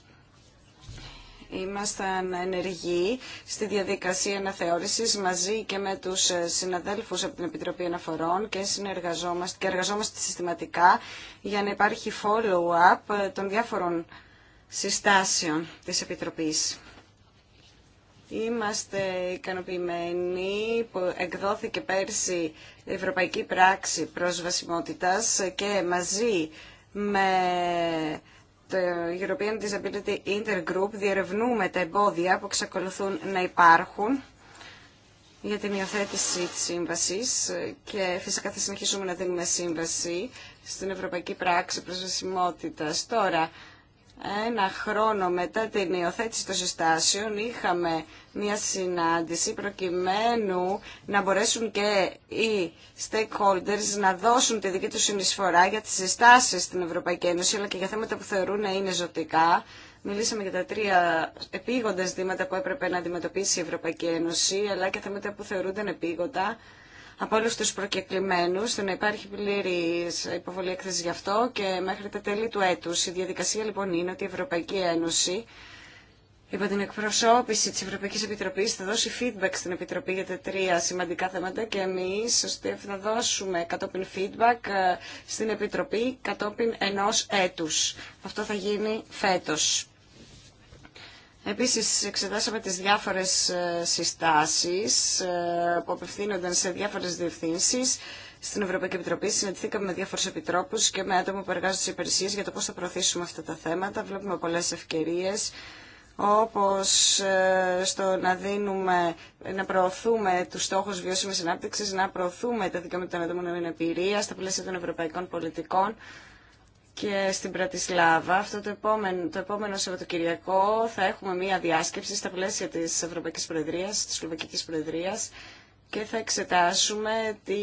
S2: ήμασταν ενεργοί στη διαδικασία αναθεώρησης μαζί και με τους ε, συναδέλφους από την Επιτροπή Αναφορών και συνεργαζόμαστε και εργαζόμαστε συστηματικά για να υπάρχει follow-up ε, των διάφορων συστάσεων της Επιτροπής. Είμαστε ικανοποιημένοι που εκδόθηκε πέρσι η Ευρωπαϊκή Πράξη Προσβασιμότητας και μαζί με το European Disability Intergroup διερευνούμε τα εμπόδια που εξακολουθούν να υπάρχουν για την υιοθέτηση της σύμβασης και φυσικά θα συνεχίσουμε να δίνουμε σύμβαση στην Ευρωπαϊκή Πράξη Προσβασιμότητας. Τώρα, ένα χρόνο μετά την υιοθέτηση των συστάσεων είχαμε μια συνάντηση προκειμένου να μπορέσουν και οι stakeholders να δώσουν τη δική τους συνεισφορά για τις συστάσεις στην Ευρωπαϊκή Ένωση αλλά και για θέματα που θεωρούν να είναι ζωτικά. Μιλήσαμε για τα τρία επίγοντα ζητήματα που έπρεπε να αντιμετωπίσει η Ευρωπαϊκή Ένωση αλλά και θέματα που θεωρούνται επίγοντα από όλου του προκεκλημένου, στο να υπάρχει πλήρη υποβολή έκθεση γι' αυτό και μέχρι τα τέλη του έτου. Η διαδικασία λοιπόν είναι ότι η Ευρωπαϊκή Ένωση Υπό την εκπροσώπηση της Ευρωπαϊκής Επιτροπής θα δώσει feedback στην Επιτροπή για τα τρία σημαντικά θέματα και εμείς θα δώσουμε κατόπιν feedback ε, στην Επιτροπή κατόπιν ενό έτου. Αυτό θα γίνει φέτο. Επίσης εξετάσαμε τις διάφορες ε, συστάσεις ε, που απευθύνονταν σε διάφορες διευθύνσεις στην Ευρωπαϊκή Επιτροπή. Συναντηθήκαμε με διάφορους επιτρόπους και με άτομα που εργάζονται στι υπηρεσίες για το πώς θα προωθήσουμε αυτά τα θέματα. Βλέπουμε πολλές ευκαιρίες όπως ε, στο να δίνουμε, να προωθούμε τους στόχους βιώσιμης ανάπτυξης, να προωθούμε τα δικαιώματα των ατόμων εμπειρία στα πλαίσια των ευρωπαϊκών πολιτικών και στην Πρατισλάβα. Αυτό το επόμενο, το επόμενο Σαββατοκυριακό θα έχουμε μία διάσκεψη στα πλαίσια της Ευρωπαϊκής Προεδρίας, της Σλοβακικής Προεδρίας και θα εξετάσουμε τη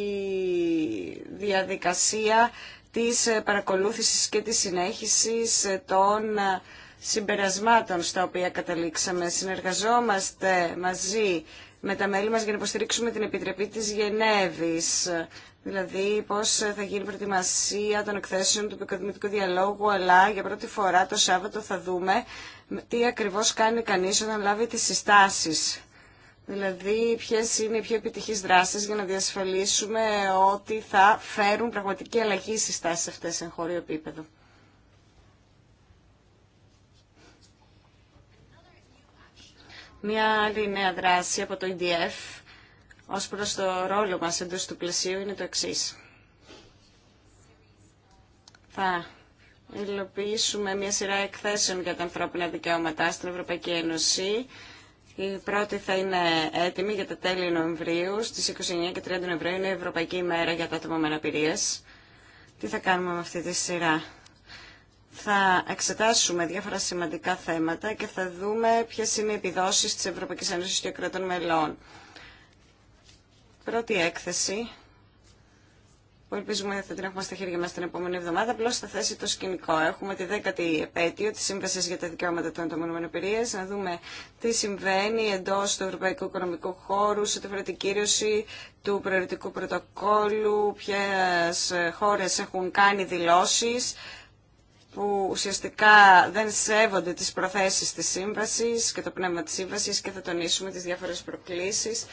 S2: διαδικασία της παρακολούθησης και της συνέχισης των συμπερασμάτων στα οποία καταλήξαμε. Συνεργαζόμαστε μαζί με τα μέλη μας για να υποστηρίξουμε την Επιτροπή της Γενέβης. Δηλαδή πώς θα γίνει η προετοιμασία των εκθέσεων του Πικοδημητικού διαλόγου, αλλά για πρώτη φορά το Σάββατο θα δούμε τι ακριβώς κάνει κανείς όταν λάβει τις συστάσεις. Δηλαδή, ποιε είναι οι πιο επιτυχείς δράσεις για να διασφαλίσουμε ότι θα φέρουν πραγματική αλλαγή στι συστάσεις αυτέ σε χώριο επίπεδο. Μια άλλη νέα δράση από το EDF ως προς το ρόλο μας εντός του πλαισίου είναι το εξής. Θα υλοποιήσουμε μια σειρά εκθέσεων για τα ανθρώπινα δικαιώματα στην Ευρωπαϊκή Ένωση. Η πρώτη θα είναι έτοιμη για τα τέλη Νοεμβρίου. Στις 29 και 30 Νοεμβρίου είναι η Ευρωπαϊκή ημέρα για τα άτομα με Τι θα κάνουμε με αυτή τη σειρά θα εξετάσουμε διάφορα σημαντικά θέματα και θα δούμε ποιε είναι οι επιδόσεις της Ευρωπαϊκής Ένωση και κρατών μελών. Πρώτη έκθεση που ελπίζουμε θα την έχουμε στα χέρια μα την επόμενη εβδομάδα, απλώ θα θέσει το σκηνικό. Έχουμε τη δέκατη επέτειο τη σύμβαση για τα Δικαιώματα των Ατομών Επηρείας, να δούμε τι συμβαίνει εντός του Ευρωπαϊκού Οικονομικού Χώρου, σε τη κύρωση του προαιρετικού πρωτοκόλλου, ποιε χώρες έχουν κάνει δηλώσεις που ουσιαστικά δεν σέβονται τις προθέσεις της σύμβασης και το πνεύμα της σύμβασης και θα τονίσουμε τις διάφορες προκλήσεις.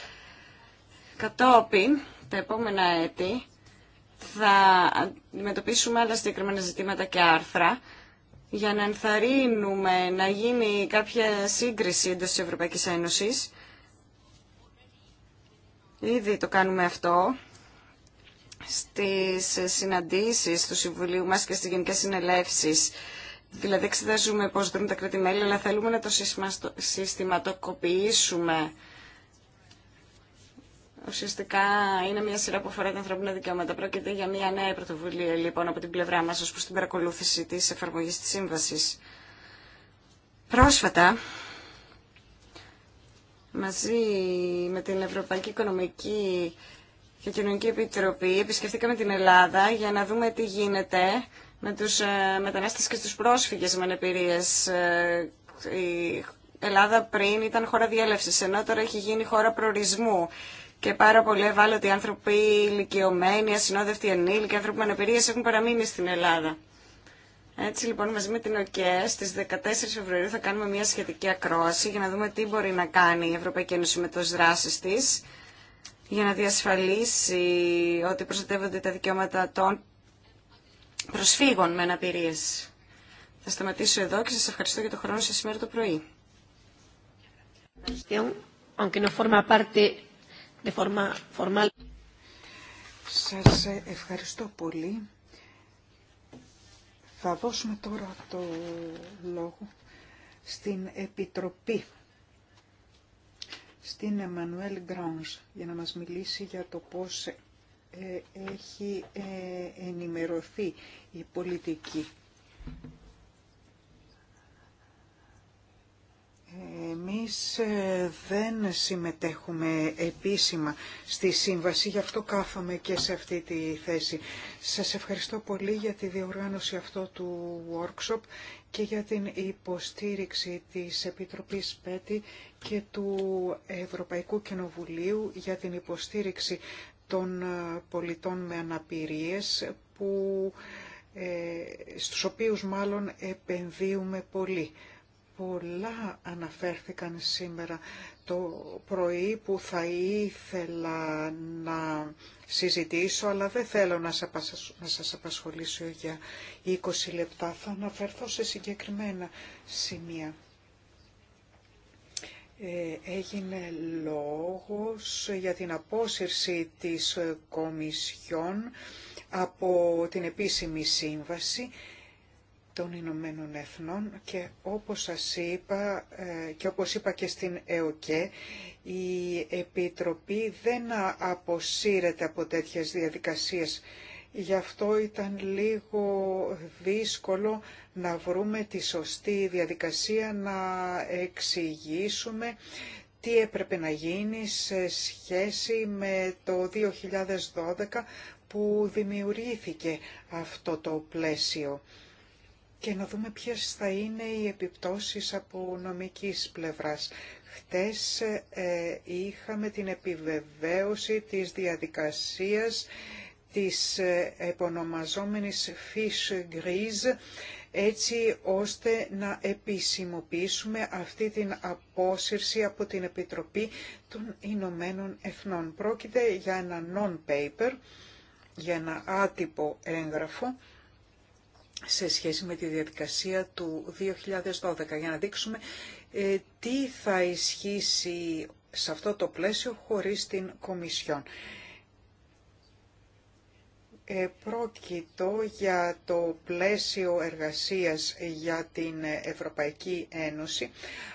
S2: Κατόπιν, τα επόμενα έτη, θα αντιμετωπίσουμε άλλα συγκεκριμένα ζητήματα και άρθρα για να ενθαρρύνουμε να γίνει κάποια σύγκριση εντός της Ευρωπαϊκής Ένωσης. Ήδη το κάνουμε αυτό στις συναντήσεις του Συμβουλίου μας και στις Γενικές Συνελεύσεις. Δηλαδή εξετάζουμε πώς δρούν τα κρατημέλη, αλλά θέλουμε να το συστηματοκοποιήσουμε Ουσιαστικά είναι μια σειρά που αφορά τα ανθρώπινα δικαιώματα. Πρόκειται για μια νέα πρωτοβουλία λοιπόν από την πλευρά μας ως προς την παρακολούθηση της εφαρμογής της σύμβασης. Πρόσφατα, μαζί με την Ευρωπαϊκή Οικονομική και Κοινωνική Επιτροπή επισκεφτήκαμε την Ελλάδα για να δούμε τι γίνεται με τους ε, μετανάστες και τους πρόσφυγες με αναπηρίες. Ε, η Ελλάδα πριν ήταν χώρα διέλευσης, ενώ τώρα έχει γίνει χώρα προορισμού. Και πάρα πολλοί ευάλωτοι άνθρωποι, ηλικιωμένοι, ασυνόδευτοι ενήλικοι, άνθρωποι με αναπηρίες έχουν παραμείνει στην Ελλάδα. Έτσι λοιπόν μαζί με την ΟΚΕ στις 14 Φεβρουαρίου θα κάνουμε μια σχετική ακρόαση για να δούμε τι μπορεί να κάνει η Ευρωπαϊκή Ένωση με τις δράσεις της για να διασφαλίσει ότι προστατεύονται τα δικαιώματα των προσφύγων με αναπηρίες. Θα σταματήσω εδώ και σας ευχαριστώ για το χρόνο σας σήμερα το πρωί. Σας ευχαριστώ πολύ.
S3: Θα δώσουμε τώρα το λόγο στην Επιτροπή στην Εμμανουέλ Γκράνς για να μας μιλήσει για το πώς ε, έχει ε, ενημερωθεί η πολιτική Εμείς ε, δεν συμμετέχουμε επίσημα στη σύμβαση, γι' αυτό κάθομαι και σε αυτή τη θέση. Σας ευχαριστώ πολύ για τη διοργάνωση αυτό του workshop και για την υποστήριξη της Επιτροπής ΠΕΤΗ και του Ευρωπαϊκού Κοινοβουλίου για την υποστήριξη των ε, πολιτών με αναπηρίες που, ε, στους οποίους μάλλον επενδύουμε πολύ πολλά αναφέρθηκαν σήμερα το πρωί που θα ήθελα να συζητήσω, αλλά δεν θέλω να σας απασχολήσω για 20 λεπτά. Θα αναφερθώ σε συγκεκριμένα σημεία. Ε, έγινε λόγος για την απόσυρση της Κομισιόν από την επίσημη σύμβαση των Ηνωμένων Εθνών και όπως σας είπα ε, και όπως είπα και στην ΕΟΚΕ η Επιτροπή δεν αποσύρεται από τέτοιες διαδικασίες. Γι' αυτό ήταν λίγο δύσκολο να βρούμε τη σωστή διαδικασία να εξηγήσουμε τι έπρεπε να γίνει σε σχέση με το 2012 που δημιουργήθηκε αυτό το πλαίσιο και να δούμε ποιες θα είναι οι επιπτώσεις από νομικής πλευράς. Χτες ε, είχαμε την επιβεβαίωση της διαδικασίας της ε, επωνομαζόμενης Fish Grease έτσι ώστε να επισημοποιήσουμε αυτή την απόσυρση από την Επιτροπή των Ηνωμένων Εθνών. Πρόκειται για ένα non-paper, για ένα άτυπο έγγραφο σε σχέση με τη διαδικασία του 2012 για να δείξουμε ε, τι θα ισχύσει σε αυτό το πλαίσιο χωρίς την Κομισιόν. Πρόκειτο για το πλαίσιο εργασίας για την Ευρωπαϊκή Ένωση,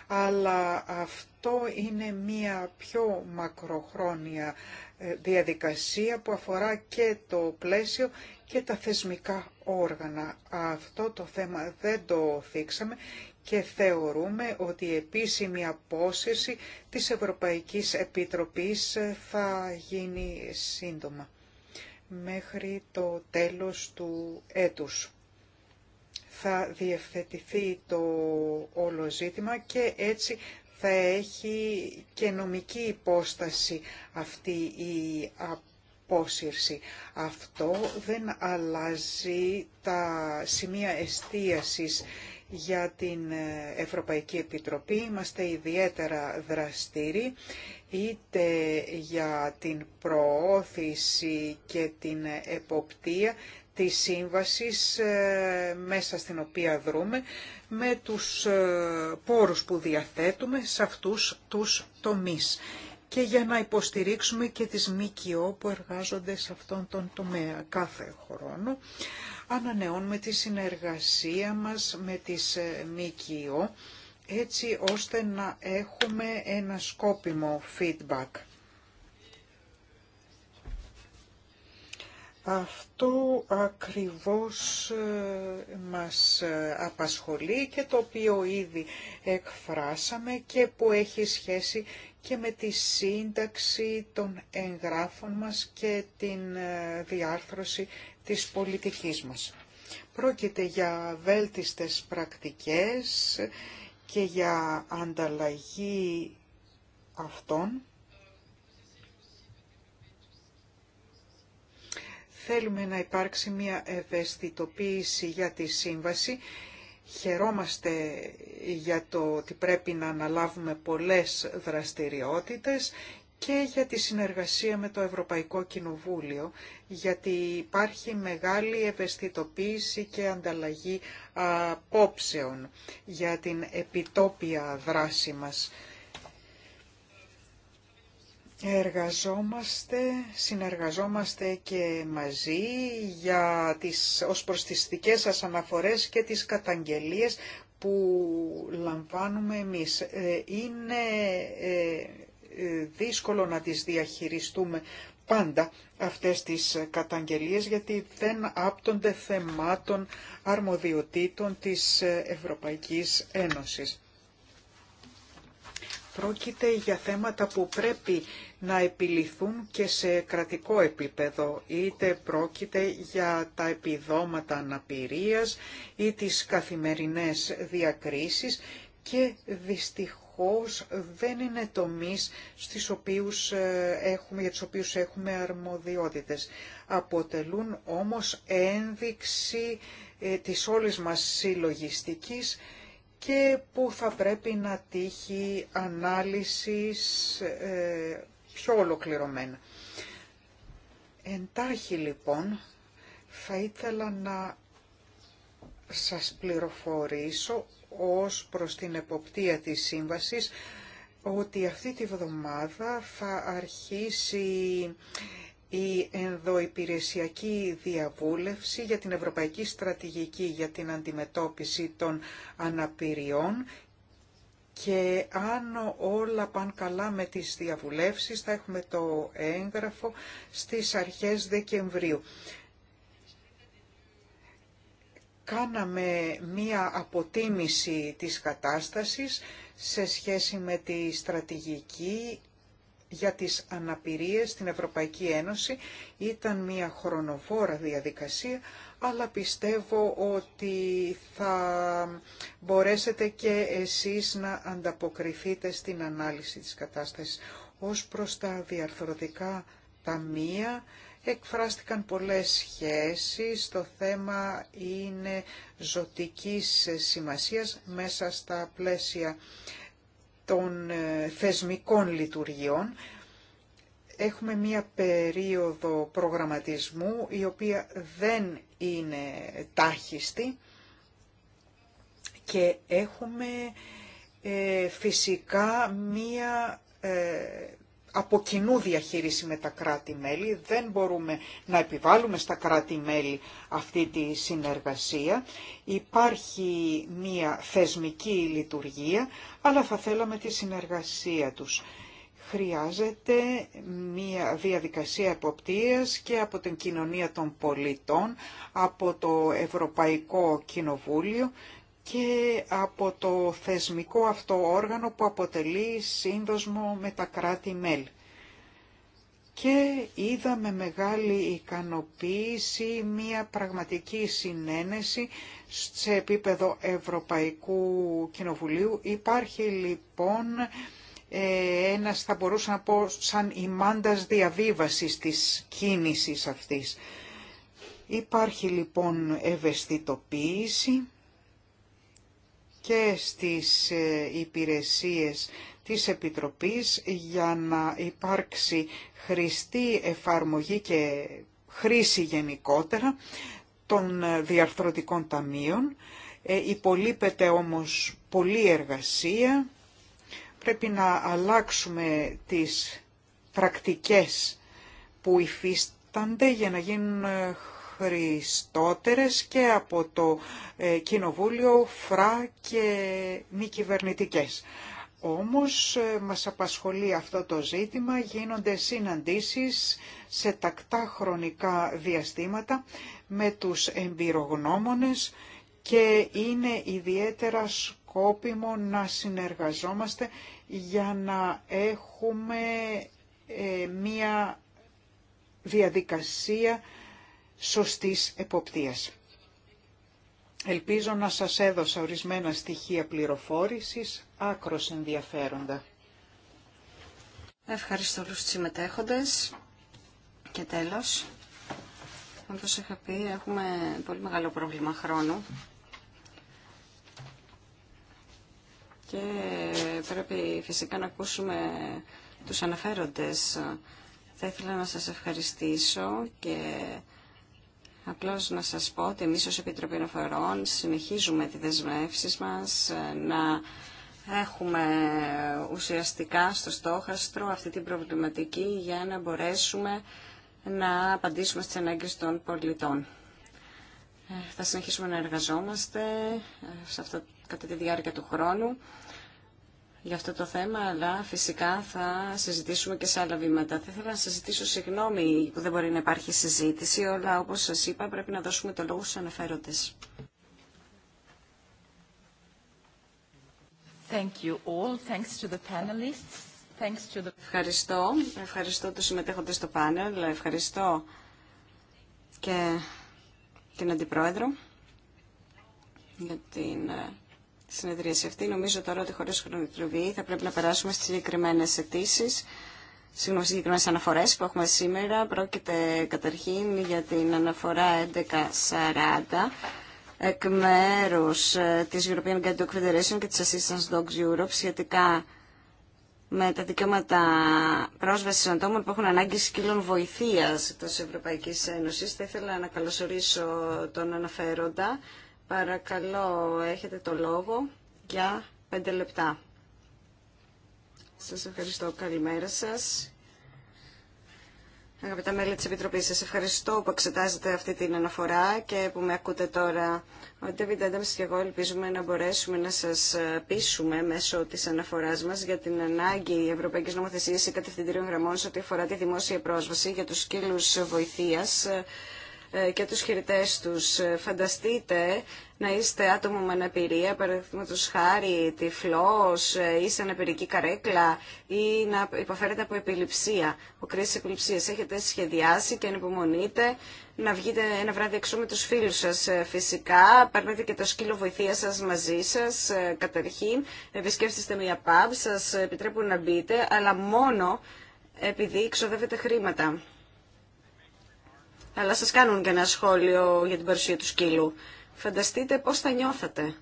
S3: αλλά αυτό είναι μια πιο μακροχρόνια ε, διαδικασία που αφορά και το πλαίσιο και τα θεσμικά όργανα. Αυτό το θέμα δεν το θίξαμε και θεωρούμε ότι η επίσημη απόσυρση της Ευρωπαϊκής Επιτροπής ε, θα γίνει σύντομα μέχρι το τέλος του έτους. Θα διευθετηθεί το όλο ζήτημα και έτσι θα έχει και νομική υπόσταση αυτή η απόσυρση. Αυτό δεν αλλάζει τα σημεία εστίασης για την ε, Ευρωπαϊκή Επιτροπή. Είμαστε ιδιαίτερα δραστήριοι είτε για την προώθηση και την εποπτεία της σύμβασης ε, μέσα στην οποία δρούμε με τους ε, πόρους που διαθέτουμε σε αυτούς τους τομείς και για να υποστηρίξουμε και τις ΜΚΟ που εργάζονται σε αυτόν τον τομέα κάθε χρόνο ανανεώνουμε τη συνεργασία μας με τις ε, ΜΚΟ έτσι ώστε να έχουμε ένα σκόπιμο feedback. Αυτό ακριβώς ε, μας ε, απασχολεί και το οποίο ήδη εκφράσαμε και που έχει σχέση και με τη σύνταξη των εγγράφων μας και την διάρθρωση της πολιτικής μας. Πρόκειται για βέλτιστες πρακτικές και για ανταλλαγή αυτών. Θέλουμε να υπάρξει μια ευαισθητοποίηση για τη σύμβαση. Χαιρόμαστε για το ότι πρέπει να αναλάβουμε πολλές δραστηριότητες και για τη συνεργασία με το Ευρωπαϊκό Κοινοβούλιο, γιατί υπάρχει μεγάλη ευαισθητοποίηση και ανταλλαγή απόψεων για την επιτόπια δράση μας. Εργαζόμαστε, συνεργαζόμαστε και μαζί για τις, ως προς τις σας αναφορές και τις καταγγελίες που λαμβάνουμε εμείς. Ε, είναι ε, δύσκολο να τις διαχειριστούμε πάντα αυτές τις καταγγελίες γιατί δεν άπτονται θεμάτων αρμοδιοτήτων της Ευρωπαϊκής Ένωσης. Πρόκειται για θέματα που πρέπει να επιληθούν και σε κρατικό επίπεδο, είτε πρόκειται για τα επιδόματα αναπηρίας ή τις καθημερινές διακρίσεις και δυστυχώς δυστυχώς δεν είναι τομείς στις οποίους ε, έχουμε, για τις οποίους έχουμε αρμοδιότητες. Αποτελούν όμως ένδειξη ε, της όλης μας συλλογιστικής και που θα πρέπει να τύχει ανάλυσης ε, πιο ολοκληρωμένα. Εντάχει λοιπόν θα ήθελα να σας πληροφορήσω ως προς την εποπτεία της σύμβασης ότι αυτή τη βδομάδα θα αρχίσει η ενδοϊπηρεσιακή διαβούλευση για την Ευρωπαϊκή Στρατηγική για την Αντιμετώπιση των Αναπηριών και αν όλα πάνε καλά με τις διαβουλεύσεις θα έχουμε το έγγραφο στις αρχές Δεκεμβρίου κάναμε μία αποτίμηση της κατάστασης σε σχέση με τη στρατηγική για τις αναπηρίες στην Ευρωπαϊκή Ένωση. Ήταν μία χρονοβόρα διαδικασία, αλλά πιστεύω ότι θα μπορέσετε και εσείς να ανταποκριθείτε στην ανάλυση της κατάστασης. Ως προς τα διαρθρωτικά ταμεία, Εκφράστηκαν πολλές σχέσεις, το θέμα είναι ζωτικής σημασίας μέσα στα πλαίσια των ε, θεσμικών λειτουργιών. Έχουμε μία περίοδο προγραμματισμού η οποία δεν είναι τάχιστη και έχουμε ε, φυσικά μία ε, από κοινού διαχείριση με τα κράτη-μέλη. Δεν μπορούμε να επιβάλλουμε στα κράτη-μέλη αυτή τη συνεργασία. Υπάρχει μία θεσμική λειτουργία, αλλά θα θέλαμε τη συνεργασία τους. Χρειάζεται μία διαδικασία εποπτείας και από την κοινωνία των πολιτών, από το Ευρωπαϊκό Κοινοβούλιο και από το θεσμικό αυτό όργανο που αποτελεί σύνδοσμο με τα κράτη-μέλη. Και είδαμε μεγάλη ικανοποίηση, μια πραγματική συνένεση σε επίπεδο Ευρωπαϊκού Κοινοβουλίου. Υπάρχει λοιπόν ε, ένας θα μπορούσα να πω σαν ημάντας διαβίβασης της κίνησης αυτής. Υπάρχει λοιπόν ευαισθητοποίηση και στις ε, υπηρεσίες της Επιτροπής για να υπάρξει χρηστή εφαρμογή και χρήση γενικότερα των ε, διαρθρωτικών ταμείων. Ε, υπολείπεται όμως πολλή εργασία. Πρέπει να αλλάξουμε τις πρακτικές που υφίστανται για να γίνουν χρηστότερες και από το ε, Κοινοβούλιο, ΦΡΑ και μη κυβερνητικέ. Όμως ε, μας απασχολεί αυτό το ζήτημα, γίνονται συναντήσεις σε τακτά χρονικά διαστήματα με τους εμπειρογνώμονες και είναι ιδιαίτερα σκόπιμο να συνεργαζόμαστε για να έχουμε ε, μία διαδικασία σωστής εποπτείας. Ελπίζω να σας έδωσα ορισμένα στοιχεία πληροφόρησης άκρος ενδιαφέροντα.
S2: Ευχαριστώ όλους τους συμμετέχοντες. Και τέλος, όπως είχα πει, έχουμε πολύ μεγάλο πρόβλημα χρόνου. Και πρέπει φυσικά να ακούσουμε τους αναφέροντες. Θα ήθελα να σας ευχαριστήσω και Απλώ να σας πω ότι εμεί ω Επιτροπή Αναφορών συνεχίζουμε τι δεσμεύσει μας ε, να έχουμε ουσιαστικά στο στόχαστρο αυτή την προβληματική για να μπορέσουμε να απαντήσουμε στις ανάγκες των πολιτών. Ε, θα συνεχίσουμε να εργαζόμαστε ε, σε αυτό, κατά τη διάρκεια του χρόνου για αυτό το θέμα, αλλά φυσικά θα συζητήσουμε και σε άλλα βήματα. Θα ήθελα να σας ζητήσω συγγνώμη που δεν μπορεί να υπάρχει συζήτηση, αλλά όπως σας είπα πρέπει να δώσουμε το λόγο στους αναφέροντες.
S1: Thank you all. Thanks to the panelists. Thanks to the...
S2: Ευχαριστώ. Ευχαριστώ τους συμμετέχοντες στο πάνελ. Ευχαριστώ και την Αντιπρόεδρο για την ε, συνεδρίαση αυτή. Νομίζω τώρα ότι χωρί χρονοτριβή θα πρέπει να περάσουμε στι συγκεκριμένε αιτήσει. Συγγνώμη, συγκεκριμένε αναφορέ που έχουμε σήμερα. Πρόκειται καταρχήν για την αναφορά 1140 εκ μέρου ε, τη European Guide Dog Federation και τη Assistance Dogs Europe σχετικά με τα δικαιώματα πρόσβαση ατόμων που έχουν ανάγκη σκύλων βοηθεία τη Ευρωπαϊκή Ένωση. Θα ήθελα να καλωσορίσω τον αναφέροντα Παρακαλώ, έχετε το λόγο για πέντε λεπτά. Σας ευχαριστώ. Καλημέρα σας. Αγαπητά μέλη της Επιτροπής, σας ευχαριστώ που εξετάζετε αυτή την αναφορά και που με ακούτε τώρα. Ο David Adams και εγώ ελπίζουμε να μπορέσουμε να σας ε, πείσουμε μέσω της αναφοράς μας για την ανάγκη Ευρωπαϊκής Νομοθεσίας ή κατευθυντήριων γραμμών σε ό,τι αφορά τη δημόσια πρόσβαση για τους σκύλους βοηθείας ε, ε, και τους χειριτές τους. Ε, φανταστείτε να είστε άτομο με αναπηρία, παραδείγματο χάρη τυφλός ε, ή σε αναπηρική καρέκλα ή να υποφέρετε από επιληψία, από κρίση επιληψίας. Έχετε σχεδιάσει και ανυπομονείτε να βγείτε ένα βράδυ έξω με τους φίλους σας φυσικά, παίρνετε και το σκύλο βοηθεία σας μαζί σας καταρχήν, επισκέφτεστε μια pub, σας επιτρέπουν να μπείτε, αλλά μόνο επειδή ξοδεύετε χρήματα αλλά σας κάνουν και ένα σχόλιο για την παρουσία του σκύλου. Φανταστείτε πώς θα νιώθατε.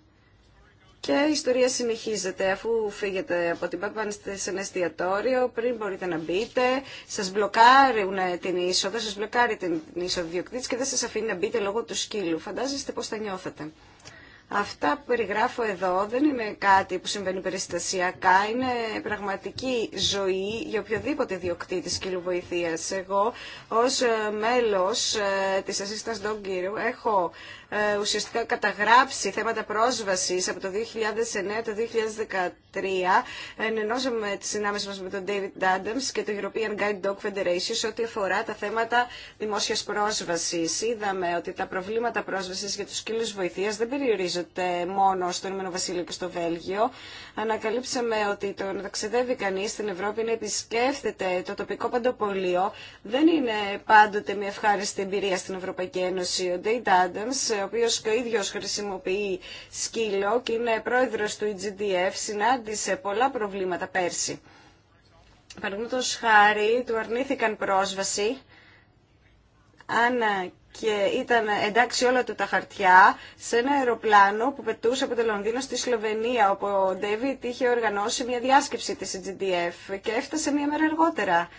S2: Και η ιστορία συνεχίζεται. Αφού φύγετε από την ΠΑΚ, σε ένα εστιατόριο, πριν μπορείτε να μπείτε, σας μπλοκάρουν την είσοδο, σας μπλοκάρει την είσοδο διοκτήτη και δεν σας αφήνει να μπείτε λόγω του σκύλου. Φαντάζεστε πώς θα νιώθετε. Αυτά που περιγράφω εδώ δεν είναι κάτι που συμβαίνει περιστασιακά, είναι πραγματική ζωή για οποιοδήποτε διοκτήτη βοηθείας. Εγώ ως ε, μέλος ε, της Assistance Dog Guru έχω ε, ουσιαστικά καταγράψει θέματα πρόσβασης από το 2009 το 2013. Ενενώσαμε τις συνάμε μας με τον David Adams και το European Guide Dog Federation σε ό,τι αφορά τα θέματα δημόσιας πρόσβασης. Είδαμε ότι τα προβλήματα πρόσβασης για τους σκύλους βοηθείας δεν περιορίζονται μόνο στο Ηνωμένο Βασίλειο και στο Βέλγιο. Ανακαλύψαμε ότι το να ταξιδεύει κανείς στην Ευρώπη να επισκέφτεται το τοπικό παντοπολείο δεν είναι πάντοτε μια ευχάριστη εμπειρία στην Ευρωπαϊκή Ένωση. Ο ο οποίο και ο ίδιος χρησιμοποιεί σκύλο και είναι πρόεδρος του EGDF, συνάντησε πολλά προβλήματα πέρσι. Παραδείγματο χάρη, του αρνήθηκαν πρόσβαση αν και ήταν εντάξει όλα του τα χαρτιά σε ένα αεροπλάνο που πετούσε από το Λονδίνο στη Σλοβενία, όπου ο Ντέβιτ είχε οργανώσει μια διάσκεψη της e GDF και έφτασε μια μέρα αργότερα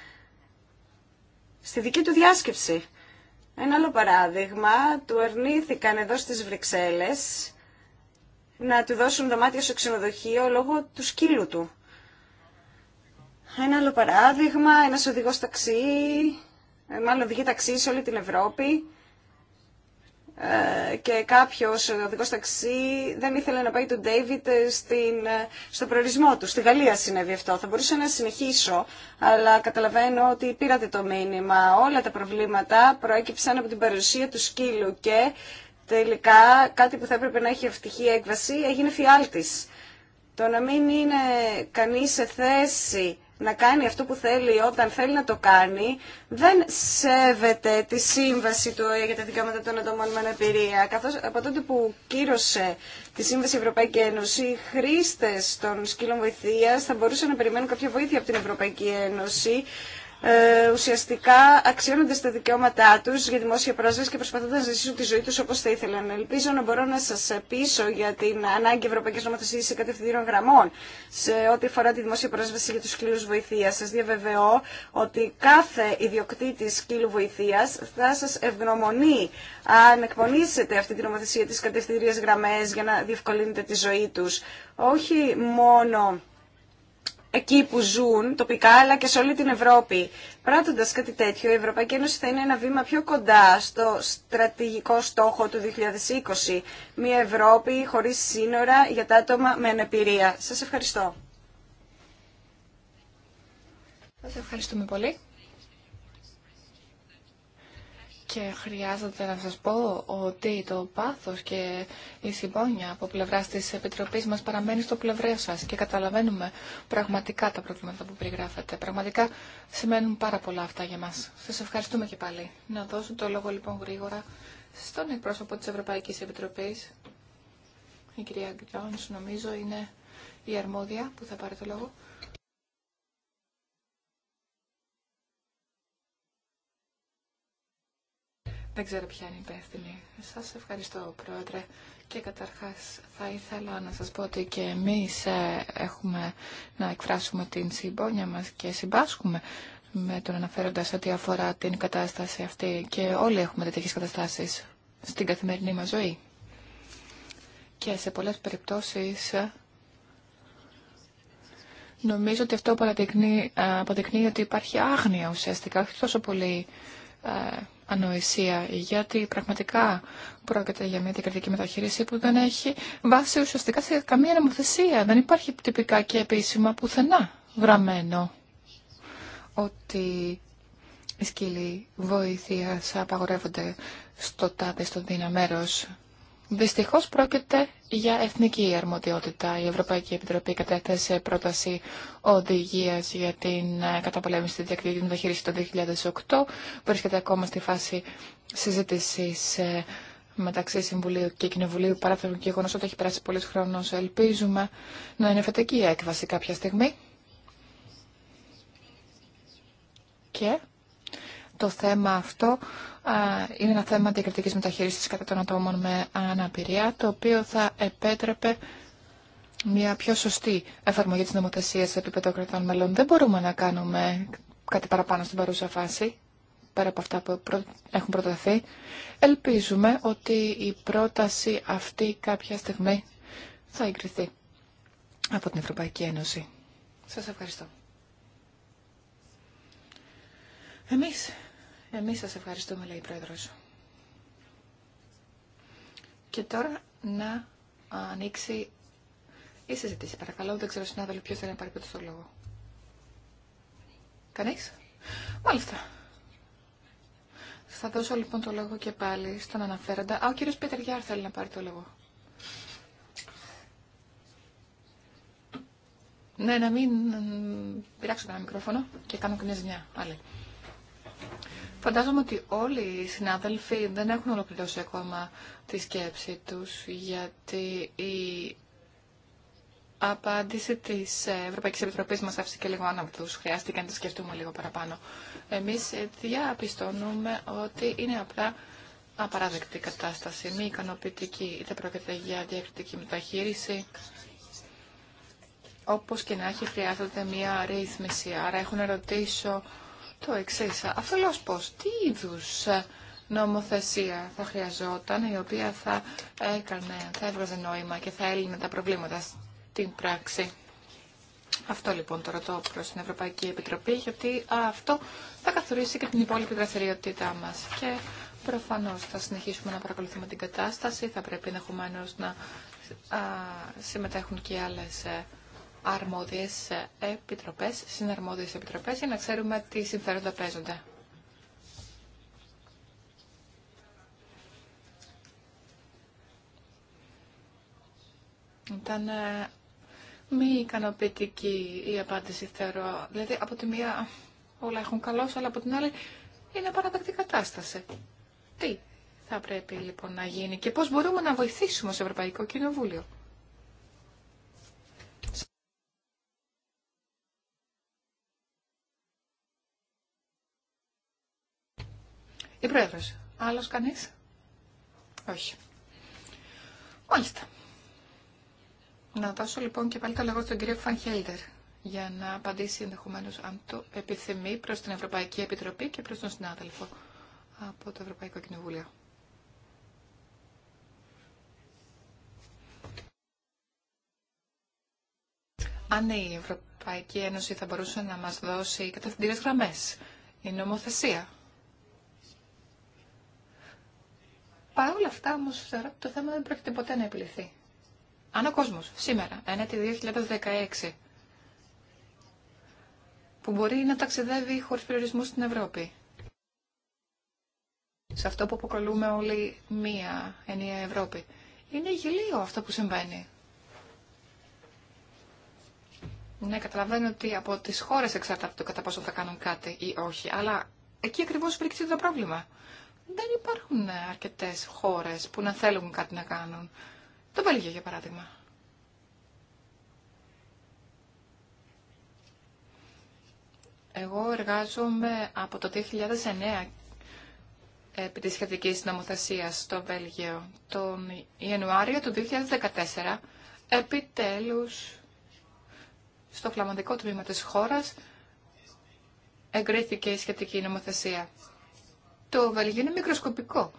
S2: στη δική του διάσκεψη. Ένα άλλο παράδειγμα, του αρνήθηκαν εδώ στις Βρυξέλλες να του δώσουν δωμάτιο στο ξενοδοχείο λόγω του σκύλου του. Ένα άλλο παράδειγμα, ένας οδηγός ταξί, μάλλον οδηγεί ταξί σε όλη την Ευρώπη, ε, και κάποιος οδηγός ταξί δεν ήθελε να πάει τον Ντέιβιτ ε, στο προορισμό του. Στη Γαλλία συνέβη αυτό. Θα μπορούσα να συνεχίσω, αλλά καταλαβαίνω ότι πήρατε το μήνυμα. Όλα τα προβλήματα προέκυψαν από την παρουσία του σκύλου και τελικά κάτι που θα έπρεπε να έχει ευτυχή έκβαση έγινε φιάλτης. Το να μην είναι κανείς σε θέση να κάνει αυτό που θέλει όταν θέλει να το κάνει, δεν σέβεται τη σύμβαση του ΟΕΕ για τα δικαιώματα των ατόμων με αναπηρία. Καθώς από τότε που κύρωσε τη Σύμβαση Ευρωπαϊκή Ένωση, οι χρήστε των σκύλων βοηθεία θα μπορούσαν να περιμένουν κάποια βοήθεια από την Ευρωπαϊκή Ένωση ε, ουσιαστικά αξιώνονται στα δικαιώματά τους για δημόσια πρόσβαση και προσπαθούν να ζήσουν τη ζωή τους όπως θα ήθελαν. Ελπίζω να μπορώ να σας πείσω για την ανάγκη Ευρωπαϊκής Νομοθεσίας σε κατευθυντήρων γραμμών σε ό,τι αφορά τη δημόσια πρόσβαση για τους κύλους βοηθείας. Σας διαβεβαιώ ότι κάθε ιδιοκτήτης κύλου βοηθείας θα σας ευγνωμονεί αν εκπονήσετε αυτή τη νομοθεσία της κατευθυντήριας γραμμές για να διευκολύνετε τη ζωή τους. Όχι μόνο εκεί που ζουν τοπικά αλλά και σε όλη την Ευρώπη. Πράττοντας κάτι τέτοιο, η Ευρωπαϊκή Ένωση θα είναι ένα βήμα πιο κοντά στο στρατηγικό στόχο του 2020. Μια Ευρώπη χωρίς σύνορα για τα άτομα με αναπηρία. Σας ευχαριστώ.
S1: Σας ευχαριστούμε πολύ. Και χρειάζεται να σας πω ότι το πάθος και η συμπόνια από πλευρά της Επιτροπής μας παραμένει στο πλευρέ σας και καταλαβαίνουμε πραγματικά τα προβλήματα που περιγράφετε. Πραγματικά σημαίνουν πάρα πολλά αυτά για μας. Σας ευχαριστούμε και πάλι. Να δώσω το λόγο λοιπόν γρήγορα στον εκπρόσωπο της Ευρωπαϊκής Επιτροπής. Η κυρία Γκριόνς νομίζω είναι η αρμόδια που θα πάρει το λόγο. Δεν ξέρω ποια είναι η υπεύθυνη. Σας ευχαριστώ, Πρόεδρε. Και καταρχάς θα ήθελα να σας πω ότι και εμείς ε, έχουμε να εκφράσουμε την συμπόνια μας και συμπάσχουμε με τον αναφέροντα ότι αφορά την κατάσταση αυτή και όλοι έχουμε τέτοιε καταστάσεις στην καθημερινή μας ζωή. Και σε πολλές περιπτώσεις ε, νομίζω ότι αυτό ε, αποδεικνύει ότι υπάρχει άγνοια ουσιαστικά, όχι τόσο πολύ ανοησία, γιατί πραγματικά πρόκειται για μια διακριτική μεταχείριση που δεν έχει βάση ουσιαστικά σε καμία νομοθεσία. Δεν υπάρχει τυπικά και επίσημα πουθενά
S4: γραμμένο
S1: ότι οι σκύλοι βοηθείας απαγορεύονται στο τάδε, στο δυναμέρος. Δυστυχώ πρόκειται για εθνική αρμοδιότητα. Η Ευρωπαϊκή Επιτροπή κατέθεσε πρόταση οδηγία για την ε, καταπολέμηση της διακριτική μεταχείριση το 2008. Βρίσκεται ακόμα στη φάση συζήτηση ε, μεταξύ Συμβουλίου και Κοινοβουλίου παρά το γεγονό ότι έχει περάσει πολλή χρόνο. Ελπίζουμε να είναι φετική έκβαση κάποια στιγμή. Και το θέμα αυτό είναι ένα θέμα διακριτικής μεταχείρισης κατά των ατόμων με αναπηρία, το οποίο θα επέτρεπε μια πιο σωστή εφαρμογή της νομοθεσίας σε επίπεδο κρατών μελών. Δεν μπορούμε να κάνουμε κάτι παραπάνω στην παρούσα φάση, πέρα από αυτά που έχουν προταθεί. Ελπίζουμε ότι η πρόταση αυτή κάποια στιγμή θα εγκριθεί από την Ευρωπαϊκή Ένωση. Σας ευχαριστώ. Εμείς εμείς σας ευχαριστούμε, λέει η Πρόεδρος. Και τώρα να ανοίξει η συζήτηση. Παρακαλώ, δεν ξέρω συνάδελφοι ποιος θέλει να πάρει πρώτο το λόγο. Κανείς? Μάλιστα. Θα δώσω λοιπόν το λόγο και πάλι στον αναφέροντα. Α, ο κύριος Πίτερ Γιάρ θέλει να πάρει το λόγο. Ναι, να μην πειράξω κανένα μικρόφωνο και κάνω και μια ζημιά. Φαντάζομαι ότι όλοι οι συνάδελφοι δεν έχουν ολοκληρώσει ακόμα τη σκέψη τους, γιατί η απάντηση της Ευρωπαϊκής Επιτροπής μας άφησε και λίγο άναυτους. Χρειάστηκε να τη σκεφτούμε λίγο παραπάνω. Εμείς διαπιστώνουμε ότι είναι απλά απαράδεκτη κατάσταση, μη ικανοποιητική, είτε πρόκειται για διακριτική μεταχείριση, όπως και να έχει χρειάζεται μία ρύθμιση. Άρα έχω να ρωτήσω το εξή. Αφελώ πώ, τι είδου ε, νομοθεσία θα χρειαζόταν η οποία θα έκανε, θα έβγαζε νόημα και θα έλυνε τα προβλήματα στην πράξη. Αυτό λοιπόν το ρωτώ προ την Ευρωπαϊκή Επιτροπή, γιατί αυτό θα καθορίσει και την υπόλοιπη δραστηριότητά μα. Και προφανώ θα συνεχίσουμε να παρακολουθούμε την κατάσταση. Θα πρέπει ενδεχομένω να συμμετέχουν και άλλε ε, αρμόδιες επιτροπές, συναρμόδιες επιτροπές για να ξέρουμε τι συμφέροντα παίζονται. Ήταν ε, μη ικανοποιητική η απάντηση, θεωρώ. Δηλαδή, από τη μία όλα έχουν καλώς, αλλά από την άλλη είναι παραδεκτή κατάσταση. Τι θα πρέπει λοιπόν να γίνει και πώς μπορούμε να βοηθήσουμε στο Ευρωπαϊκό Κοινοβούλιο. Η πρόεδρο. Άλλος κανείς. Όχι. Μάλιστα. Να δώσω λοιπόν και πάλι το λόγο στον κύριο Φανχέλτερ για να απαντήσει ενδεχομένω αν το επιθυμεί προς την Ευρωπαϊκή Επιτροπή και προς τον συνάδελφο από το Ευρωπαϊκό Κοινοβούλιο. Αν η Ευρωπαϊκή Ένωση θα μπορούσε να μας δώσει κατευθυντήρες γραμμές, η νομοθεσία Παρ' όλα αυτά όμω θεωρώ ότι το θέμα δεν πρόκειται ποτέ να επιληθεί. Αν ο κόσμο σήμερα, ενέτη 2016, που μπορεί να ταξιδεύει χωρί περιορισμού στην Ευρώπη, σε αυτό που αποκαλούμε όλοι μία ενιαία Ευρώπη, είναι γελίο αυτό που συμβαίνει. Ναι, καταλαβαίνω ότι από τι χώρε εξαρτάται το κατά πόσο θα κάνουν κάτι ή όχι, αλλά εκεί ακριβώ βρίσκεται το πρόβλημα δεν υπάρχουν αρκετές χώρες που να θέλουν κάτι να κάνουν. Το Βέλγιο, για παράδειγμα. Εγώ εργάζομαι από το 2009 επί της σχετικής νομοθεσίας στο Βέλγιο. Τον Ιανουάριο του 2014 επιτέλους στο φλαμανδικό τμήμα της χώρας εγκρίθηκε η σχετική νομοθεσία το Βέλγιο είναι μικροσκοπικό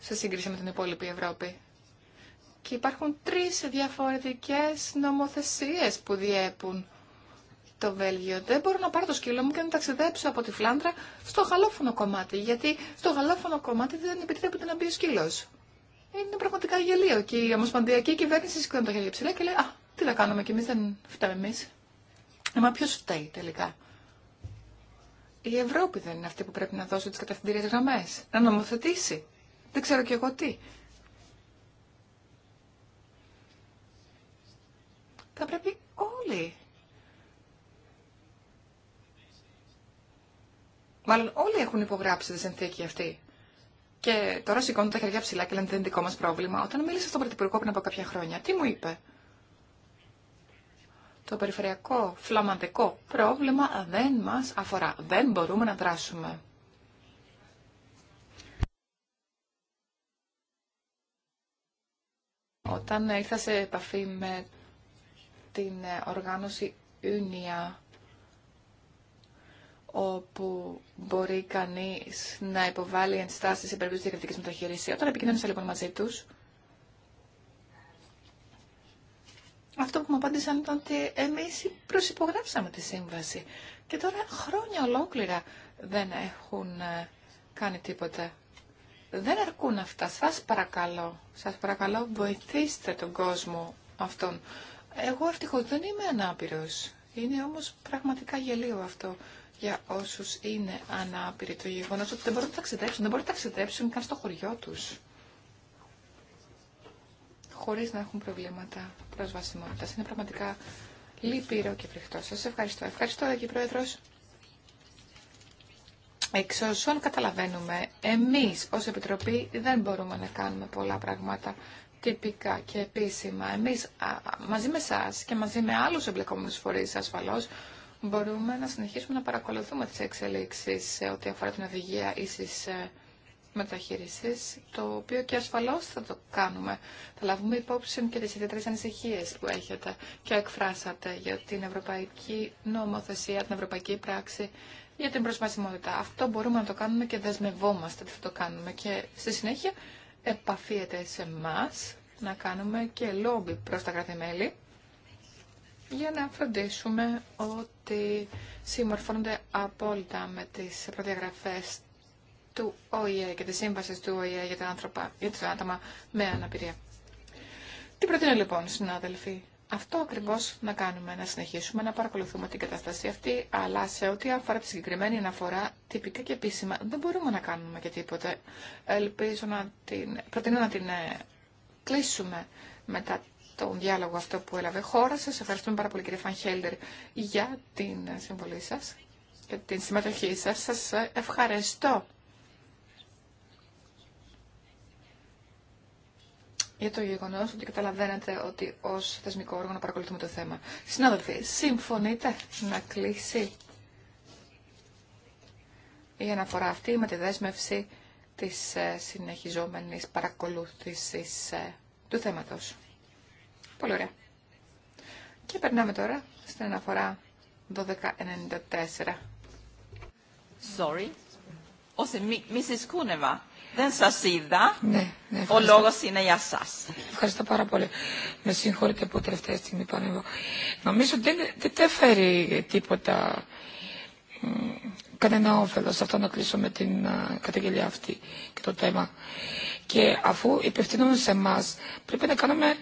S1: σε σύγκριση με την υπόλοιπη Ευρώπη. Και υπάρχουν τρεις διαφορετικές νομοθεσίες που διέπουν το Βέλγιο. Δεν μπορώ να πάρω το σκύλο μου και να ταξιδέψω από τη Φλάντρα στο γαλόφωνο κομμάτι, γιατί στο γαλόφωνο κομμάτι δεν επιτρέπεται να μπει ο σκύλος. Είναι πραγματικά γελίο και η ομοσπονδιακή κυβέρνηση σηκώνει το χέρι ψηλά και λέει «Α, τι θα κάνουμε κι εμείς, δεν φταίμε εμείς». Μα ποιο φταίει τελικά. Η Ευρώπη δεν είναι αυτή που πρέπει να δώσει τις κατευθυντήριε γραμμέ. να νομοθετήσει. Δεν ξέρω κι εγώ τι. Θα πρέπει όλοι, μάλλον όλοι έχουν υπογράψει τη συνθήκη αυτή. Και τώρα σηκώνουν τα χέρια ψηλά και λένε δεν είναι δικό μα πρόβλημα. Όταν μίλησα στον Πρωθυπουργό πριν από κάποια χρόνια, τι μου είπε το περιφερειακό φλαμαντικό πρόβλημα δεν μας αφορά. Δεν μπορούμε να δράσουμε. Όταν ήρθα σε επαφή με την οργάνωση Ούνια, όπου μπορεί κανείς να υποβάλει ενστάσεις σε περίπτωση διακριτικής μεταχείρισης. Όταν επικοινωνήσα λοιπόν μαζί τους, Αυτό που μου απάντησαν ήταν ότι εμείς προσυπογράψαμε τη σύμβαση και τώρα χρόνια ολόκληρα δεν έχουν ε, κάνει τίποτα. Δεν αρκούν αυτά. Σας παρακαλώ, σας παρακαλώ βοηθήστε τον κόσμο αυτόν. Εγώ ευτυχώ, δεν είμαι ανάπηρος. Είναι όμως πραγματικά γελίο αυτό για όσους είναι ανάπηροι το γεγονό ότι δεν μπορούν να ταξιδέψουν, δεν μπορούν να ταξιδέψουν καν στο χωριό του χωρίς να έχουν προβλήματα προσβασιμότητας. Είναι πραγματικά λυπηρό και φρικτό. Σας ευχαριστώ. Ευχαριστώ, κύριε Πρόεδρος. Εξ όσων καταλαβαίνουμε, εμείς ως Επιτροπή δεν μπορούμε να κάνουμε πολλά πράγματα τυπικά και επίσημα. Εμείς μαζί με εσά και μαζί με άλλους εμπλεκόμενους φορείς ασφαλώς μπορούμε να συνεχίσουμε να παρακολουθούμε τις εξελίξεις σε ό,τι αφορά την οδηγία ίσης ε, μεταχείρισης, το οποίο και ασφαλώς θα το κάνουμε. Θα λάβουμε υπόψη και τις ιδιαίτερες ανησυχίες που έχετε και εκφράσατε για την ευρωπαϊκή νομοθεσία, την ευρωπαϊκή πράξη, για την προσβασιμότητα. Αυτό μπορούμε να το κάνουμε και δεσμευόμαστε ότι θα το κάνουμε. Και στη συνέχεια επαφίεται σε εμά να κάνουμε και λόμπι προς τα κρατημέλη για να φροντίσουμε ότι συμμορφώνονται απόλυτα με τις προδιαγραφές του ΟΗΕ και τη σύμβαση του ΟΗΕ για τα, άνθρωπα, για τους άτομα με αναπηρία. Τι προτείνω λοιπόν, συνάδελφοι, αυτό ακριβώ να κάνουμε, να συνεχίσουμε να παρακολουθούμε την κατάσταση αυτή, αλλά σε ό,τι αφορά τη συγκεκριμένη αναφορά, τυπικά και επίσημα, δεν μπορούμε να κάνουμε και τίποτε. Ελπίζω να την. Προτείνω να την ε, κλείσουμε μετά τον διάλογο αυτό που έλαβε η χώρα. Σα ευχαριστούμε πάρα πολύ κύριε Φανχέλντερ, για την συμβολή σα και την συμμετοχή σα, σα ευχαριστώ για το γεγονό ότι καταλαβαίνετε ότι ω θεσμικό όργανο παρακολουθούμε το θέμα. Συνάδελφοι, συμφωνείτε να κλείσει η αναφορά αυτή με τη δέσμευση της ε, συνεχιζόμενης παρακολούθησης ε, του θέματο. Πολύ ωραία. Και περνάμε τώρα στην αναφορά 1294. Sorry. Mrs. Kuneva. Δεν σα είδα.
S4: Ναι, ναι, Ο λόγο είναι για εσά. Ευχαριστώ πάρα πολύ. Με συγχωρείτε που τελευταία στιγμή πανεύω. Νομίζω δεν, δεν φέρει τίποτα κανένα όφελο σε αυτό να κλείσω με την καταγγελία αυτή και το θέμα. Και αφού υπευθύνομαι σε εμά, πρέπει να κάνουμε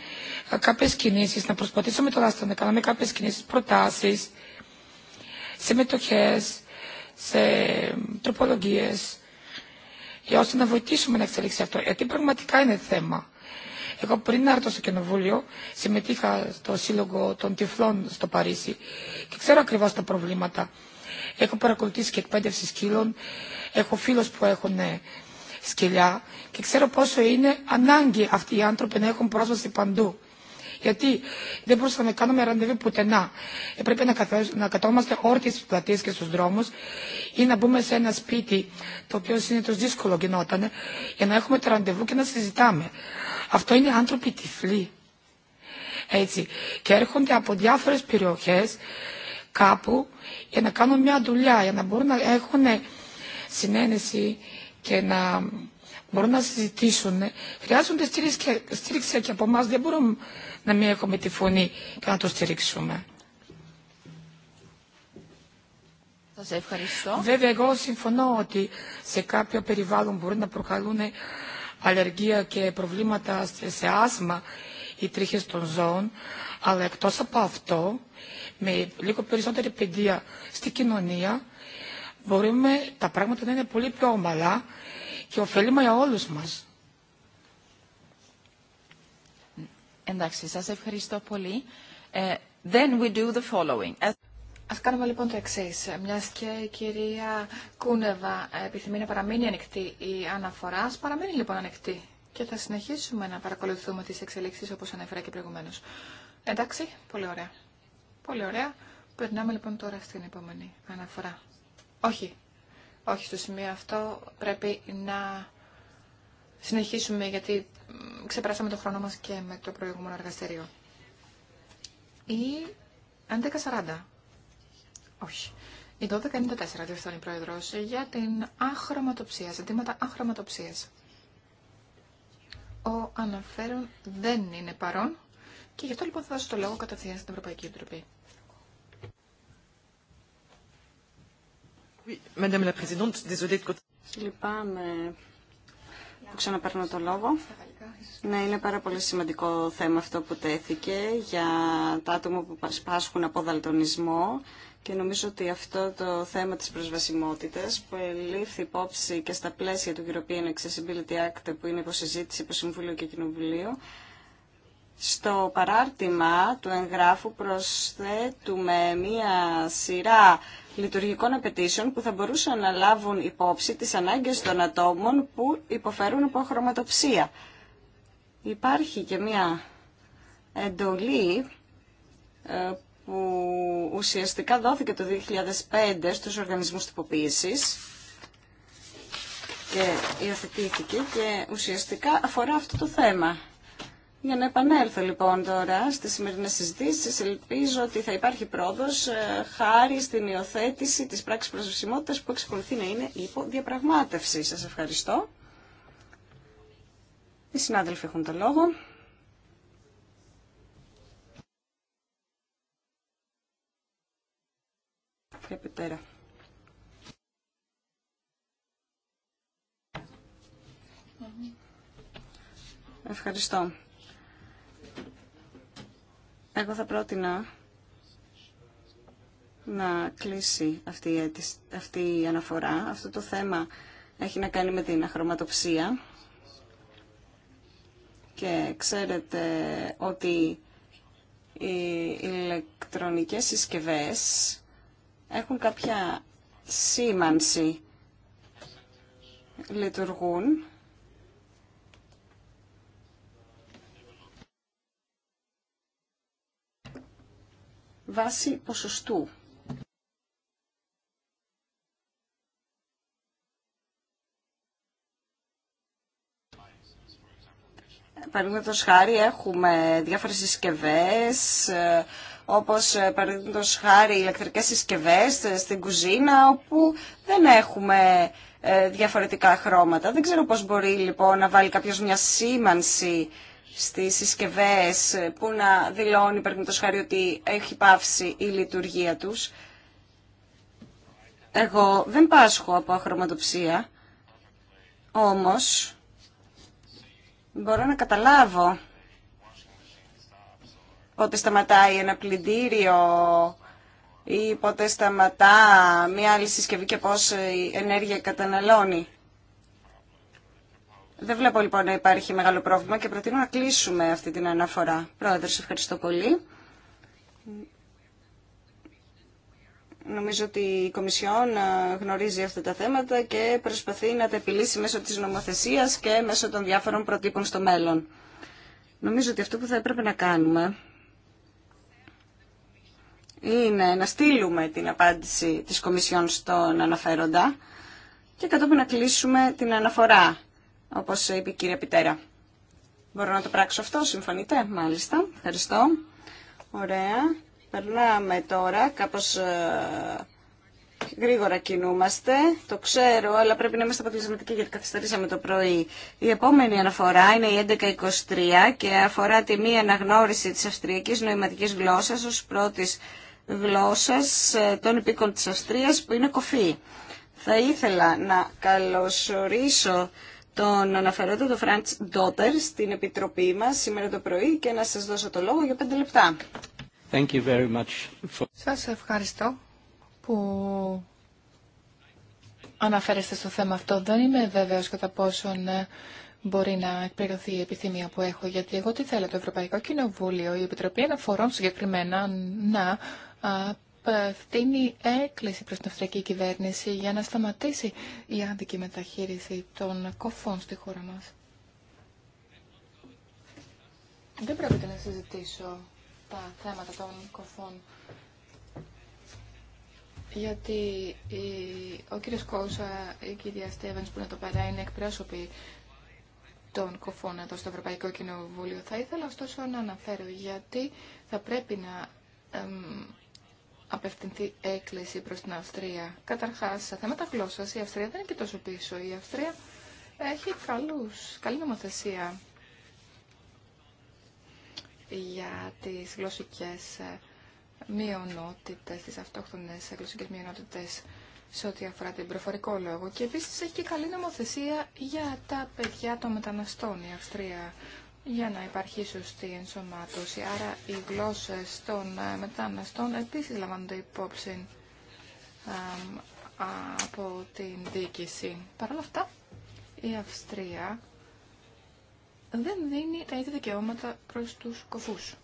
S4: κάποιε κινήσει, να προσπαθήσουμε τουλάχιστον να κάνουμε κάποιε κινήσει, προτάσει, συμμετοχέ, σε τροπολογίε για ώστε να βοηθήσουμε να εξελίξει αυτό. Γιατί πραγματικά είναι θέμα. Εγώ πριν να έρθω στο Κοινοβούλιο, συμμετείχα στο Σύλλογο των Τυφλών στο Παρίσι και ξέρω ακριβώ τα προβλήματα. Έχω παρακολουθήσει και εκπαίδευση σκύλων, έχω φίλου που έχουν ε, σκυλιά και ξέρω πόσο είναι ανάγκη αυτοί οι άνθρωποι να έχουν πρόσβαση παντού γιατί δεν μπορούσαμε να κάνουμε ραντεβού πουθενά. Έπρεπε να, να κατόμαστε όρθιοι στι πλατείε και στου δρόμου ή να μπούμε σε ένα σπίτι, το οποίο συνήθω δύσκολο γινόταν, για να έχουμε το ραντεβού και να συζητάμε. Αυτό είναι άνθρωποι τυφλοί. Έτσι. Και έρχονται από διάφορε περιοχέ κάπου για να κάνουν μια δουλειά, για να μπορούν να έχουν συνένεση και να μπορούν να συζητήσουν. Χρειάζονται στήριξη και από εμά. Δεν μπορούμε να μην έχουμε τη φωνή και να το στηρίξουμε. Βέβαια, εγώ συμφωνώ ότι σε κάποιο περιβάλλον μπορεί να προκαλούν αλλεργία και προβλήματα σε άσμα οι τρίχες των ζώων, αλλά εκτό από αυτό, με λίγο περισσότερη παιδεία στη κοινωνία, μπορούμε τα πράγματα να είναι πολύ πιο ομαλά και ωφέλιμα για όλους μας.
S1: Εντάξει, σας ευχαριστώ πολύ. Ε, then we do the following. Ε, ας κάνουμε λοιπόν το εξή. Μια και η κυρία Κούνεβα επιθυμεί να παραμείνει ανοιχτή η αναφορά, ας παραμείνει λοιπόν ανοιχτή. Και θα συνεχίσουμε να παρακολουθούμε τις εξελίξεις όπως ανέφερα και προηγουμένως. Εντάξει, πολύ ωραία. Πολύ ωραία. Περνάμε λοιπόν τώρα στην επόμενη αναφορά. Όχι, όχι στο σημείο αυτό πρέπει να συνεχίσουμε γιατί ξεπεράσαμε το χρόνο μας και με το προηγούμενο εργαστήριο. Ή 11.40. Όχι. Η 12.94 διευθύνει η Πρόεδρος για την αχρωματοψία, ζητήματα αχρωματοψίας. Ο αναφέρον δεν είναι παρόν και γι' αυτό λοιπόν θα δώσω το λόγο κατευθείαν στην Ευρωπαϊκή Επιτροπή.
S2: Λυπάμαι που ξαναπαίρνω το λόγο. Ναι, είναι πάρα πολύ σημαντικό θέμα αυτό που τέθηκε για τα άτομα που πάσχουν από δαλτονισμό και νομίζω ότι αυτό το θέμα της προσβασιμότητας που ελήφθη υπόψη και στα πλαίσια του European Accessibility Act που είναι υποσυζήτηση από Συμβούλιο και Κοινοβουλίο στο παράρτημα του εγγράφου προσθέτουμε μία σειρά λειτουργικών απαιτήσεων που θα μπορούσαν να λάβουν υπόψη τις ανάγκες των ατόμων που υποφέρουν από χρωματοψία. Υπάρχει και μια εντολή ε, που ουσιαστικά δόθηκε το 2005 στους οργανισμούς τυποποίησης και υιοθετήθηκε και ουσιαστικά αφορά αυτό το θέμα. Για να επανέλθω λοιπόν τώρα στι σημερινέ συζητήσει, ελπίζω ότι θα υπάρχει πρόοδος ε, χάρη στην υιοθέτηση της πράξη προσβασιμότητα που εξακολουθεί να είναι υπό διαπραγμάτευση. Σας ευχαριστώ. Οι συνάδελφοι έχουν το λόγο. Επιτέρα. Ευχαριστώ. Εγώ θα πρότεινα να κλείσει αυτή, αυτή η αναφορά. Αυτό το θέμα έχει να κάνει με την αχρωματοψία και ξέρετε ότι οι ηλεκτρονικές συσκευές έχουν κάποια σήμανση λειτουργούν βάση ποσοστού. Παραδείγματο χάρη έχουμε διάφορες συσκευέ, ε, όπως ε, παραδείγματο χάρη ηλεκτρικέ συσκευέ ε, στην κουζίνα, όπου δεν έχουμε διαφορετικά χρώματα. Δεν ξέρω πώς μπορεί λοιπόν να βάλει κάποιος μια σήμανση στις συσκευές που να δηλώνει το χάρη ότι έχει πάυσει η λειτουργία τους. Εγώ δεν πάσχω από αχρωματοψία, όμως μπορώ να καταλάβω πότε σταματάει ένα πλυντήριο ή πότε σταματά μια άλλη συσκευή και πώς η ενέργεια καταναλώνει. Δεν βλέπω λοιπόν να υπάρχει μεγάλο πρόβλημα και προτείνω να κλείσουμε αυτή την αναφορά. Πρόεδρος, ευχαριστώ πολύ. Νομίζω ότι η Κομισιόν ε, γνωρίζει αυτά τα θέματα και προσπαθεί να τα επιλύσει μέσω της νομοθεσίας και μέσω των διάφορων προτύπων στο μέλλον. Νομίζω ότι αυτό που θα έπρεπε να κάνουμε είναι να στείλουμε την απάντηση της Κομισιόν στον αναφέροντα και κατόπιν να κλείσουμε την αναφορά όπως είπε η κυρία Πιτέρα. Μπορώ να το πράξω αυτό, συμφωνείτε, μάλιστα. Ευχαριστώ. Ωραία. Περνάμε τώρα, κάπως ε, γρήγορα κινούμαστε. Το ξέρω, αλλά πρέπει να είμαστε αποτελεσματικοί γιατί καθυστερήσαμε το πρωί. Η επόμενη αναφορά είναι η 1123 και αφορά τη μία αναγνώριση της αυστριακής νοηματικής γλώσσας ως πρώτης γλώσσας ε, των υπήκων της Αυστρίας που είναι κοφή. Θα ήθελα να καλωσορίσω τον αναφέροντα, τον Φραντς Ντότερ, στην Επιτροπή μας σήμερα το
S1: πρωί και να σας δώσω το λόγο για πέντε λεπτά. Σας ευχαριστώ που αναφέρεστε στο θέμα αυτό. Δεν είμαι βέβαιος κατά πόσον ε, μπορεί να εκπληρωθεί η επιθυμία που έχω, γιατί εγώ τι θέλω το Ευρωπαϊκό Κοινοβούλιο, η Επιτροπή Αναφορών συγκεκριμένα, να ε, φτύνει έκκληση προς την Αυστριακή κυβέρνηση για να σταματήσει η άδικη μεταχείριση των κοφών στη χώρα μας. Δεν πρόκειται να συζητήσω τα θέματα των κοφών γιατί ο κύριος Κόουσα, η κυρία Στέβενς που είναι το πέρα είναι εκπρόσωποι των κοφών εδώ στο Ευρωπαϊκό Κοινοβούλιο. Θα ήθελα ωστόσο να αναφέρω γιατί θα πρέπει να απευθυνθεί έκκληση προς την Αυστρία. Καταρχάς, σε θέματα γλώσσα. η Αυστρία δεν είναι και τόσο πίσω. Η Αυστρία έχει καλούς, καλή νομοθεσία για τις γλωσσικέ μειονότητες, τι αυτόχθονες γλωσσικέ μειονότητε σε ό,τι αφορά την προφορικό λόγο. Και επίσης έχει και καλή νομοθεσία για τα παιδιά των μεταναστών η Αυστρία για να υπάρχει σωστή ενσωμάτωση. Άρα οι γλώσσες των ε, μεταναστών επίσης λαμβάνονται υπόψη από την διοίκηση. Παρ' όλα αυτά, η Αυστρία δεν δίνει τα ίδια δικαιώματα προς τους κοφούς.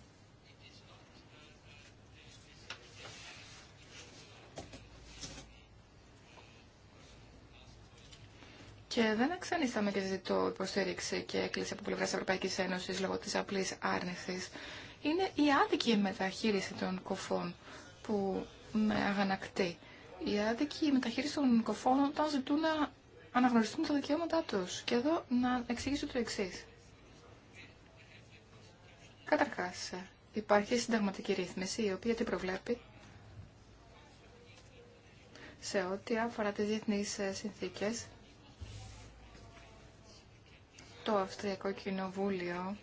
S1: Και δεν εξανίσταμε και ζητώ υποστήριξη και έκκληση από πλευρά Ευρωπαϊκή Ένωση λόγω τη απλή άρνηση. Είναι η άδικη μεταχείριση των κοφών που με αγανακτεί. Η άδικη μεταχείριση των κοφών όταν ζητούν να αναγνωριστούν τα δικαιώματά του. Και εδώ να εξηγήσω το εξή. Καταρχά, υπάρχει συνταγματική ρύθμιση η οποία την προβλέπει σε ό,τι αφορά τις διεθνείς συνθήκες το Αυστριακό Κοινοβούλιο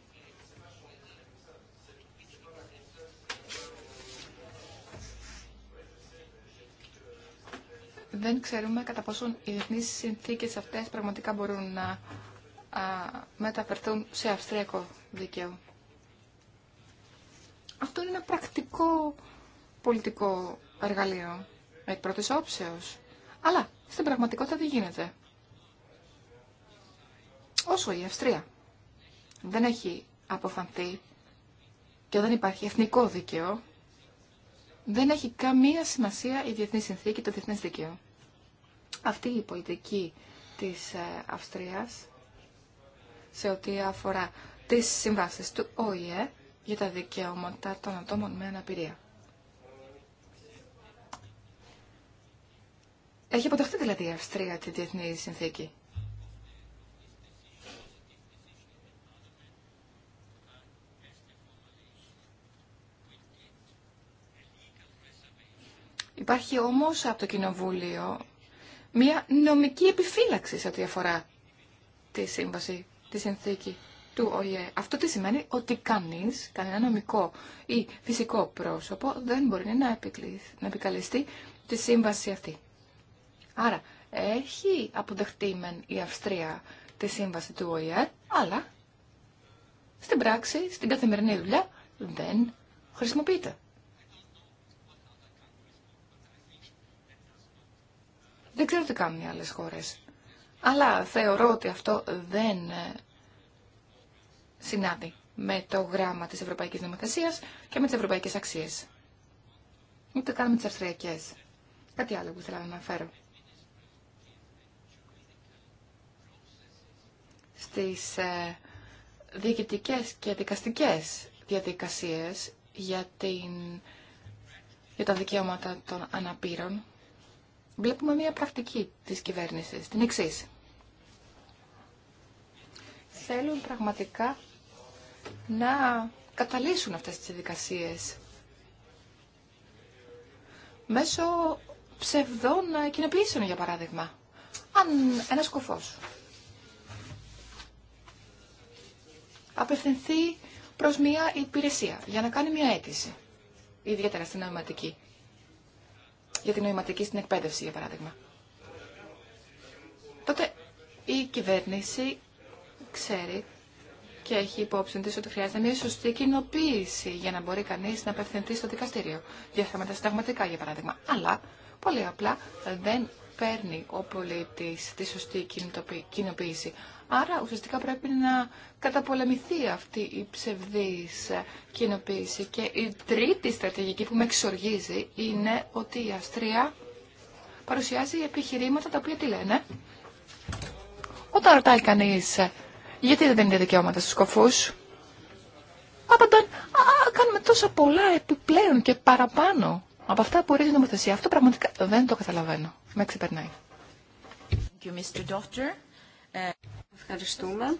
S1: δεν ξέρουμε κατά πόσον οι διεθνείς συνθήκες αυτές πραγματικά μπορούν να μεταφερθούν σε αυστριακό δίκαιο. Αυτό είναι ένα πρακτικό πολιτικό εργαλείο εκ πρώτης όψεως. Αλλά στην πραγματικότητα δεν γίνεται όσο η Αυστρία δεν έχει αποφανθεί και δεν υπάρχει εθνικό δίκαιο, δεν έχει καμία σημασία η διεθνή συνθήκη, το διεθνές δίκαιο. Αυτή η πολιτική της ε, Αυστρίας, σε ό,τι αφορά τις συμβάσεις του ΟΗΕ για τα δικαιώματα των ατόμων με αναπηρία. Έχει αποτεχθεί δηλαδή η Αυστρία τη διεθνή συνθήκη. Υπάρχει όμως από το Κοινοβούλιο μια νομική επιφύλαξη σε ό,τι αφορά τη σύμβαση, τη συνθήκη του ΟΗΕ. Αυτό τι σημαίνει ότι κανείς, κανένα νομικό ή φυσικό πρόσωπο δεν μπορεί να, να επικαλεστεί τη σύμβαση αυτή. Άρα, έχει αποδεχτεί μεν η Αυστρία τη σύμβαση του ΟΗΕ, αλλά στην πράξη, στην καθημερινή δουλειά, δεν χρησιμοποιείται. Δεν ξέρω τι κάνουν οι άλλες χώρες. Αλλά θεωρώ ότι αυτό δεν ε, συνάδει με το γράμμα της Ευρωπαϊκής Νομοθεσίας και με τις ευρωπαϊκές αξίες. Ούτε καν με τις αυστριακές. Κάτι άλλο που ήθελα να αναφέρω. Στις ε, διοικητικές και δικαστικές διαδικασίες για, την, για τα δικαιώματα των αναπήρων βλέπουμε μια πρακτική της κυβέρνησης, την εξή. Θέλουν πραγματικά να καταλύσουν αυτές τις διαδικασίες μέσω ψευδών κοινοποιήσεων, για παράδειγμα. Αν ένα κοφός απευθυνθεί προς μια υπηρεσία για να κάνει μια αίτηση, ιδιαίτερα στην νοηματική, για την νοηματική στην εκπαίδευση, για παράδειγμα. Τότε η κυβέρνηση ξέρει και έχει υπόψη τη ότι χρειάζεται μια σωστή κοινοποίηση για να μπορεί κανεί να απευθυνθεί στο δικαστήριο για θέματα συνταγματικά, για παράδειγμα. Αλλά πολύ απλά δεν παίρνει ο πολίτης τη σωστή κοινοποίηση. Άρα ουσιαστικά πρέπει να καταπολεμηθεί αυτή η ψευδής ε, κοινοποίηση. Και η τρίτη στρατηγική που με εξοργίζει είναι ότι η Αυστρία παρουσιάζει επιχειρήματα τα οποία τι λένε. Όταν ρωτάει κανείς ε, γιατί δεν δίνετε δικαιώματα στους κοφούς, απαντάνε, α, κάνουμε τόσα πολλά επιπλέον και παραπάνω από αυτά που ορίζει η νομοθεσία. Αυτό πραγματικά δεν το καταλαβαίνω. Με ξεπερνάει.
S2: Ε, Ευχαριστούμε.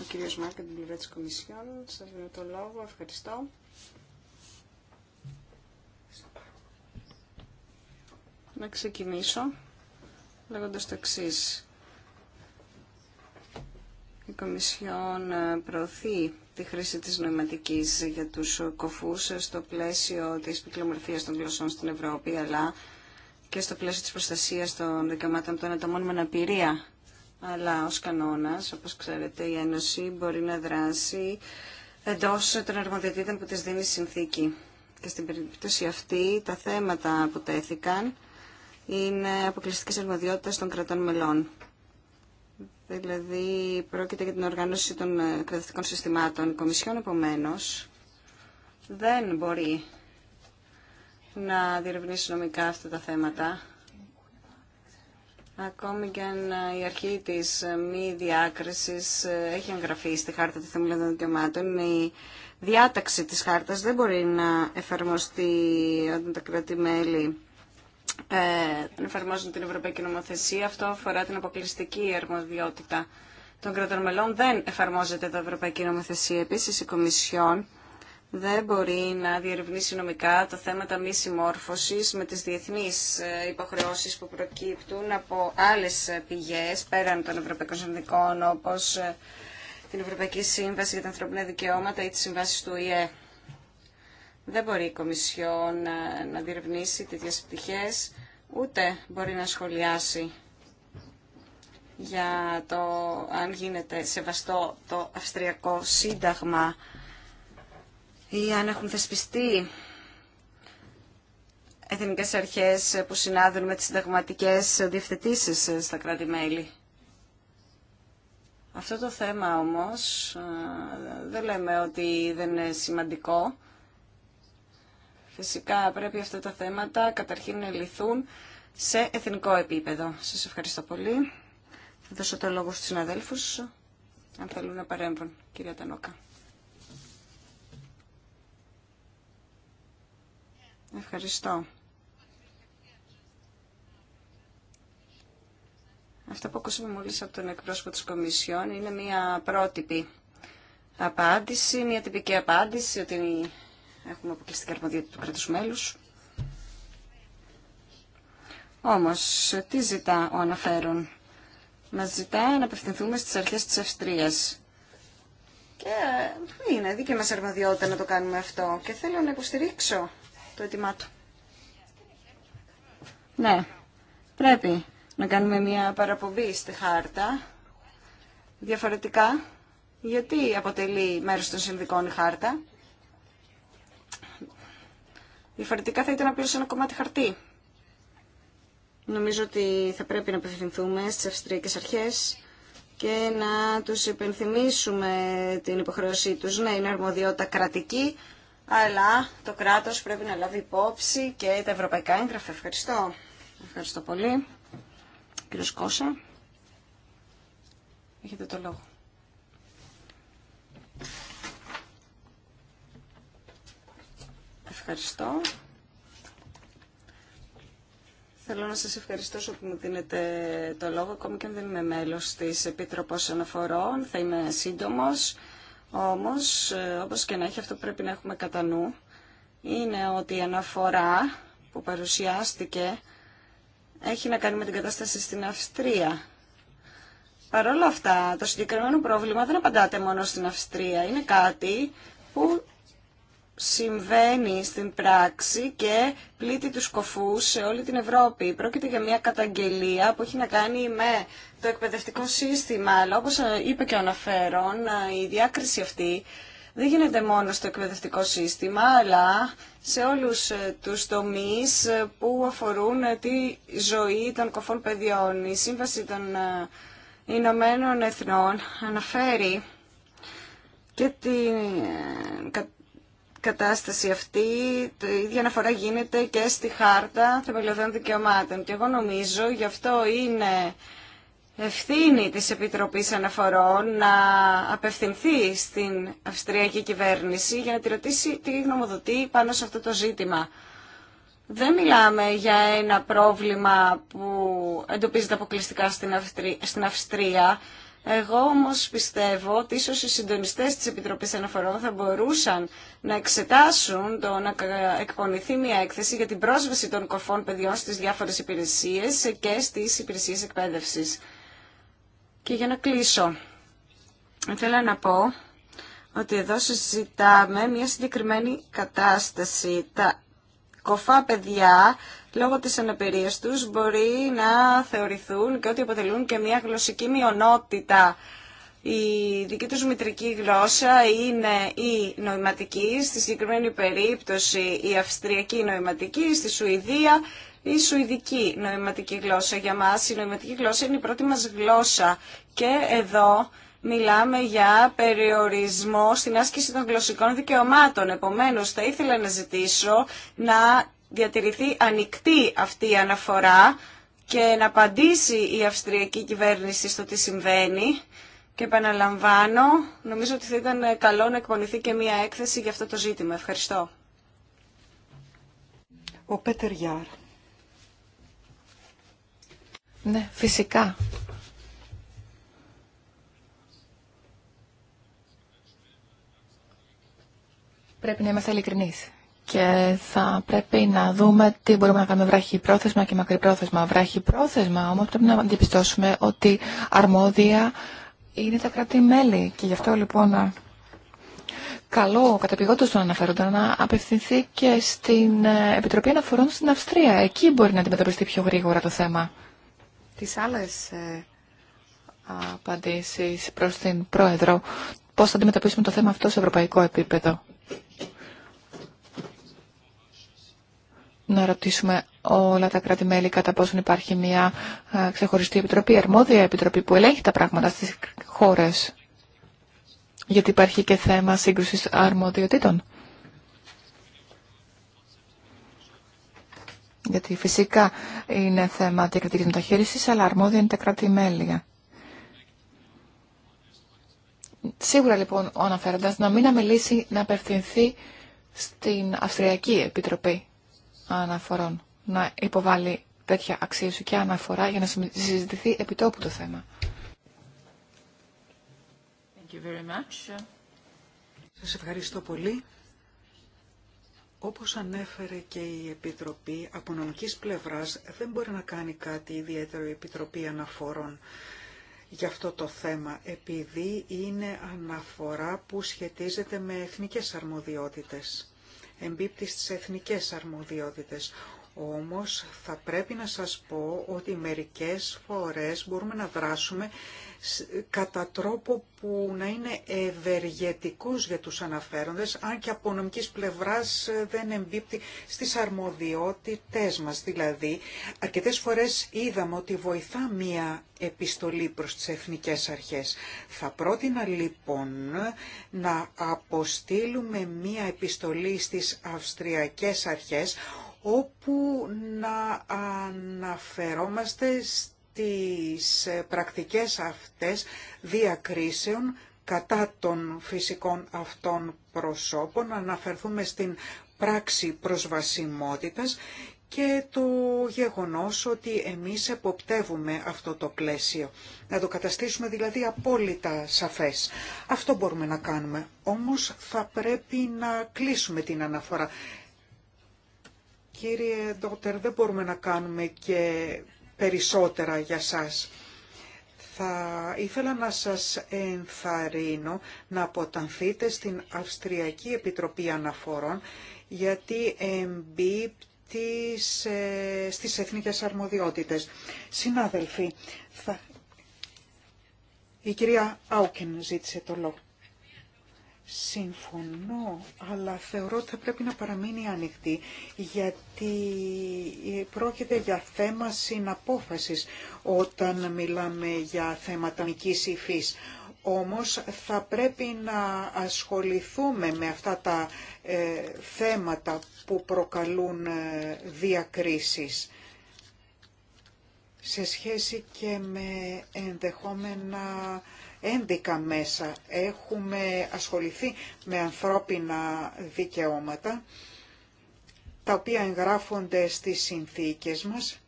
S2: Ο κύριος Μάρκετ, την πλευρά τη Κομισιόν. Σας δίνω το λόγο. Ευχαριστώ. Να ξεκινήσω λέγοντας το εξή. Η Κομισιόν ε, προωθεί τη χρήση της νοηματικής για τους κοφούς στο πλαίσιο της πυκλομορφίας των γλωσσών στην Ευρώπη, αλλά και στο πλαίσιο της προστασίας των δικαιωμάτων των ατομών με αναπηρία. Αλλά ως κανόνας, όπως ξέρετε, η Ένωση μπορεί να δράσει εντός των αρμοδιοτήτων που της δίνει συνθήκη. Και στην περίπτωση αυτή, τα θέματα που τέθηκαν είναι αποκλειστικές αρμοδιότητας των κρατών μελών. Δηλαδή πρόκειται για την οργάνωση των ε, εκπαιδευτικών συστημάτων. Η Κομισιόν επομένω δεν μπορεί να διερευνήσει νομικά αυτά τα θέματα. Ακόμη και αν ε, η αρχή της ε, μη διάκρισης έχει εγγραφεί στη Χάρτα των Θεμελιωδών Δικαιωμάτων, η διάταξη της Χάρτας δεν μπορεί να εφαρμοστεί όταν τα κράτη-μέλη ε, εφαρμόζουν την Ευρωπαϊκή Νομοθεσία. Αυτό αφορά την αποκλειστική αρμοδιότητα των κρατών μελών. Δεν εφαρμόζεται εδώ Ευρωπαϊκή Νομοθεσία. Επίσης, η Κομισιόν δεν μπορεί να διερευνήσει νομικά τα θέματα μη συμμόρφωση με τις διεθνείς ε, υποχρεώσεις που προκύπτουν από άλλες πηγές πέραν των Ευρωπαϊκών Συνδικών όπω ε, την Ευρωπαϊκή Σύμβαση για τα Ανθρωπινά Δικαιώματα ή τι συμβάσει του ΙΕ. Δεν μπορεί η Κομισιόν να, ε, να διερευνήσει τέτοιες πτυχές, ούτε μπορεί να σχολιάσει για το αν γίνεται σεβαστό το Αυστριακό Σύνταγμα ή αν έχουν θεσπιστεί εθνικές αρχές που συνάδουν με τις συνταγματικές διευθετήσεις ε, στα κράτη-μέλη. Αυτό το θέμα όμως ε, δεν λέμε ότι δεν είναι σημαντικό. Φυσικά πρέπει αυτά τα θέματα καταρχήν να λυθούν σε εθνικό επίπεδο. Σας ευχαριστώ πολύ. Θα δώσω το λόγο στους συναδέλφους, αν θέλουν να παρέμβουν, κυρία Τανόκα. Ευχαριστώ. Αυτό που ακούσαμε μόλις από τον εκπρόσωπο της Κομισιόν είναι μια πρότυπη απάντηση, μια τυπική απάντηση ότι Έχουμε αποκλειστική αρμοδιότητα λοιπόν του κράτου μέλου. Όμως, τι ζητά ο αναφέρον. Μας ζητά να απευθυνθούμε στις αρχές της Αυστρία. Και είναι δική μας αρμοδιότητα να το κάνουμε αυτό. Και θέλω να υποστηρίξω το αίτημά του. Ναι, πρέπει να κάνουμε μια παραπομπή στη χάρτα. Διαφορετικά, γιατί αποτελεί μέρος των συνδικών η χάρτα. Διαφορετικά θα ήταν απλώ ένα κομμάτι χαρτί. Νομίζω ότι θα πρέπει να απευθυνθούμε στι αυστριακές αρχές και να τους υπενθυμίσουμε την υποχρέωσή του Ναι, είναι αρμοδιότητα κρατική, αλλά το κράτος πρέπει να λάβει υπόψη και τα ευρωπαϊκά έγγραφα. Ευχαριστώ. Ευχαριστώ πολύ. Κύριος Κώσα, έχετε το λόγο. Ευχαριστώ. Θέλω να σας ευχαριστώ που μου δίνετε το λόγο, ακόμη και αν δεν είμαι μέλος της Επίτροπος Αναφορών, θα είμαι σύντομος. Όμως, όπως και να έχει, αυτό πρέπει να έχουμε κατά νου, είναι ότι η αναφορά που παρουσιάστηκε έχει να κάνει με την κατάσταση στην Αυστρία. Παρ' όλα αυτά, το συγκεκριμένο πρόβλημα δεν απαντάται μόνο στην Αυστρία. Είναι κάτι που συμβαίνει στην πράξη και πλήττει τους κοφούς σε όλη την Ευρώπη. Πρόκειται για μια καταγγελία που έχει να κάνει με το εκπαιδευτικό σύστημα, αλλά όπως ε, είπε και ο Αναφέρον, ε, η διάκριση αυτή δεν γίνεται μόνο στο εκπαιδευτικό σύστημα, αλλά σε όλους ε, τους τομείς που αφορούν τη ζωή των κοφών παιδιών. Η Σύμβαση των Ηνωμένων Εθνών αναφέρει και την κατάσταση αυτή, η ίδια αναφορά γίνεται και στη χάρτα θεμελιωδών δικαιωμάτων. Και εγώ νομίζω γι' αυτό είναι ευθύνη της Επιτροπής Αναφορών να απευθυνθεί στην Αυστριακή κυβέρνηση για να τη ρωτήσει τι γνωμοδοτεί πάνω σε αυτό το ζήτημα. Δεν μιλάμε για ένα πρόβλημα που εντοπίζεται αποκλειστικά στην Αυστρία, εγώ όμως πιστεύω ότι ίσως οι συντονιστές της Επιτροπής Αναφορών θα μπορούσαν να εξετάσουν το να εκπονηθεί μια έκθεση για την πρόσβαση των κοφών παιδιών στις διάφορες υπηρεσίες και στις υπηρεσίες εκπαίδευσης. Και για να κλείσω, θέλω να πω ότι εδώ συζητάμε μια συγκεκριμένη κατάσταση. Τα κοφά παιδιά λόγω της αναπηρίας τους μπορεί να θεωρηθούν και ότι αποτελούν και μια γλωσσική μειονότητα. Η δική τους μητρική γλώσσα είναι η νοηματική, στη συγκεκριμένη περίπτωση η αυστριακή νοηματική, στη Σουηδία η σουηδική νοηματική γλώσσα. Για μας η νοηματική γλώσσα είναι η πρώτη μας γλώσσα και εδώ μιλάμε για περιορισμό στην άσκηση των γλωσσικών δικαιωμάτων. Επομένως, θα ήθελα να ζητήσω να διατηρηθεί ανοιχτή αυτή η αναφορά και να απαντήσει η αυστριακή κυβέρνηση στο τι συμβαίνει. Και επαναλαμβάνω, νομίζω ότι θα ήταν καλό να εκπονηθεί και μία έκθεση για αυτό το ζήτημα. Ευχαριστώ.
S1: Ο Πέτερ Γιάρ. Ναι, φυσικά. Πρέπει να είμαστε ειλικρινεί. Και θα πρέπει να δούμε τι μπορούμε να κάνουμε βράχη πρόθεσμα και πρόθεσμα Βράχη πρόθεσμα όμως πρέπει να αντιπιστώσουμε ότι αρμόδια είναι τα κράτη-μέλη. Και γι' αυτό λοιπόν καλό καταπηγόντως τον αναφέροντα να απευθυνθεί και στην ε, Επιτροπή Αναφορών στην Αυστρία. Εκεί μπορεί να αντιμετωπιστεί πιο γρήγορα το θέμα. Τις άλλες ε, απαντήσεις προς την Πρόεδρο. Πώς θα αντιμετωπίσουμε το θέμα αυτό σε ευρωπαϊκό επίπεδο. να ρωτήσουμε όλα τα κράτη-μέλη κατά πόσον υπάρχει μια ε, ξεχωριστή επιτροπή, αρμόδια επιτροπή που ελέγχει τα πράγματα στις χώρες. Γιατί υπάρχει και θέμα σύγκρουσης αρμοδιοτήτων. Γιατί φυσικά είναι θέμα διακριτικής μεταχείρισης, αλλά αρμόδια είναι τα κράτη-μέλη. Σίγουρα λοιπόν ο αναφέροντας να μην αμελήσει να απευθυνθεί στην Αυστριακή Επιτροπή αναφορών να υποβάλει τέτοια αξίωση και αναφορά για να συζητηθεί επιτόπου το θέμα. Thank
S3: Σας ευχαριστώ πολύ. Όπως ανέφερε και η Επιτροπή, από νομικής πλευράς δεν μπορεί να κάνει κάτι ιδιαίτερο η Επιτροπή Αναφορών για αυτό το θέμα, επειδή είναι αναφορά που σχετίζεται με εθνικές αρμοδιότητες εμπίπτει στις εθνικές αρμοδιότητες. Όμως θα πρέπει να σας πω ότι μερικές φορές μπορούμε να δράσουμε κατά τρόπο που να είναι ευεργετικός για τους αναφέροντες, αν και από νομικής πλευράς δεν εμπίπτει στις αρμοδιότητές μας. Δηλαδή, αρκετές φορές είδαμε ότι βοηθά μία επιστολή προς τις εθνικές αρχές. Θα πρότεινα λοιπόν να αποστείλουμε μία επιστολή στις αυστριακές αρχές, όπου να αναφερόμαστε στις πρακτικές αυτές διακρίσεων κατά των φυσικών αυτών προσώπων, να αναφερθούμε στην πράξη προσβασιμότητας και το γεγονός ότι εμείς εποπτεύουμε αυτό το πλαίσιο. Να το καταστήσουμε δηλαδή απόλυτα σαφές. Αυτό μπορούμε να κάνουμε. Όμως θα πρέπει να κλείσουμε την αναφορά κύριε Ντότερ, δεν μπορούμε να κάνουμε και περισσότερα για σας. Θα ήθελα να σας ενθαρρύνω να αποτανθείτε στην Αυστριακή Επιτροπή Αναφορών, γιατί εμπίπτει σε, στις εθνικές αρμοδιότητες. Συνάδελφοι, η κυρία Άουκεν ζήτησε το λόγο. Συμφωνώ, αλλά θεωρώ ότι θα πρέπει να παραμείνει ανοιχτή, γιατί πρόκειται για θέμα συναπόφασης όταν μιλάμε για θέματα νικής υφής. Όμως θα πρέπει να ασχοληθούμε με αυτά τα ε, θέματα που προκαλούν ε, διακρίσεις σε σχέση και με ενδεχόμενα ένδικα μέσα. Έχουμε ασχοληθεί με ανθρώπινα δικαιώματα, τα οποία εγγράφονται στις συνθήκες μας.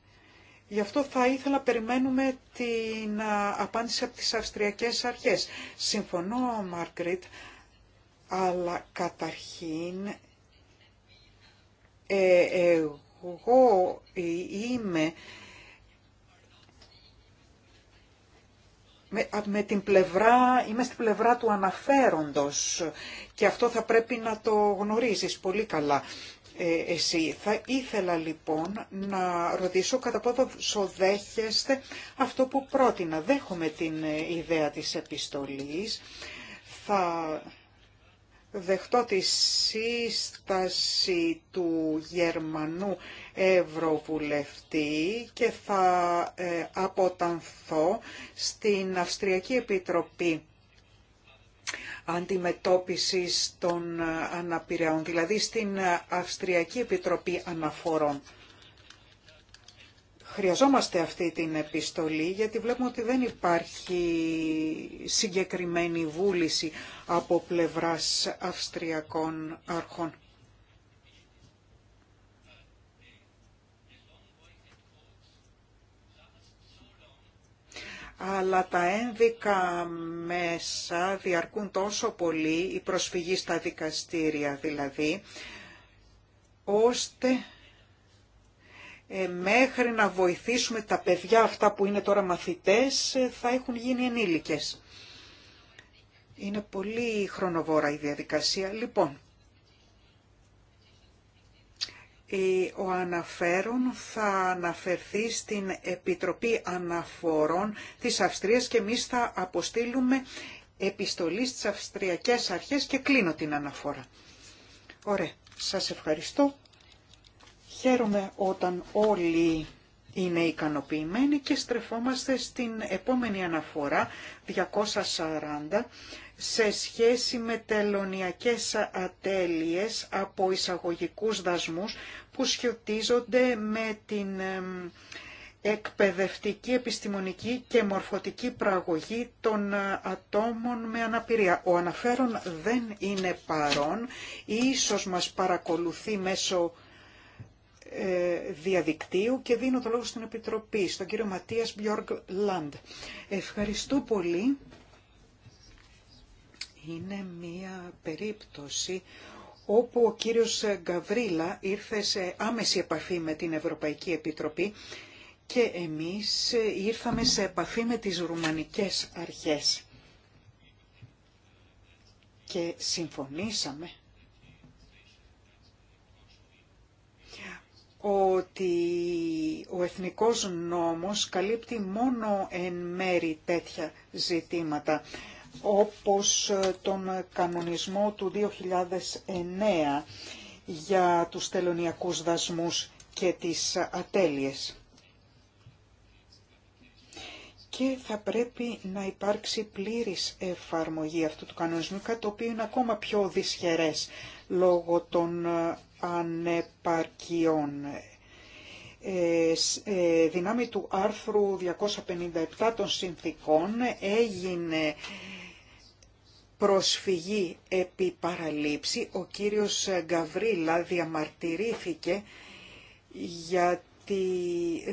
S3: Γι' αυτό θα ήθελα περιμένουμε την απάντηση από τις Αυστριακές Αρχές. Συμφωνώ, μαρκρίτ αλλά καταρχήν ε, εγώ ε, είμαι με, την πλευρά, είμαι στην πλευρά του αναφέροντος και αυτό θα πρέπει να το γνωρίζεις πολύ καλά ε, εσύ. Θα ήθελα λοιπόν να ρωτήσω κατά πόσο δέχεστε αυτό που πρότεινα. Δέχομαι την ε, ιδέα της επιστολής. Θα δεχτώ τη σύσταση του Γερμανού Ευρωβουλευτή και θα ε, αποτανθώ στην Αυστριακή Επιτροπή αντιμετώπισης των αναπηρεών, δηλαδή στην Αυστριακή Επιτροπή Αναφορών. Χρειαζόμαστε αυτή την επιστολή γιατί βλέπουμε ότι δεν υπάρχει συγκεκριμένη βούληση από πλευράς Αυστριακών αρχών. αλλά τα ένδικα μέσα διαρκούν τόσο πολύ, η προσφυγή στα δικαστήρια δηλαδή, ώστε ε, μέχρι να βοηθήσουμε τα παιδιά αυτά που είναι τώρα μαθητές ε, θα έχουν γίνει ενήλικες. Είναι πολύ χρονοβόρα η διαδικασία. Λοιπόν, Ε, ο αναφέρον θα αναφερθεί στην Επιτροπή Αναφορών της Αυστρίας και εμεί θα αποστείλουμε επιστολή στις Αυστριακές Αρχές και κλείνω την αναφορά. Ωραία, σας ευχαριστώ. Χαίρομαι όταν όλοι είναι ικανοποιημένοι και στρεφόμαστε στην επόμενη αναφορά 240 σε σχέση με τελωνιακές ατέλειες από εισαγωγικούς δασμούς που σχετίζονται με την εκπαιδευτική, επιστημονική και μορφωτική πραγωγή των ε, ατόμων με αναπηρία. Ο αναφέρον δεν είναι παρόν, ίσως μας παρακολουθεί μέσω ε, διαδικτύου και δίνω το λόγο στην Επιτροπή, στον κύριο Ματίας Μπιόργ Λαντ. Ευχαριστώ πολύ. Είναι μία περίπτωση όπου ο κύριος Γκαβρίλα ήρθε σε άμεση επαφή με την Ευρωπαϊκή Επιτροπή και εμείς ήρθαμε σε επαφή με τις ρουμανικές αρχές και συμφωνήσαμε ότι ο εθνικός νόμος καλύπτει μόνο εν μέρη τέτοια ζητήματα όπως ε, τον κανονισμό του 2009 για τους τελωνιακούς δασμούς και τις ατέλειες. Και θα πρέπει να υπάρξει πλήρης εφαρμογή αυτού του κανονισμού, κάτι το οποίο είναι ακόμα πιο δυσχερές λόγω των ε, ανεπαρκειών. Ε, ε του άρθρου 257 των συνθήκων έγινε προσφυγή επί παραλήψη. Ο κύριος Γκαβρίλα διαμαρτυρήθηκε γιατί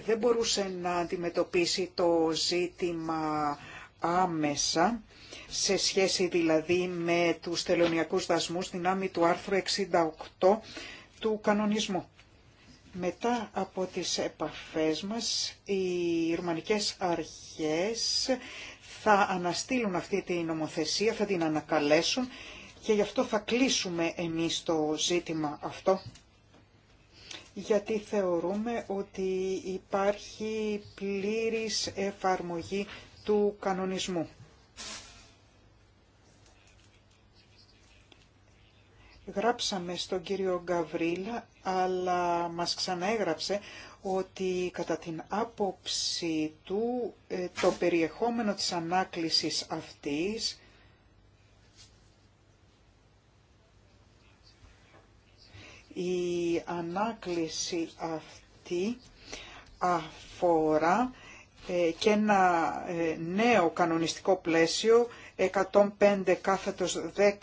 S3: δεν μπορούσε να αντιμετωπίσει το ζήτημα άμεσα, σε σχέση δηλαδή με τους τελωνιακούς δασμούς δυνάμει του άρθρου 68 του κανονισμού. Μετά από τις επαφές μας, οι Ρουμανικές αρχές θα αναστείλουν αυτή την νομοθεσία, θα την ανακαλέσουν και γι' αυτό θα κλείσουμε εμείς το ζήτημα αυτό γιατί θεωρούμε ότι υπάρχει πλήρης εφαρμογή του κανονισμού. Γράψαμε στον κύριο Γκαβρίλα, αλλά μας ξαναέγραψε ότι κατά την άποψή του ε, το περιεχόμενο της ανάκλησης αυτής η ανάκληση αυτή αφορά ε, και ένα ε, νέο κανονιστικό πλαίσιο 105 κάθετος 16.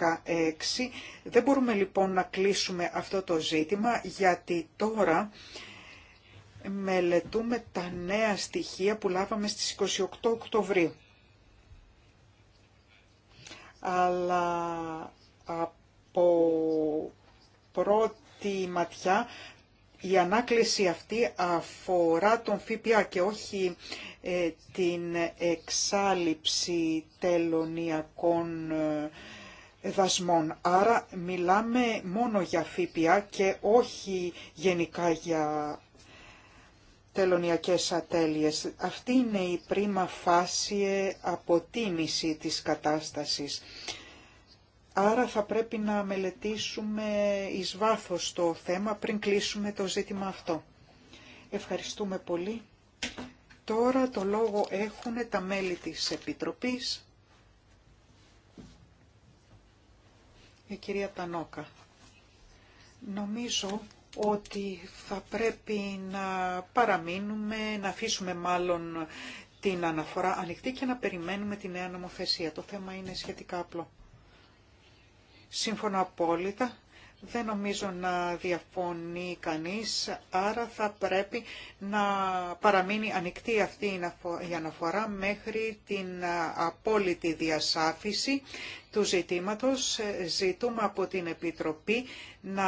S3: Δεν μπορούμε λοιπόν να κλείσουμε αυτό το ζήτημα γιατί τώρα μελετούμε τα νέα στοιχεία που λάβαμε στις 28 Οκτωβρίου. Αλλά από πρώτη ματιά η ανάκληση αυτή αφορά τον ΦΠΑ και όχι ε, την εξάλληψη τελωνιακών ε, δασμών. Άρα μιλάμε μόνο για ΦΠΑ και όχι γενικά για τελωνιακές ατέλειες. Αυτή είναι η πρίμα φάση ε, αποτίμηση της κατάστασης. Άρα θα πρέπει να μελετήσουμε εις βάθος το θέμα πριν κλείσουμε το ζήτημα αυτό. Ευχαριστούμε πολύ. Τώρα το λόγο έχουν τα μέλη της Επιτροπής. Η κυρία Τανόκα. Νομίζω ότι θα πρέπει να παραμείνουμε, να αφήσουμε μάλλον την αναφορά ανοιχτή και να περιμένουμε τη νέα νομοθεσία. Το θέμα είναι σχετικά απλό. Σύμφωνα απόλυτα δεν νομίζω να διαφωνεί κανείς, άρα θα πρέπει να παραμείνει ανοιχτή αυτή η αναφορά μέχρι την απόλυτη διασάφηση του ζητήματος. Ζητούμε από την Επιτροπή να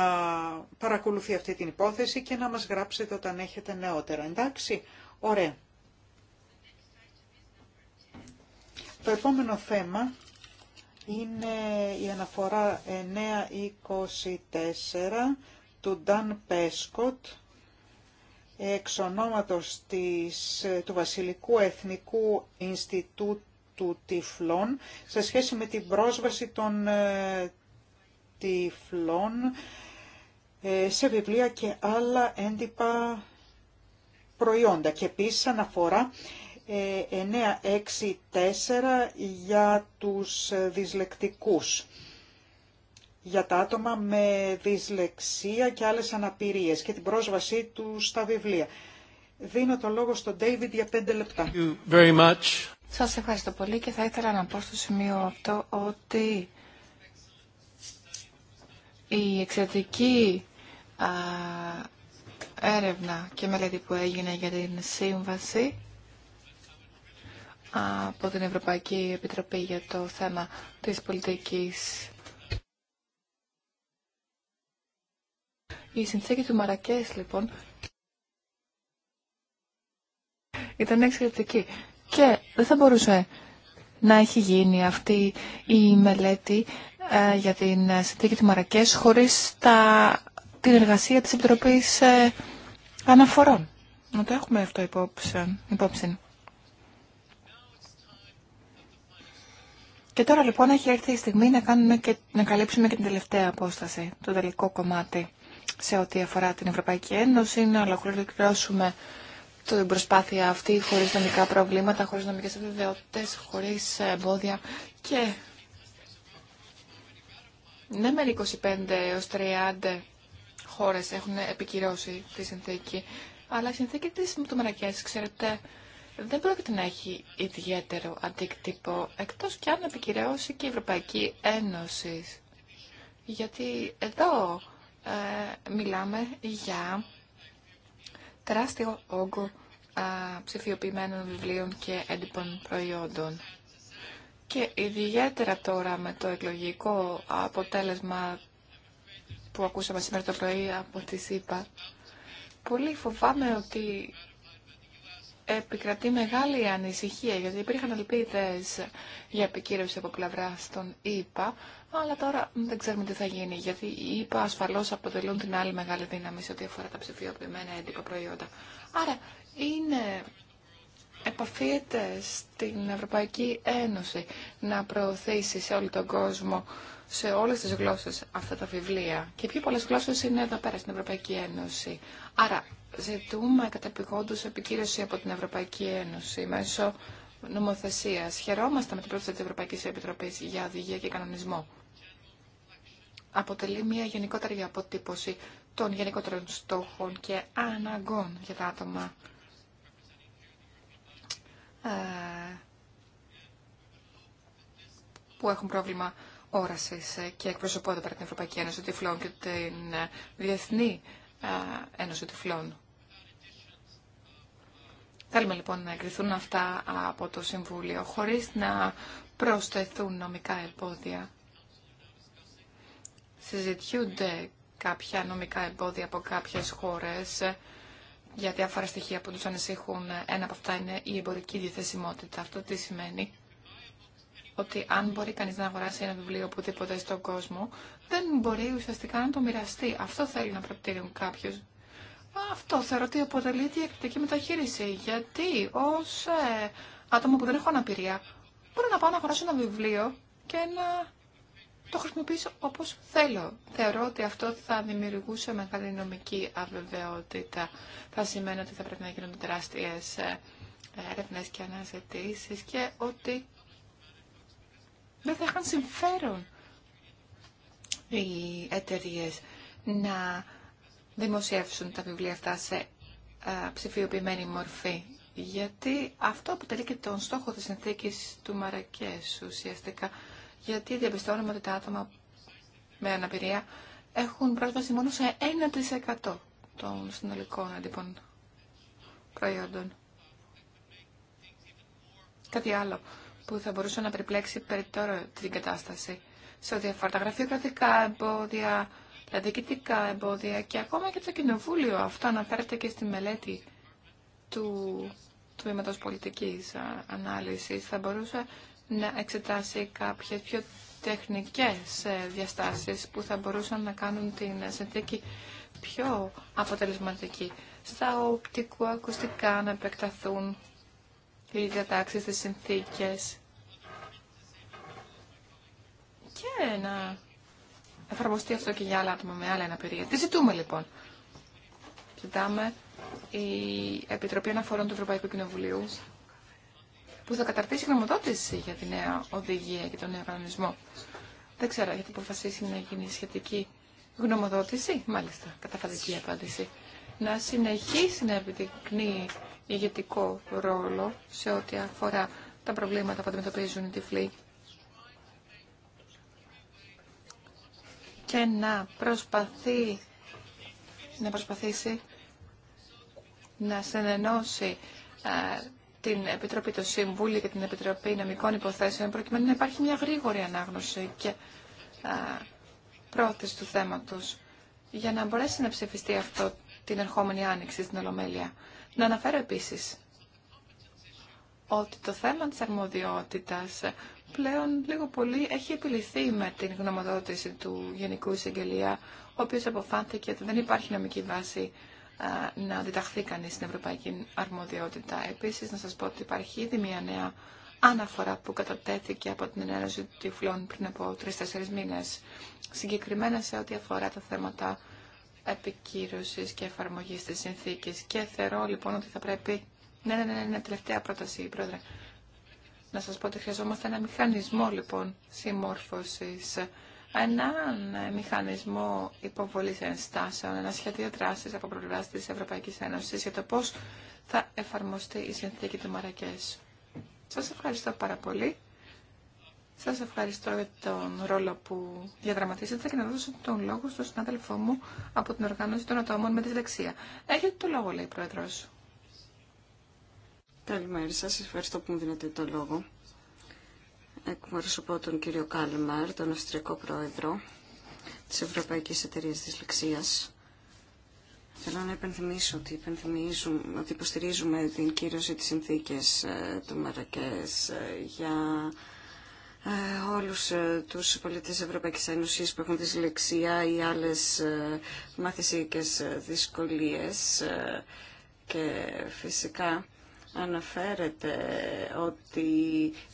S3: παρακολουθεί αυτή την υπόθεση και να μας γράψετε όταν έχετε νεότερα. Εντάξει, ωραία. Το επόμενο θέμα είναι η αναφορά 924 του Νταν Πέσκοτ εξ ονόματος του Βασιλικού Εθνικού Ινστιτούτου Τυφλών σε σχέση με την πρόσβαση των ε, τυφλών ε, σε βιβλία και άλλα έντυπα προϊόντα και επίσης αναφορά 9-6-4 για τους δυσλεκτικούς, για τα άτομα με δυσλεξία και άλλες αναπηρίες και την πρόσβασή του στα βιβλία. Δίνω το λόγο στον David για 5 λεπτά.
S1: Σας ευχαριστώ πολύ και θα ήθελα να πω στο σημείο αυτό ότι η εξαιρετική έρευνα και μελέτη που έγινε για την σύμβαση από την Ευρωπαϊκή Επιτροπή για το θέμα της πολιτικής. Η συνθήκη του Μαρακές, λοιπόν, ήταν εξαιρετική και δεν θα μπορούσε να έχει γίνει αυτή η μελέτη ε, για την συνθήκη του Μαρακές χωρίς τα, την εργασία της Επιτροπής ε, Αναφορών. Να το έχουμε αυτό υπόψη. υπόψη. Και τώρα λοιπόν έχει έρθει η στιγμή να, κάνουμε και, να καλύψουμε και την τελευταία απόσταση, το τελικό κομμάτι σε ό,τι αφορά την Ευρωπαϊκή Ένωση, να ολοκληρώσουμε την προσπάθεια αυτή χωρί νομικά προβλήματα, χωρί νομικέ επιβεβαιότητε, χωρί εμπόδια και ναι με 25 έω 30 χώρε έχουν επικυρώσει τη συνθήκη, αλλά η συνθήκη της του ξέρετε, δεν πρόκειται να έχει ιδιαίτερο αντίκτυπο, εκτός κι αν επικυρεώσει και η Ευρωπαϊκή Ένωση. Γιατί εδώ ε, μιλάμε για τεράστιο όγκο ψηφιοποιημένων βιβλίων και έντυπων προϊόντων. Και ιδιαίτερα τώρα με το εκλογικό αποτέλεσμα που ακούσαμε σήμερα το πρωί από τη ΣΥΠΑ, πολύ φοβάμαι ότι επικρατεί μεγάλη ανησυχία γιατί υπήρχαν ελπίδες για επικύρωση από πλευρά των ΙΠΑ αλλά τώρα δεν ξέρουμε τι θα γίνει γιατί οι ΙΠΑ ασφαλώς αποτελούν την άλλη μεγάλη δύναμη σε ό,τι αφορά τα ψηφιοποιημένα έντυπα προϊόντα. Άρα είναι επαφίεται στην Ευρωπαϊκή Ένωση να προωθήσει σε όλο τον κόσμο, σε όλες τις γλώσσες αυτά τα βιβλία. Και πιο πολλές γλώσσες είναι εδώ πέρα στην Ευρωπαϊκή Ένωση. Άρα ζητούμε καταπηγόντως επικύρωση από την Ευρωπαϊκή Ένωση μέσω νομοθεσίας. Χαιρόμαστε με την πρόσφατη της Ευρωπαϊκής Επιτροπής για οδηγία και κανονισμό. Αποτελεί μια γενικότερη αποτύπωση των γενικότερων στόχων και αναγκών για τα άτομα ε, που έχουν πρόβλημα όραση και εκπροσωπώνται παρά την Ευρωπαϊκή Ένωση Τυφλών και την Διεθνή ε, Ένωση Τυφλών. Θέλουμε λοιπόν να εγκριθούν αυτά από το Συμβούλιο χωρίς να προσθεθούν νομικά εμπόδια. Συζητιούνται κάποια νομικά εμπόδια από κάποιες χώρες για διάφορα στοιχεία που τους ανησυχούν. Ένα από αυτά είναι η εμπορική διαθεσιμότητα. Αυτό τι σημαίνει ότι αν μπορεί κανείς να αγοράσει ένα βιβλίο οπουδήποτε στον κόσμο, δεν μπορεί ουσιαστικά να το μοιραστεί. Αυτό θέλει να προτείνουν κάποιους αυτό θεωρώ ότι αποτελεί διακριτική μεταχείριση. Γιατί ω ε, άτομο που δεν έχω αναπηρία μπορώ να πάω να αγοράσω ένα βιβλίο και να το χρησιμοποιήσω όπως θέλω. Θεωρώ ότι αυτό θα δημιουργούσε μεγάλη νομική αβεβαιότητα. Θα σημαίνει ότι θα πρέπει να γίνονται τεράστιες ε, έρευνε και αναζητήσει και ότι δεν θα είχαν συμφέρον οι εταιρείε να δημοσιεύσουν τα βιβλία αυτά σε ε, ψηφιοποιημένη μορφή. Γιατί αυτό αποτελεί και τον στόχο της συνθήκης του Μαρακές ουσιαστικά. Γιατί διαπιστώνουμε ότι τα άτομα με αναπηρία έχουν πρόσβαση μόνο σε 1% των συνολικών αντίπων προϊόντων. Κάτι άλλο που θα μπορούσε να περιπλέξει περιττώρο την κατάσταση σε ό,τι αφορά τα γραφειοκρατικά εμπόδια, τα διοικητικά εμπόδια και ακόμα και το κοινοβούλιο. Αυτό αναφέρεται και στη μελέτη του Τμήματο πολιτικής ανάλυσης. Θα μπορούσε να εξετάσει κάποιες πιο τεχνικές ε, διαστάσεις που θα μπορούσαν να κάνουν την συνθήκη πιο αποτελεσματική. Στα ακουστικά να επεκταθούν οι διατάξεις, τις συνθήκες και να εφαρμοστεί αυτό και για άλλα άτομα με άλλα αναπηρία. Τι ζητούμε λοιπόν. Ζητάμε η Επιτροπή Αναφορών του Ευρωπαϊκού Κοινοβουλίου που θα καταρτήσει γνωμοδότηση για τη νέα οδηγία και τον νέο κανονισμό. Δεν ξέρω, γιατί αποφασίσει να γίνει σχετική γνωμοδότηση, μάλιστα, καταφατική απάντηση, να συνεχίσει να επιδεικνύει ηγετικό ρόλο σε ό,τι αφορά τα προβλήματα που αντιμετωπίζουν οι τυφλοί και να προσπαθεί να προσπαθήσει να συνενώσει την Επιτροπή, του Σύμβουλου και την Επιτροπή Νομικών Υποθέσεων προκειμένου να υπάρχει μια γρήγορη ανάγνωση και α, πρόθεση του θέματος για να μπορέσει να ψηφιστεί αυτό την ερχόμενη άνοιξη στην Ολομέλεια. Να αναφέρω επίσης ότι το θέμα της αρμοδιότητας πλέον λίγο πολύ έχει επιληθεί με την γνωμοδότηση του Γενικού Εισαγγελία, ο οποίος αποφάνθηκε ότι δεν υπάρχει νομική βάση να αντιταχθεί κανείς στην ευρωπαϊκή αρμοδιότητα. Επίσης, να σας πω ότι υπάρχει ήδη μια νέα αναφορά που κατατέθηκε από την ενέργεια του τυφλών πριν από τρει-τέσσερι μήνες, συγκεκριμένα σε ό,τι αφορά τα θέματα επικύρωσης και εφαρμογής της συνθήκης. Και θεωρώ λοιπόν ότι θα πρέπει ναι, ναι, ναι, ναι, ναι, τελευταία πρόταση, πρόεδρε. Να σας πω ότι χρειαζόμαστε ένα μηχανισμό, λοιπόν, συμμόρφωσης. Έναν μηχανισμό υποβολής ενστάσεων, ένα σχέδιο δράσης από προβλημάς της Ευρωπαϊκής Ένωσης για το πώς θα εφαρμοστεί η συνθήκη του Μαρακές. Σας ευχαριστώ πάρα πολύ. Σας ευχαριστώ για τον ρόλο που διαδραματίσατε και να δώσω τον λόγο στον συνάδελφό μου από την οργάνωση των ατόμων με τη δυσλεξία. Έχετε το λόγο, λέει η Πρόεδρος.
S2: Καλημέρα σας, ευχαριστώ που μου δίνετε το λόγο. Εκμορφωπώ τον κύριο Κάλμαρ, τον Αυστριακό Πρόεδρο της Ευρωπαϊκής Εταιρείας Δυσλεξίας. Θέλω να υπενθυμίσω ότι, ότι υποστηρίζουμε την κύρωση της συνθήκες ε, του Μαρακές ε, για ε, όλους τους πολίτες της Ευρωπαϊκής Ένωσης που έχουν δυσλεξία ή άλλες μαθησίκες δυσκολίες και φυσικά αναφέρεται ότι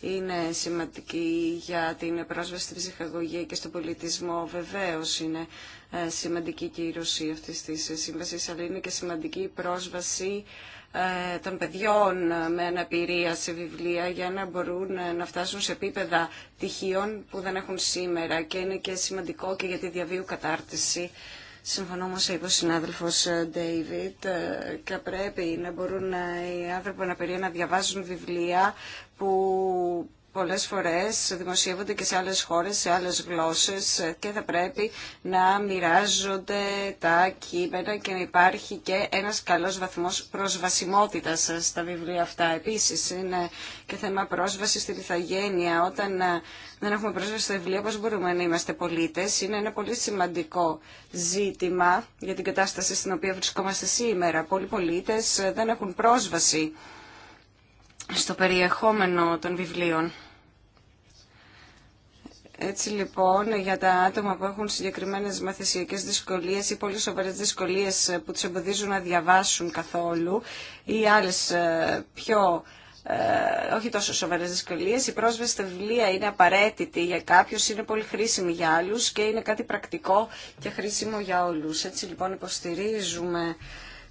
S2: είναι σημαντική για την πρόσβαση στη ψυχαγωγή και στον πολιτισμό. Βεβαίως είναι ε, σημαντική και η Ρωσία αυτή τη σύμβαση, αλλά είναι και σημαντική η πρόσβαση ε, των παιδιών με αναπηρία σε βιβλία για να μπορούν ε, να φτάσουν σε επίπεδα τυχείων που δεν έχουν σήμερα και είναι και σημαντικό και για τη διαβίου κατάρτιση Συμφωνώ όμως είπε ο συνάδελφος Ντέιβιτ ε, ε, και πρέπει να μπορούν ε, οι άνθρωποι να περιέχουν να διαβάζουν βιβλία που πολλές φορές δημοσιεύονται και σε άλλες χώρες, σε άλλες γλώσσες και θα πρέπει να μοιράζονται τα κείμενα και να υπάρχει και ένας καλός βαθμός προσβασιμότητας στα βιβλία αυτά. Επίσης είναι και θέμα πρόσβαση στην ηθαγένεια. Όταν ε, δεν έχουμε πρόσβαση στα βιβλία, πώς μπορούμε να είμαστε πολίτες. Είναι ένα πολύ σημαντικό ζήτημα για την κατάσταση στην οποία βρισκόμαστε σήμερα. Πολλοί πολίτες ε, δεν έχουν πρόσβαση στο περιεχόμενο των βιβλίων. Έτσι λοιπόν για τα άτομα που έχουν συγκεκριμένες μαθησιακές δυσκολίες ή πολύ σοβαρέ δυσκολίες ε, που τους εμποδίζουν να διαβάσουν καθόλου ή άλλες ε, πιο ε, όχι τόσο σοβαρές δυσκολίες. Η πρόσβαση στα βιβλία είναι απαραίτητη για κάποιους, είναι πολύ χρήσιμη για άλλους και είναι κάτι πρακτικό και χρήσιμο για όλους. Έτσι λοιπόν υποστηρίζουμε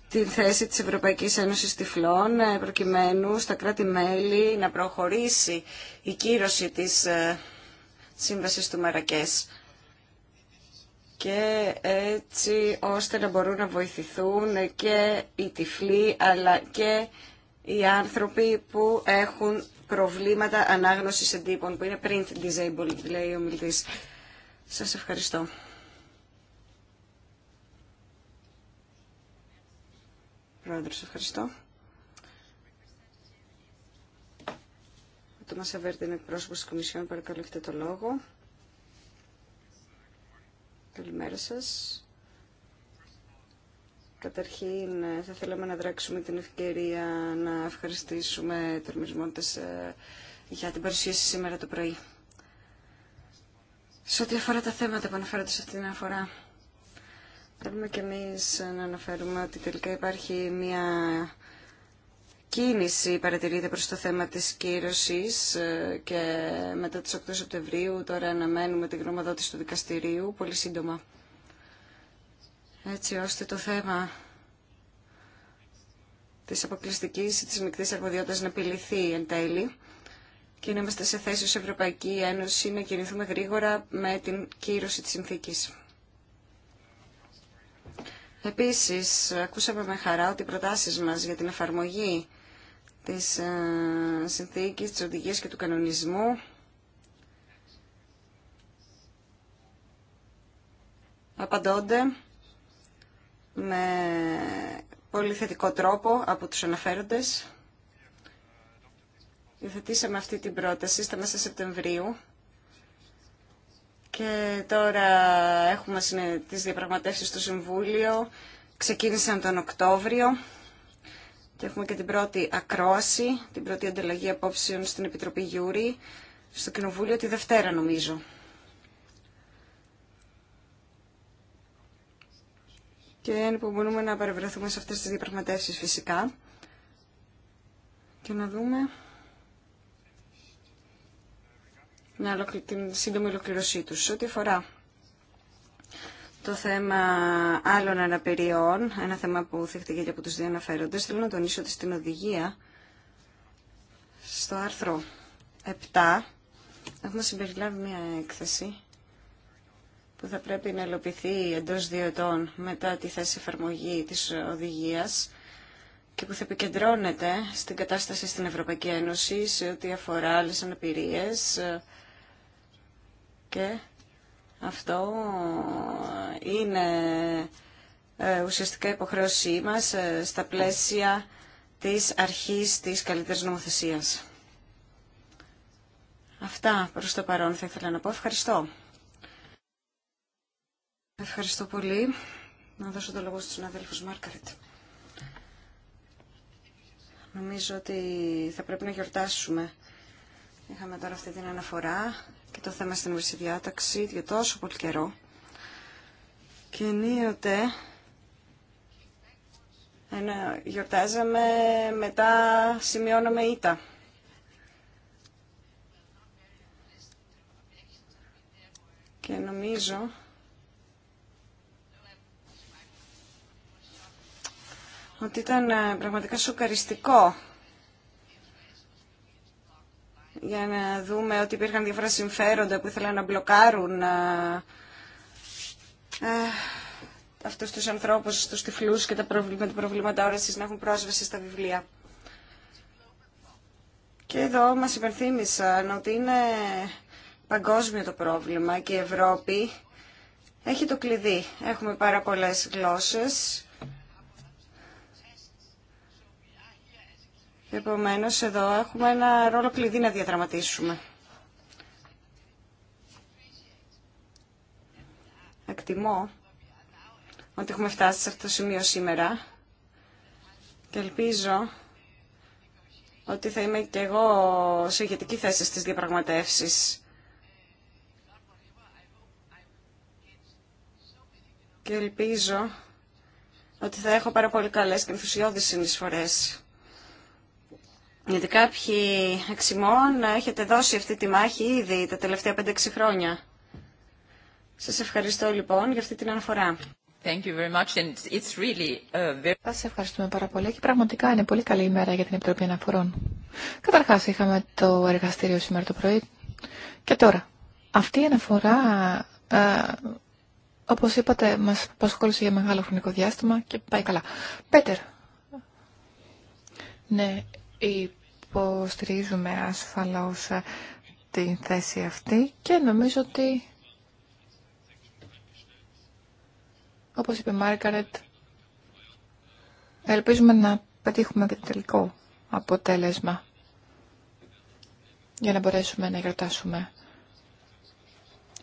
S2: την θέση της Ευρωπαϊκής Ένωσης Τυφλών προκειμένου στα κράτη-μέλη να προχωρήσει η κύρωση της σύμβασης του Μαρακές και έτσι ώστε να μπορούν να βοηθηθούν και οι τυφλοί αλλά και οι άνθρωποι που έχουν προβλήματα ανάγνωσης εντύπων που είναι print disabled λέει ο μιλτής. Σας ευχαριστώ. Πρόεδρος, ευχαριστώ. Το Τόμας την είναι Κομισιόν. το λόγο. Καλημέρα σας. Καταρχήν, θα θέλαμε να δράξουμε την ευκαιρία να ευχαριστήσουμε τερμισμόντες ε, για την παρουσίαση σήμερα το πρωί. Σε ό,τι αφορά τα θέματα που αναφέρονται σε αυτήν την αφορά, θέλουμε και εμείς να αναφέρουμε ότι τελικά υπάρχει μια κίνηση παρατηρείται προς το θέμα της κύρωσης ε, και μετά τις 8 Σεπτεμβρίου τώρα αναμένουμε την γνωμοδότηση του δικαστηρίου πολύ σύντομα. Έτσι ώστε το θέμα της αποκλειστικής ή της μικτής αρμοδιότητας να επιληθεί εν τέλει και να είμαστε σε θέση ως Ευρωπαϊκή Ένωση να κινηθούμε γρήγορα με την κύρωση της συνθήκης. Επίσης, ακούσαμε με χαρά ότι οι προτάσεις μας για την εφαρμογή της ε, συνθήκης, της οδηγίας και του κανονισμού. Απαντώνται με πολύ θετικό τρόπο από τους αναφέροντες. Υιοθετήσαμε αυτή την πρόταση στα μέσα Σεπτεμβρίου και τώρα έχουμε τις διαπραγματεύσεις στο Συμβούλιο. Ξεκίνησαν τον Οκτώβριο και έχουμε και την πρώτη ακρόαση, την πρώτη ανταλλαγή απόψεων στην Επιτροπή Γιούρη, στο Κοινοβούλιο τη Δευτέρα νομίζω. Και μπορούμε να παρευρεθούμε σε αυτές τις διαπραγματεύσεις φυσικά και να δούμε την σύντομη ολοκληρωσή τους. Ό,τι αφορά το θέμα άλλων αναπηριών, ένα θέμα που θυχτήκε και από τους δύο αναφέροντες, θέλω να τονίσω ότι στην οδηγία, στο άρθρο 7, έχουμε συμπεριλάβει μια έκθεση που θα πρέπει να ελοπιθεί εντός δύο ετών μετά τη θέση εφαρμογή της οδηγίας και που θα επικεντρώνεται στην κατάσταση στην Ευρωπαϊκή Ένωση σε ό,τι αφορά άλλες αναπηρίες και αυτό είναι ε, ουσιαστικά υποχρέωσή μας ε, στα πλαίσια της αρχής της καλύτερης νομοθεσίας. Αυτά προς το παρόν θα ήθελα να πω. Ευχαριστώ. Ευχαριστώ πολύ. Να δώσω το λόγο στους αδέλφους Μάρκαρτ. Νομίζω ότι θα πρέπει να γιορτάσουμε. Είχαμε τώρα αυτή την αναφορά και το θέμα στην ημερήσια διάταξη για τόσο πολύ καιρό. Και ενίοτε ένα, γιορτάζαμε, μετά σημειώναμε ήττα. Και νομίζω ότι ήταν ε, πραγματικά σοκαριστικό για να δούμε ότι υπήρχαν διάφορα συμφέροντα που ήθελαν να μπλοκάρουν ε, ε, αυτούς τους ανθρώπους, τους τυφλούς και τα προβλήματα, τα προβλήματα να έχουν πρόσβαση στα βιβλία. Και εδώ μας υπενθύμησαν ότι είναι παγκόσμιο το πρόβλημα και η Ευρώπη έχει το κλειδί. Έχουμε πάρα πολλές γλώσσες Επομένως, εδώ έχουμε ένα ρόλο κλειδί να διαδραματίσουμε. Εκτιμώ ότι έχουμε φτάσει σε αυτό το σημείο σήμερα και ελπίζω ότι θα είμαι και εγώ σε ηγετική θέση στις διαπραγματεύσεις. Και ελπίζω ότι θα έχω πάρα πολύ καλές και ενθουσιώδεις συνεισφορές. Γιατί κάποιοι εξημών ε, έχετε δώσει αυτή τη μάχη ήδη τα τελευταία 5-6 χρόνια. Σας ευχαριστώ λοιπόν για αυτή
S1: την αναφορά. Thank really Σας ευχαριστούμε πάρα πολύ και πραγματικά είναι πολύ καλή ημέρα για την Επιτροπή Αναφορών. Καταρχάς είχαμε το εργαστήριο σήμερα το πρωί και τώρα. Αυτή η αναφορά, όπω ε, όπως είπατε, μας απασχόλησε για μεγάλο χρονικό διάστημα και πάει καλά. Πέτερ. Ναι, υποστηρίζουμε ασφαλώς ε, την θέση αυτή και νομίζω ότι όπως είπε η Μάρκαρετ ελπίζουμε να πετύχουμε και το τελικό αποτέλεσμα για να μπορέσουμε να γιορτάσουμε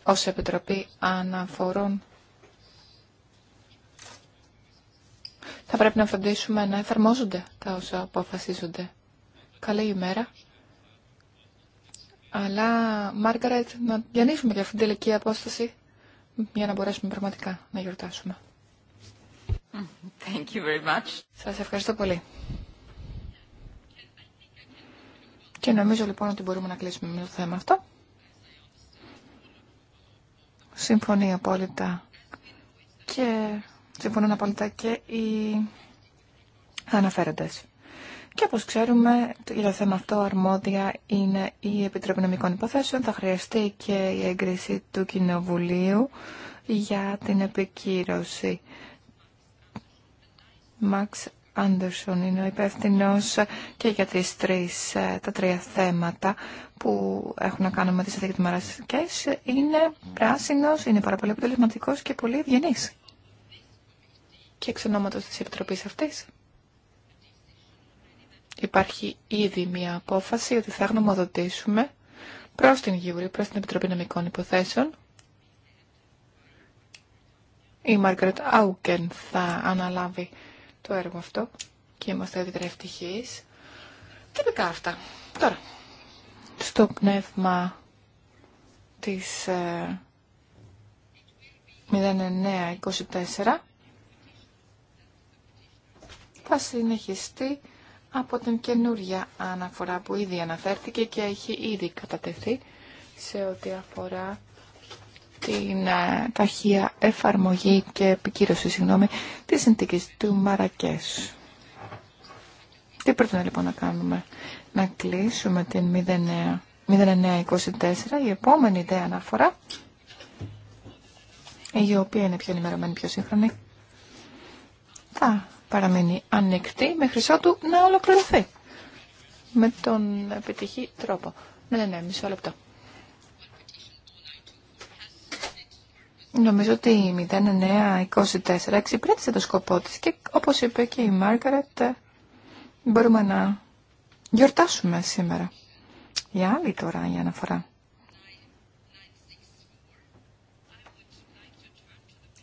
S1: ως Επιτροπή Αναφορών. Θα πρέπει να φροντίσουμε να εφαρμόζονται τα όσα αποφασίζονται. Καλή ημέρα. Αλλά, Μάργαρετ, να διανύσουμε για αυτήν την τελική απόσταση για να μπορέσουμε πραγματικά να γιορτάσουμε. Thank you very much. Σας ευχαριστώ πολύ. Και νομίζω λοιπόν ότι μπορούμε να κλείσουμε με το θέμα αυτό. Συμφωνεί απόλυτα και συμφωνούν απόλυτα και οι αναφέροντες. Και όπως ξέρουμε, για το θέμα αυτό αρμόδια είναι η Επιτροπή Νομικών Υποθέσεων. Θα χρειαστεί και η έγκριση του Κοινοβουλίου για την επικύρωση. Μαξ Άντερσον είναι ο υπεύθυνο και για τις τρεις, τα τρία θέματα που έχουν να κάνουν με τις αντικτυμαρασικές. Είναι πράσινος, είναι πάρα πολύ αποτελεσματικός και πολύ ευγενή Και εξ ονόματος της Επιτροπής αυτής Υπάρχει ήδη μια απόφαση ότι θα γνωμοδοτήσουμε προς την Γιούρη, προς την Επιτροπή Νομικών Υποθέσεων. Η Μάργαρετ Άουκεν θα αναλάβει το έργο αυτό και είμαστε ιδιαίτερα ευτυχείς. Τυπικά αυτά. Τώρα, στο πνεύμα της 0924 ε, θα συνεχιστεί από την καινούργια αναφορά που ήδη αναφέρθηκε και έχει ήδη κατατεθεί σε ό,τι αφορά την ε, ταχεία εφαρμογή και επικύρωση, συγγνώμη, της συνθήκης του Μαρακές. Τι πρέπει λοιπόν να κάνουμε, να κλείσουμε την 0924, η επόμενη ιδέα αναφορά, η οποία είναι πιο ενημερωμένη, πιο σύγχρονη. Θα παραμένει ανοιχτή μέχρι ότου να ολοκληρωθεί με τον επιτυχή τρόπο. Ναι, ναι, ναι μισό λεπτό. Νομίζω ότι η 0924 εξυπηρέτησε το σκοπό της και όπως είπε και η Μάρκαρετ μπορούμε να γιορτάσουμε σήμερα. Για άλλη τώρα η αναφορά.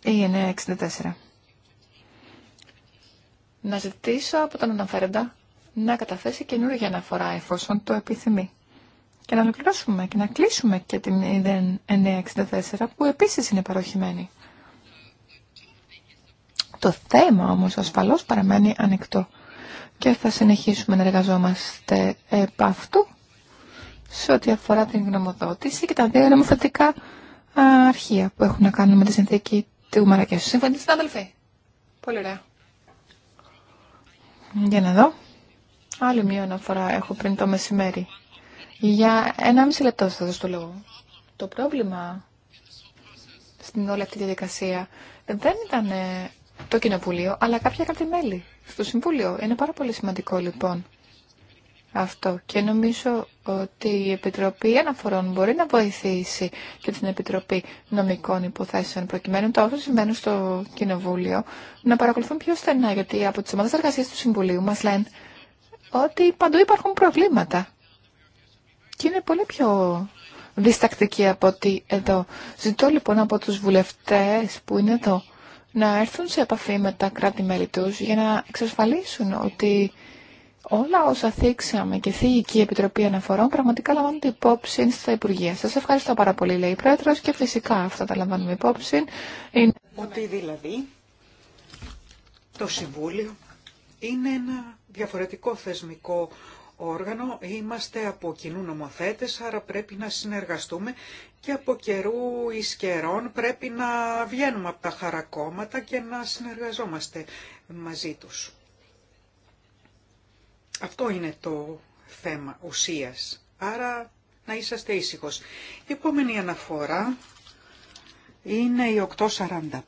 S1: Η 964 να ζητήσω από τον αναφέροντα να καταθέσει καινούργια αναφορά εφόσον το επιθυμεί. Και να ολοκληρώσουμε και να κλείσουμε και την 964 που επίσης είναι παροχημένη. Το θέμα όμως ασφαλώς παραμένει ανοιχτό και θα συνεχίσουμε να εργαζόμαστε επ' αυτού σε ό,τι αφορά την γνωμοδότηση και τα δύο νομοθετικά αρχεία που έχουν να κάνουν με τη συνθήκη του Μαρακέσου. Συμφωνείτε συνάδελφοι. Πολύ ωραία. Για να δω. Άλλη μία αναφορά έχω πριν το μεσημέρι. Για ένα μισή λεπτό θα σας το λέω. Το πρόβλημα στην όλη αυτή τη διαδικασία δεν ήταν ε, το Κοινοβούλιο, αλλά κάποια κρατημέλη στο Συμβούλιο. Είναι πάρα πολύ σημαντικό λοιπόν αυτό και νομίζω ότι η Επιτροπή Αναφορών μπορεί να βοηθήσει και την Επιτροπή Νομικών Υποθέσεων προκειμένου τα όσα συμβαίνουν στο Κοινοβούλιο να παρακολουθούν πιο στενά γιατί από τι ομάδε εργασία του Συμβουλίου μας λένε ότι παντού υπάρχουν προβλήματα και είναι πολύ πιο διστακτική από ότι εδώ. Ζητώ λοιπόν από τους βουλευτές που είναι εδώ να έρθουν σε επαφή με τα κράτη-μέλη τους για να εξασφαλίσουν ότι όλα όσα θίξαμε και θήγηκε η Επιτροπή Αναφορών πραγματικά λαμβάνονται υπόψη στα Υπουργεία. Σας ευχαριστώ πάρα πολύ, λέει η Πρόεδρος, και φυσικά αυτά τα λαμβάνουμε υπόψη. Είναι...
S3: Ότι δηλαδή το Συμβούλιο είναι ένα διαφορετικό θεσμικό όργανο. Είμαστε από κοινού νομοθέτες, άρα πρέπει να συνεργαστούμε και από καιρού εις καιρών πρέπει να βγαίνουμε από τα χαρακόμματα και να συνεργαζόμαστε μαζί τους. Αυτό είναι το θέμα ουσίας. Άρα να είσαστε ήσυχος. Η επόμενη αναφορά είναι η 845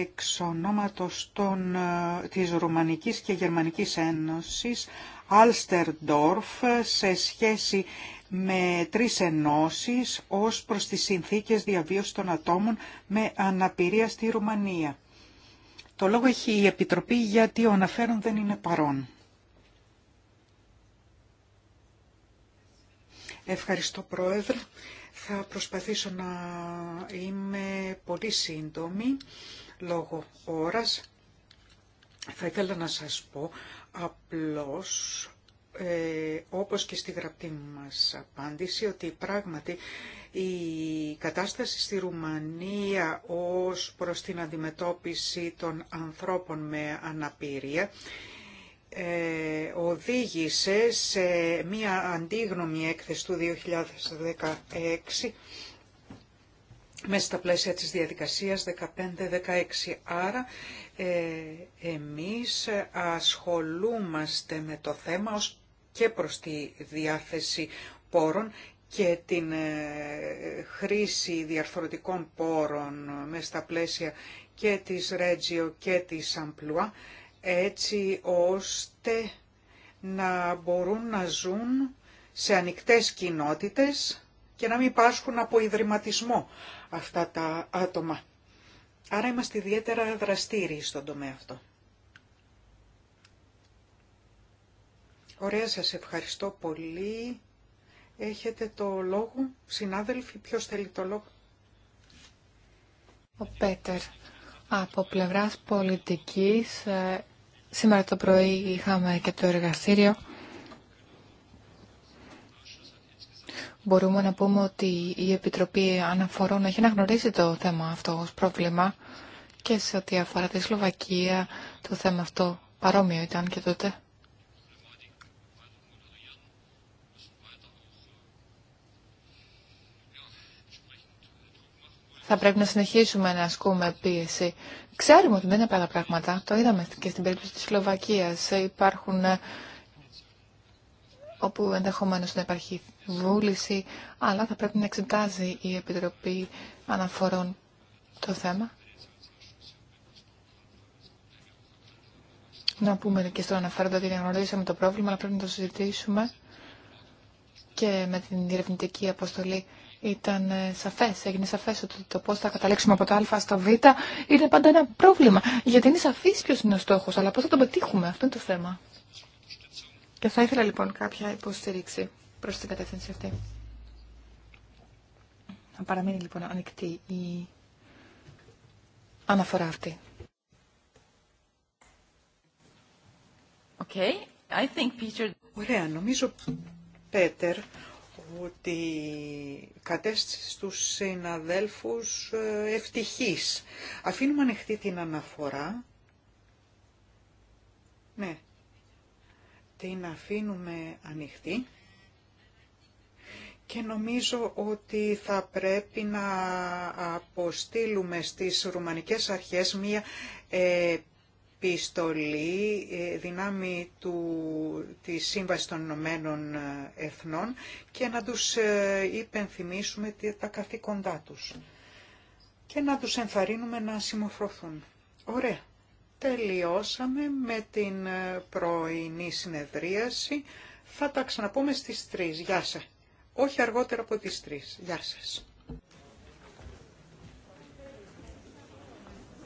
S3: εξ ονόματος των, ε, της Ρουμανικής και Γερμανικής Ένωσης Alsterdorf σε σχέση με τρεις ενώσεις ως προς τις συνθήκες διαβίωσης των ατόμων με αναπηρία στη Ρουμανία. Το λόγο έχει η Επιτροπή γιατί ο αναφέρον δεν είναι παρόν. Ευχαριστώ Πρόεδρε. Θα προσπαθήσω να είμαι πολύ σύντομη λόγω ώρας. Θα ήθελα να σας πω απλώς, ε, όπως και στη γραπτή μας απάντηση, ότι πράγματι η κατάσταση στη Ρουμανία ως προς την αντιμετώπιση των ανθρώπων με αναπηρία ε, οδήγησε σε μία αντίγνωμη έκθεση του 2016 μέσα στα πλαίσια της διαδικασίας 15-16. Άρα ε, εμείς ασχολούμαστε με το θέμα ως και προς τη διάθεση πόρων και την ε, χρήση διαρθρωτικών πόρων μέσα στα πλαίσια και της Regio και της Amplua έτσι ώστε να μπορούν να ζουν σε ανοιχτές κοινότητες και να μην πάσχουν από ιδρυματισμό αυτά τα άτομα. Άρα είμαστε ιδιαίτερα δραστήριοι στον τομέα αυτό. Ωραία, σας ευχαριστώ πολύ. Έχετε το λόγο, συνάδελφοι, ποιος θέλει το λόγο.
S1: Ο Πέτερ, από πλευράς πολιτικής ε, Σήμερα το πρωί είχαμε και το εργαστήριο. Μπορούμε να πούμε ότι η Επιτροπή Αναφορών έχει αναγνωρίσει το θέμα αυτό ως πρόβλημα και σε ό,τι αφορά τη Σλοβακία το θέμα αυτό παρόμοιο ήταν και τότε. θα πρέπει να συνεχίσουμε να ασκούμε πίεση. Ξέρουμε ότι δεν είναι απλά πράγματα. Το είδαμε και στην περίπτωση της Σλοβακίας. Υπάρχουν ε, όπου ενδεχομένως να υπάρχει βούληση, αλλά θα πρέπει να εξετάζει η Επιτροπή Αναφορών το θέμα. Να πούμε και στον αναφέροντα ότι γνωρίσαμε το πρόβλημα, αλλά πρέπει να το συζητήσουμε και με την διερευνητική αποστολή ήταν ε, σαφές, έγινε σαφές ότι το πώ θα καταλήξουμε από το α στο β είναι πάντα ένα πρόβλημα. Γιατί είναι σαφής ποιος είναι ο στόχος, αλλά πώς θα τον πετύχουμε, αυτό είναι το θέμα. Και θα ήθελα λοιπόν κάποια υποστήριξη προς την κατεύθυνση αυτή. Να παραμείνει λοιπόν ανοιχτή η αναφορά αυτή.
S3: Okay. I think Peter... Ωραία, νομίζω Πέτερ ότι κατέστησε τους συναδέλφους ε, ευτυχής. Αφήνουμε ανοιχτή την αναφορά. Ναι, την αφήνουμε ανοιχτή και νομίζω ότι θα πρέπει να αποστείλουμε στις ρουμανικές αρχές μία ε, Πιστολή, ε, δυνάμει του, της Σύμβασης των Ηνωμένων ε, Εθνών και να τους ε, υπενθυμίσουμε τα καθήκοντά τους και να τους ενθαρρύνουμε να συμμορφωθούν. Ωραία. Τελειώσαμε με την πρωινή συνεδρίαση. Θα τα ξαναπούμε στις 3. Γεια σας. Όχι αργότερα από τις 3. Γεια σας.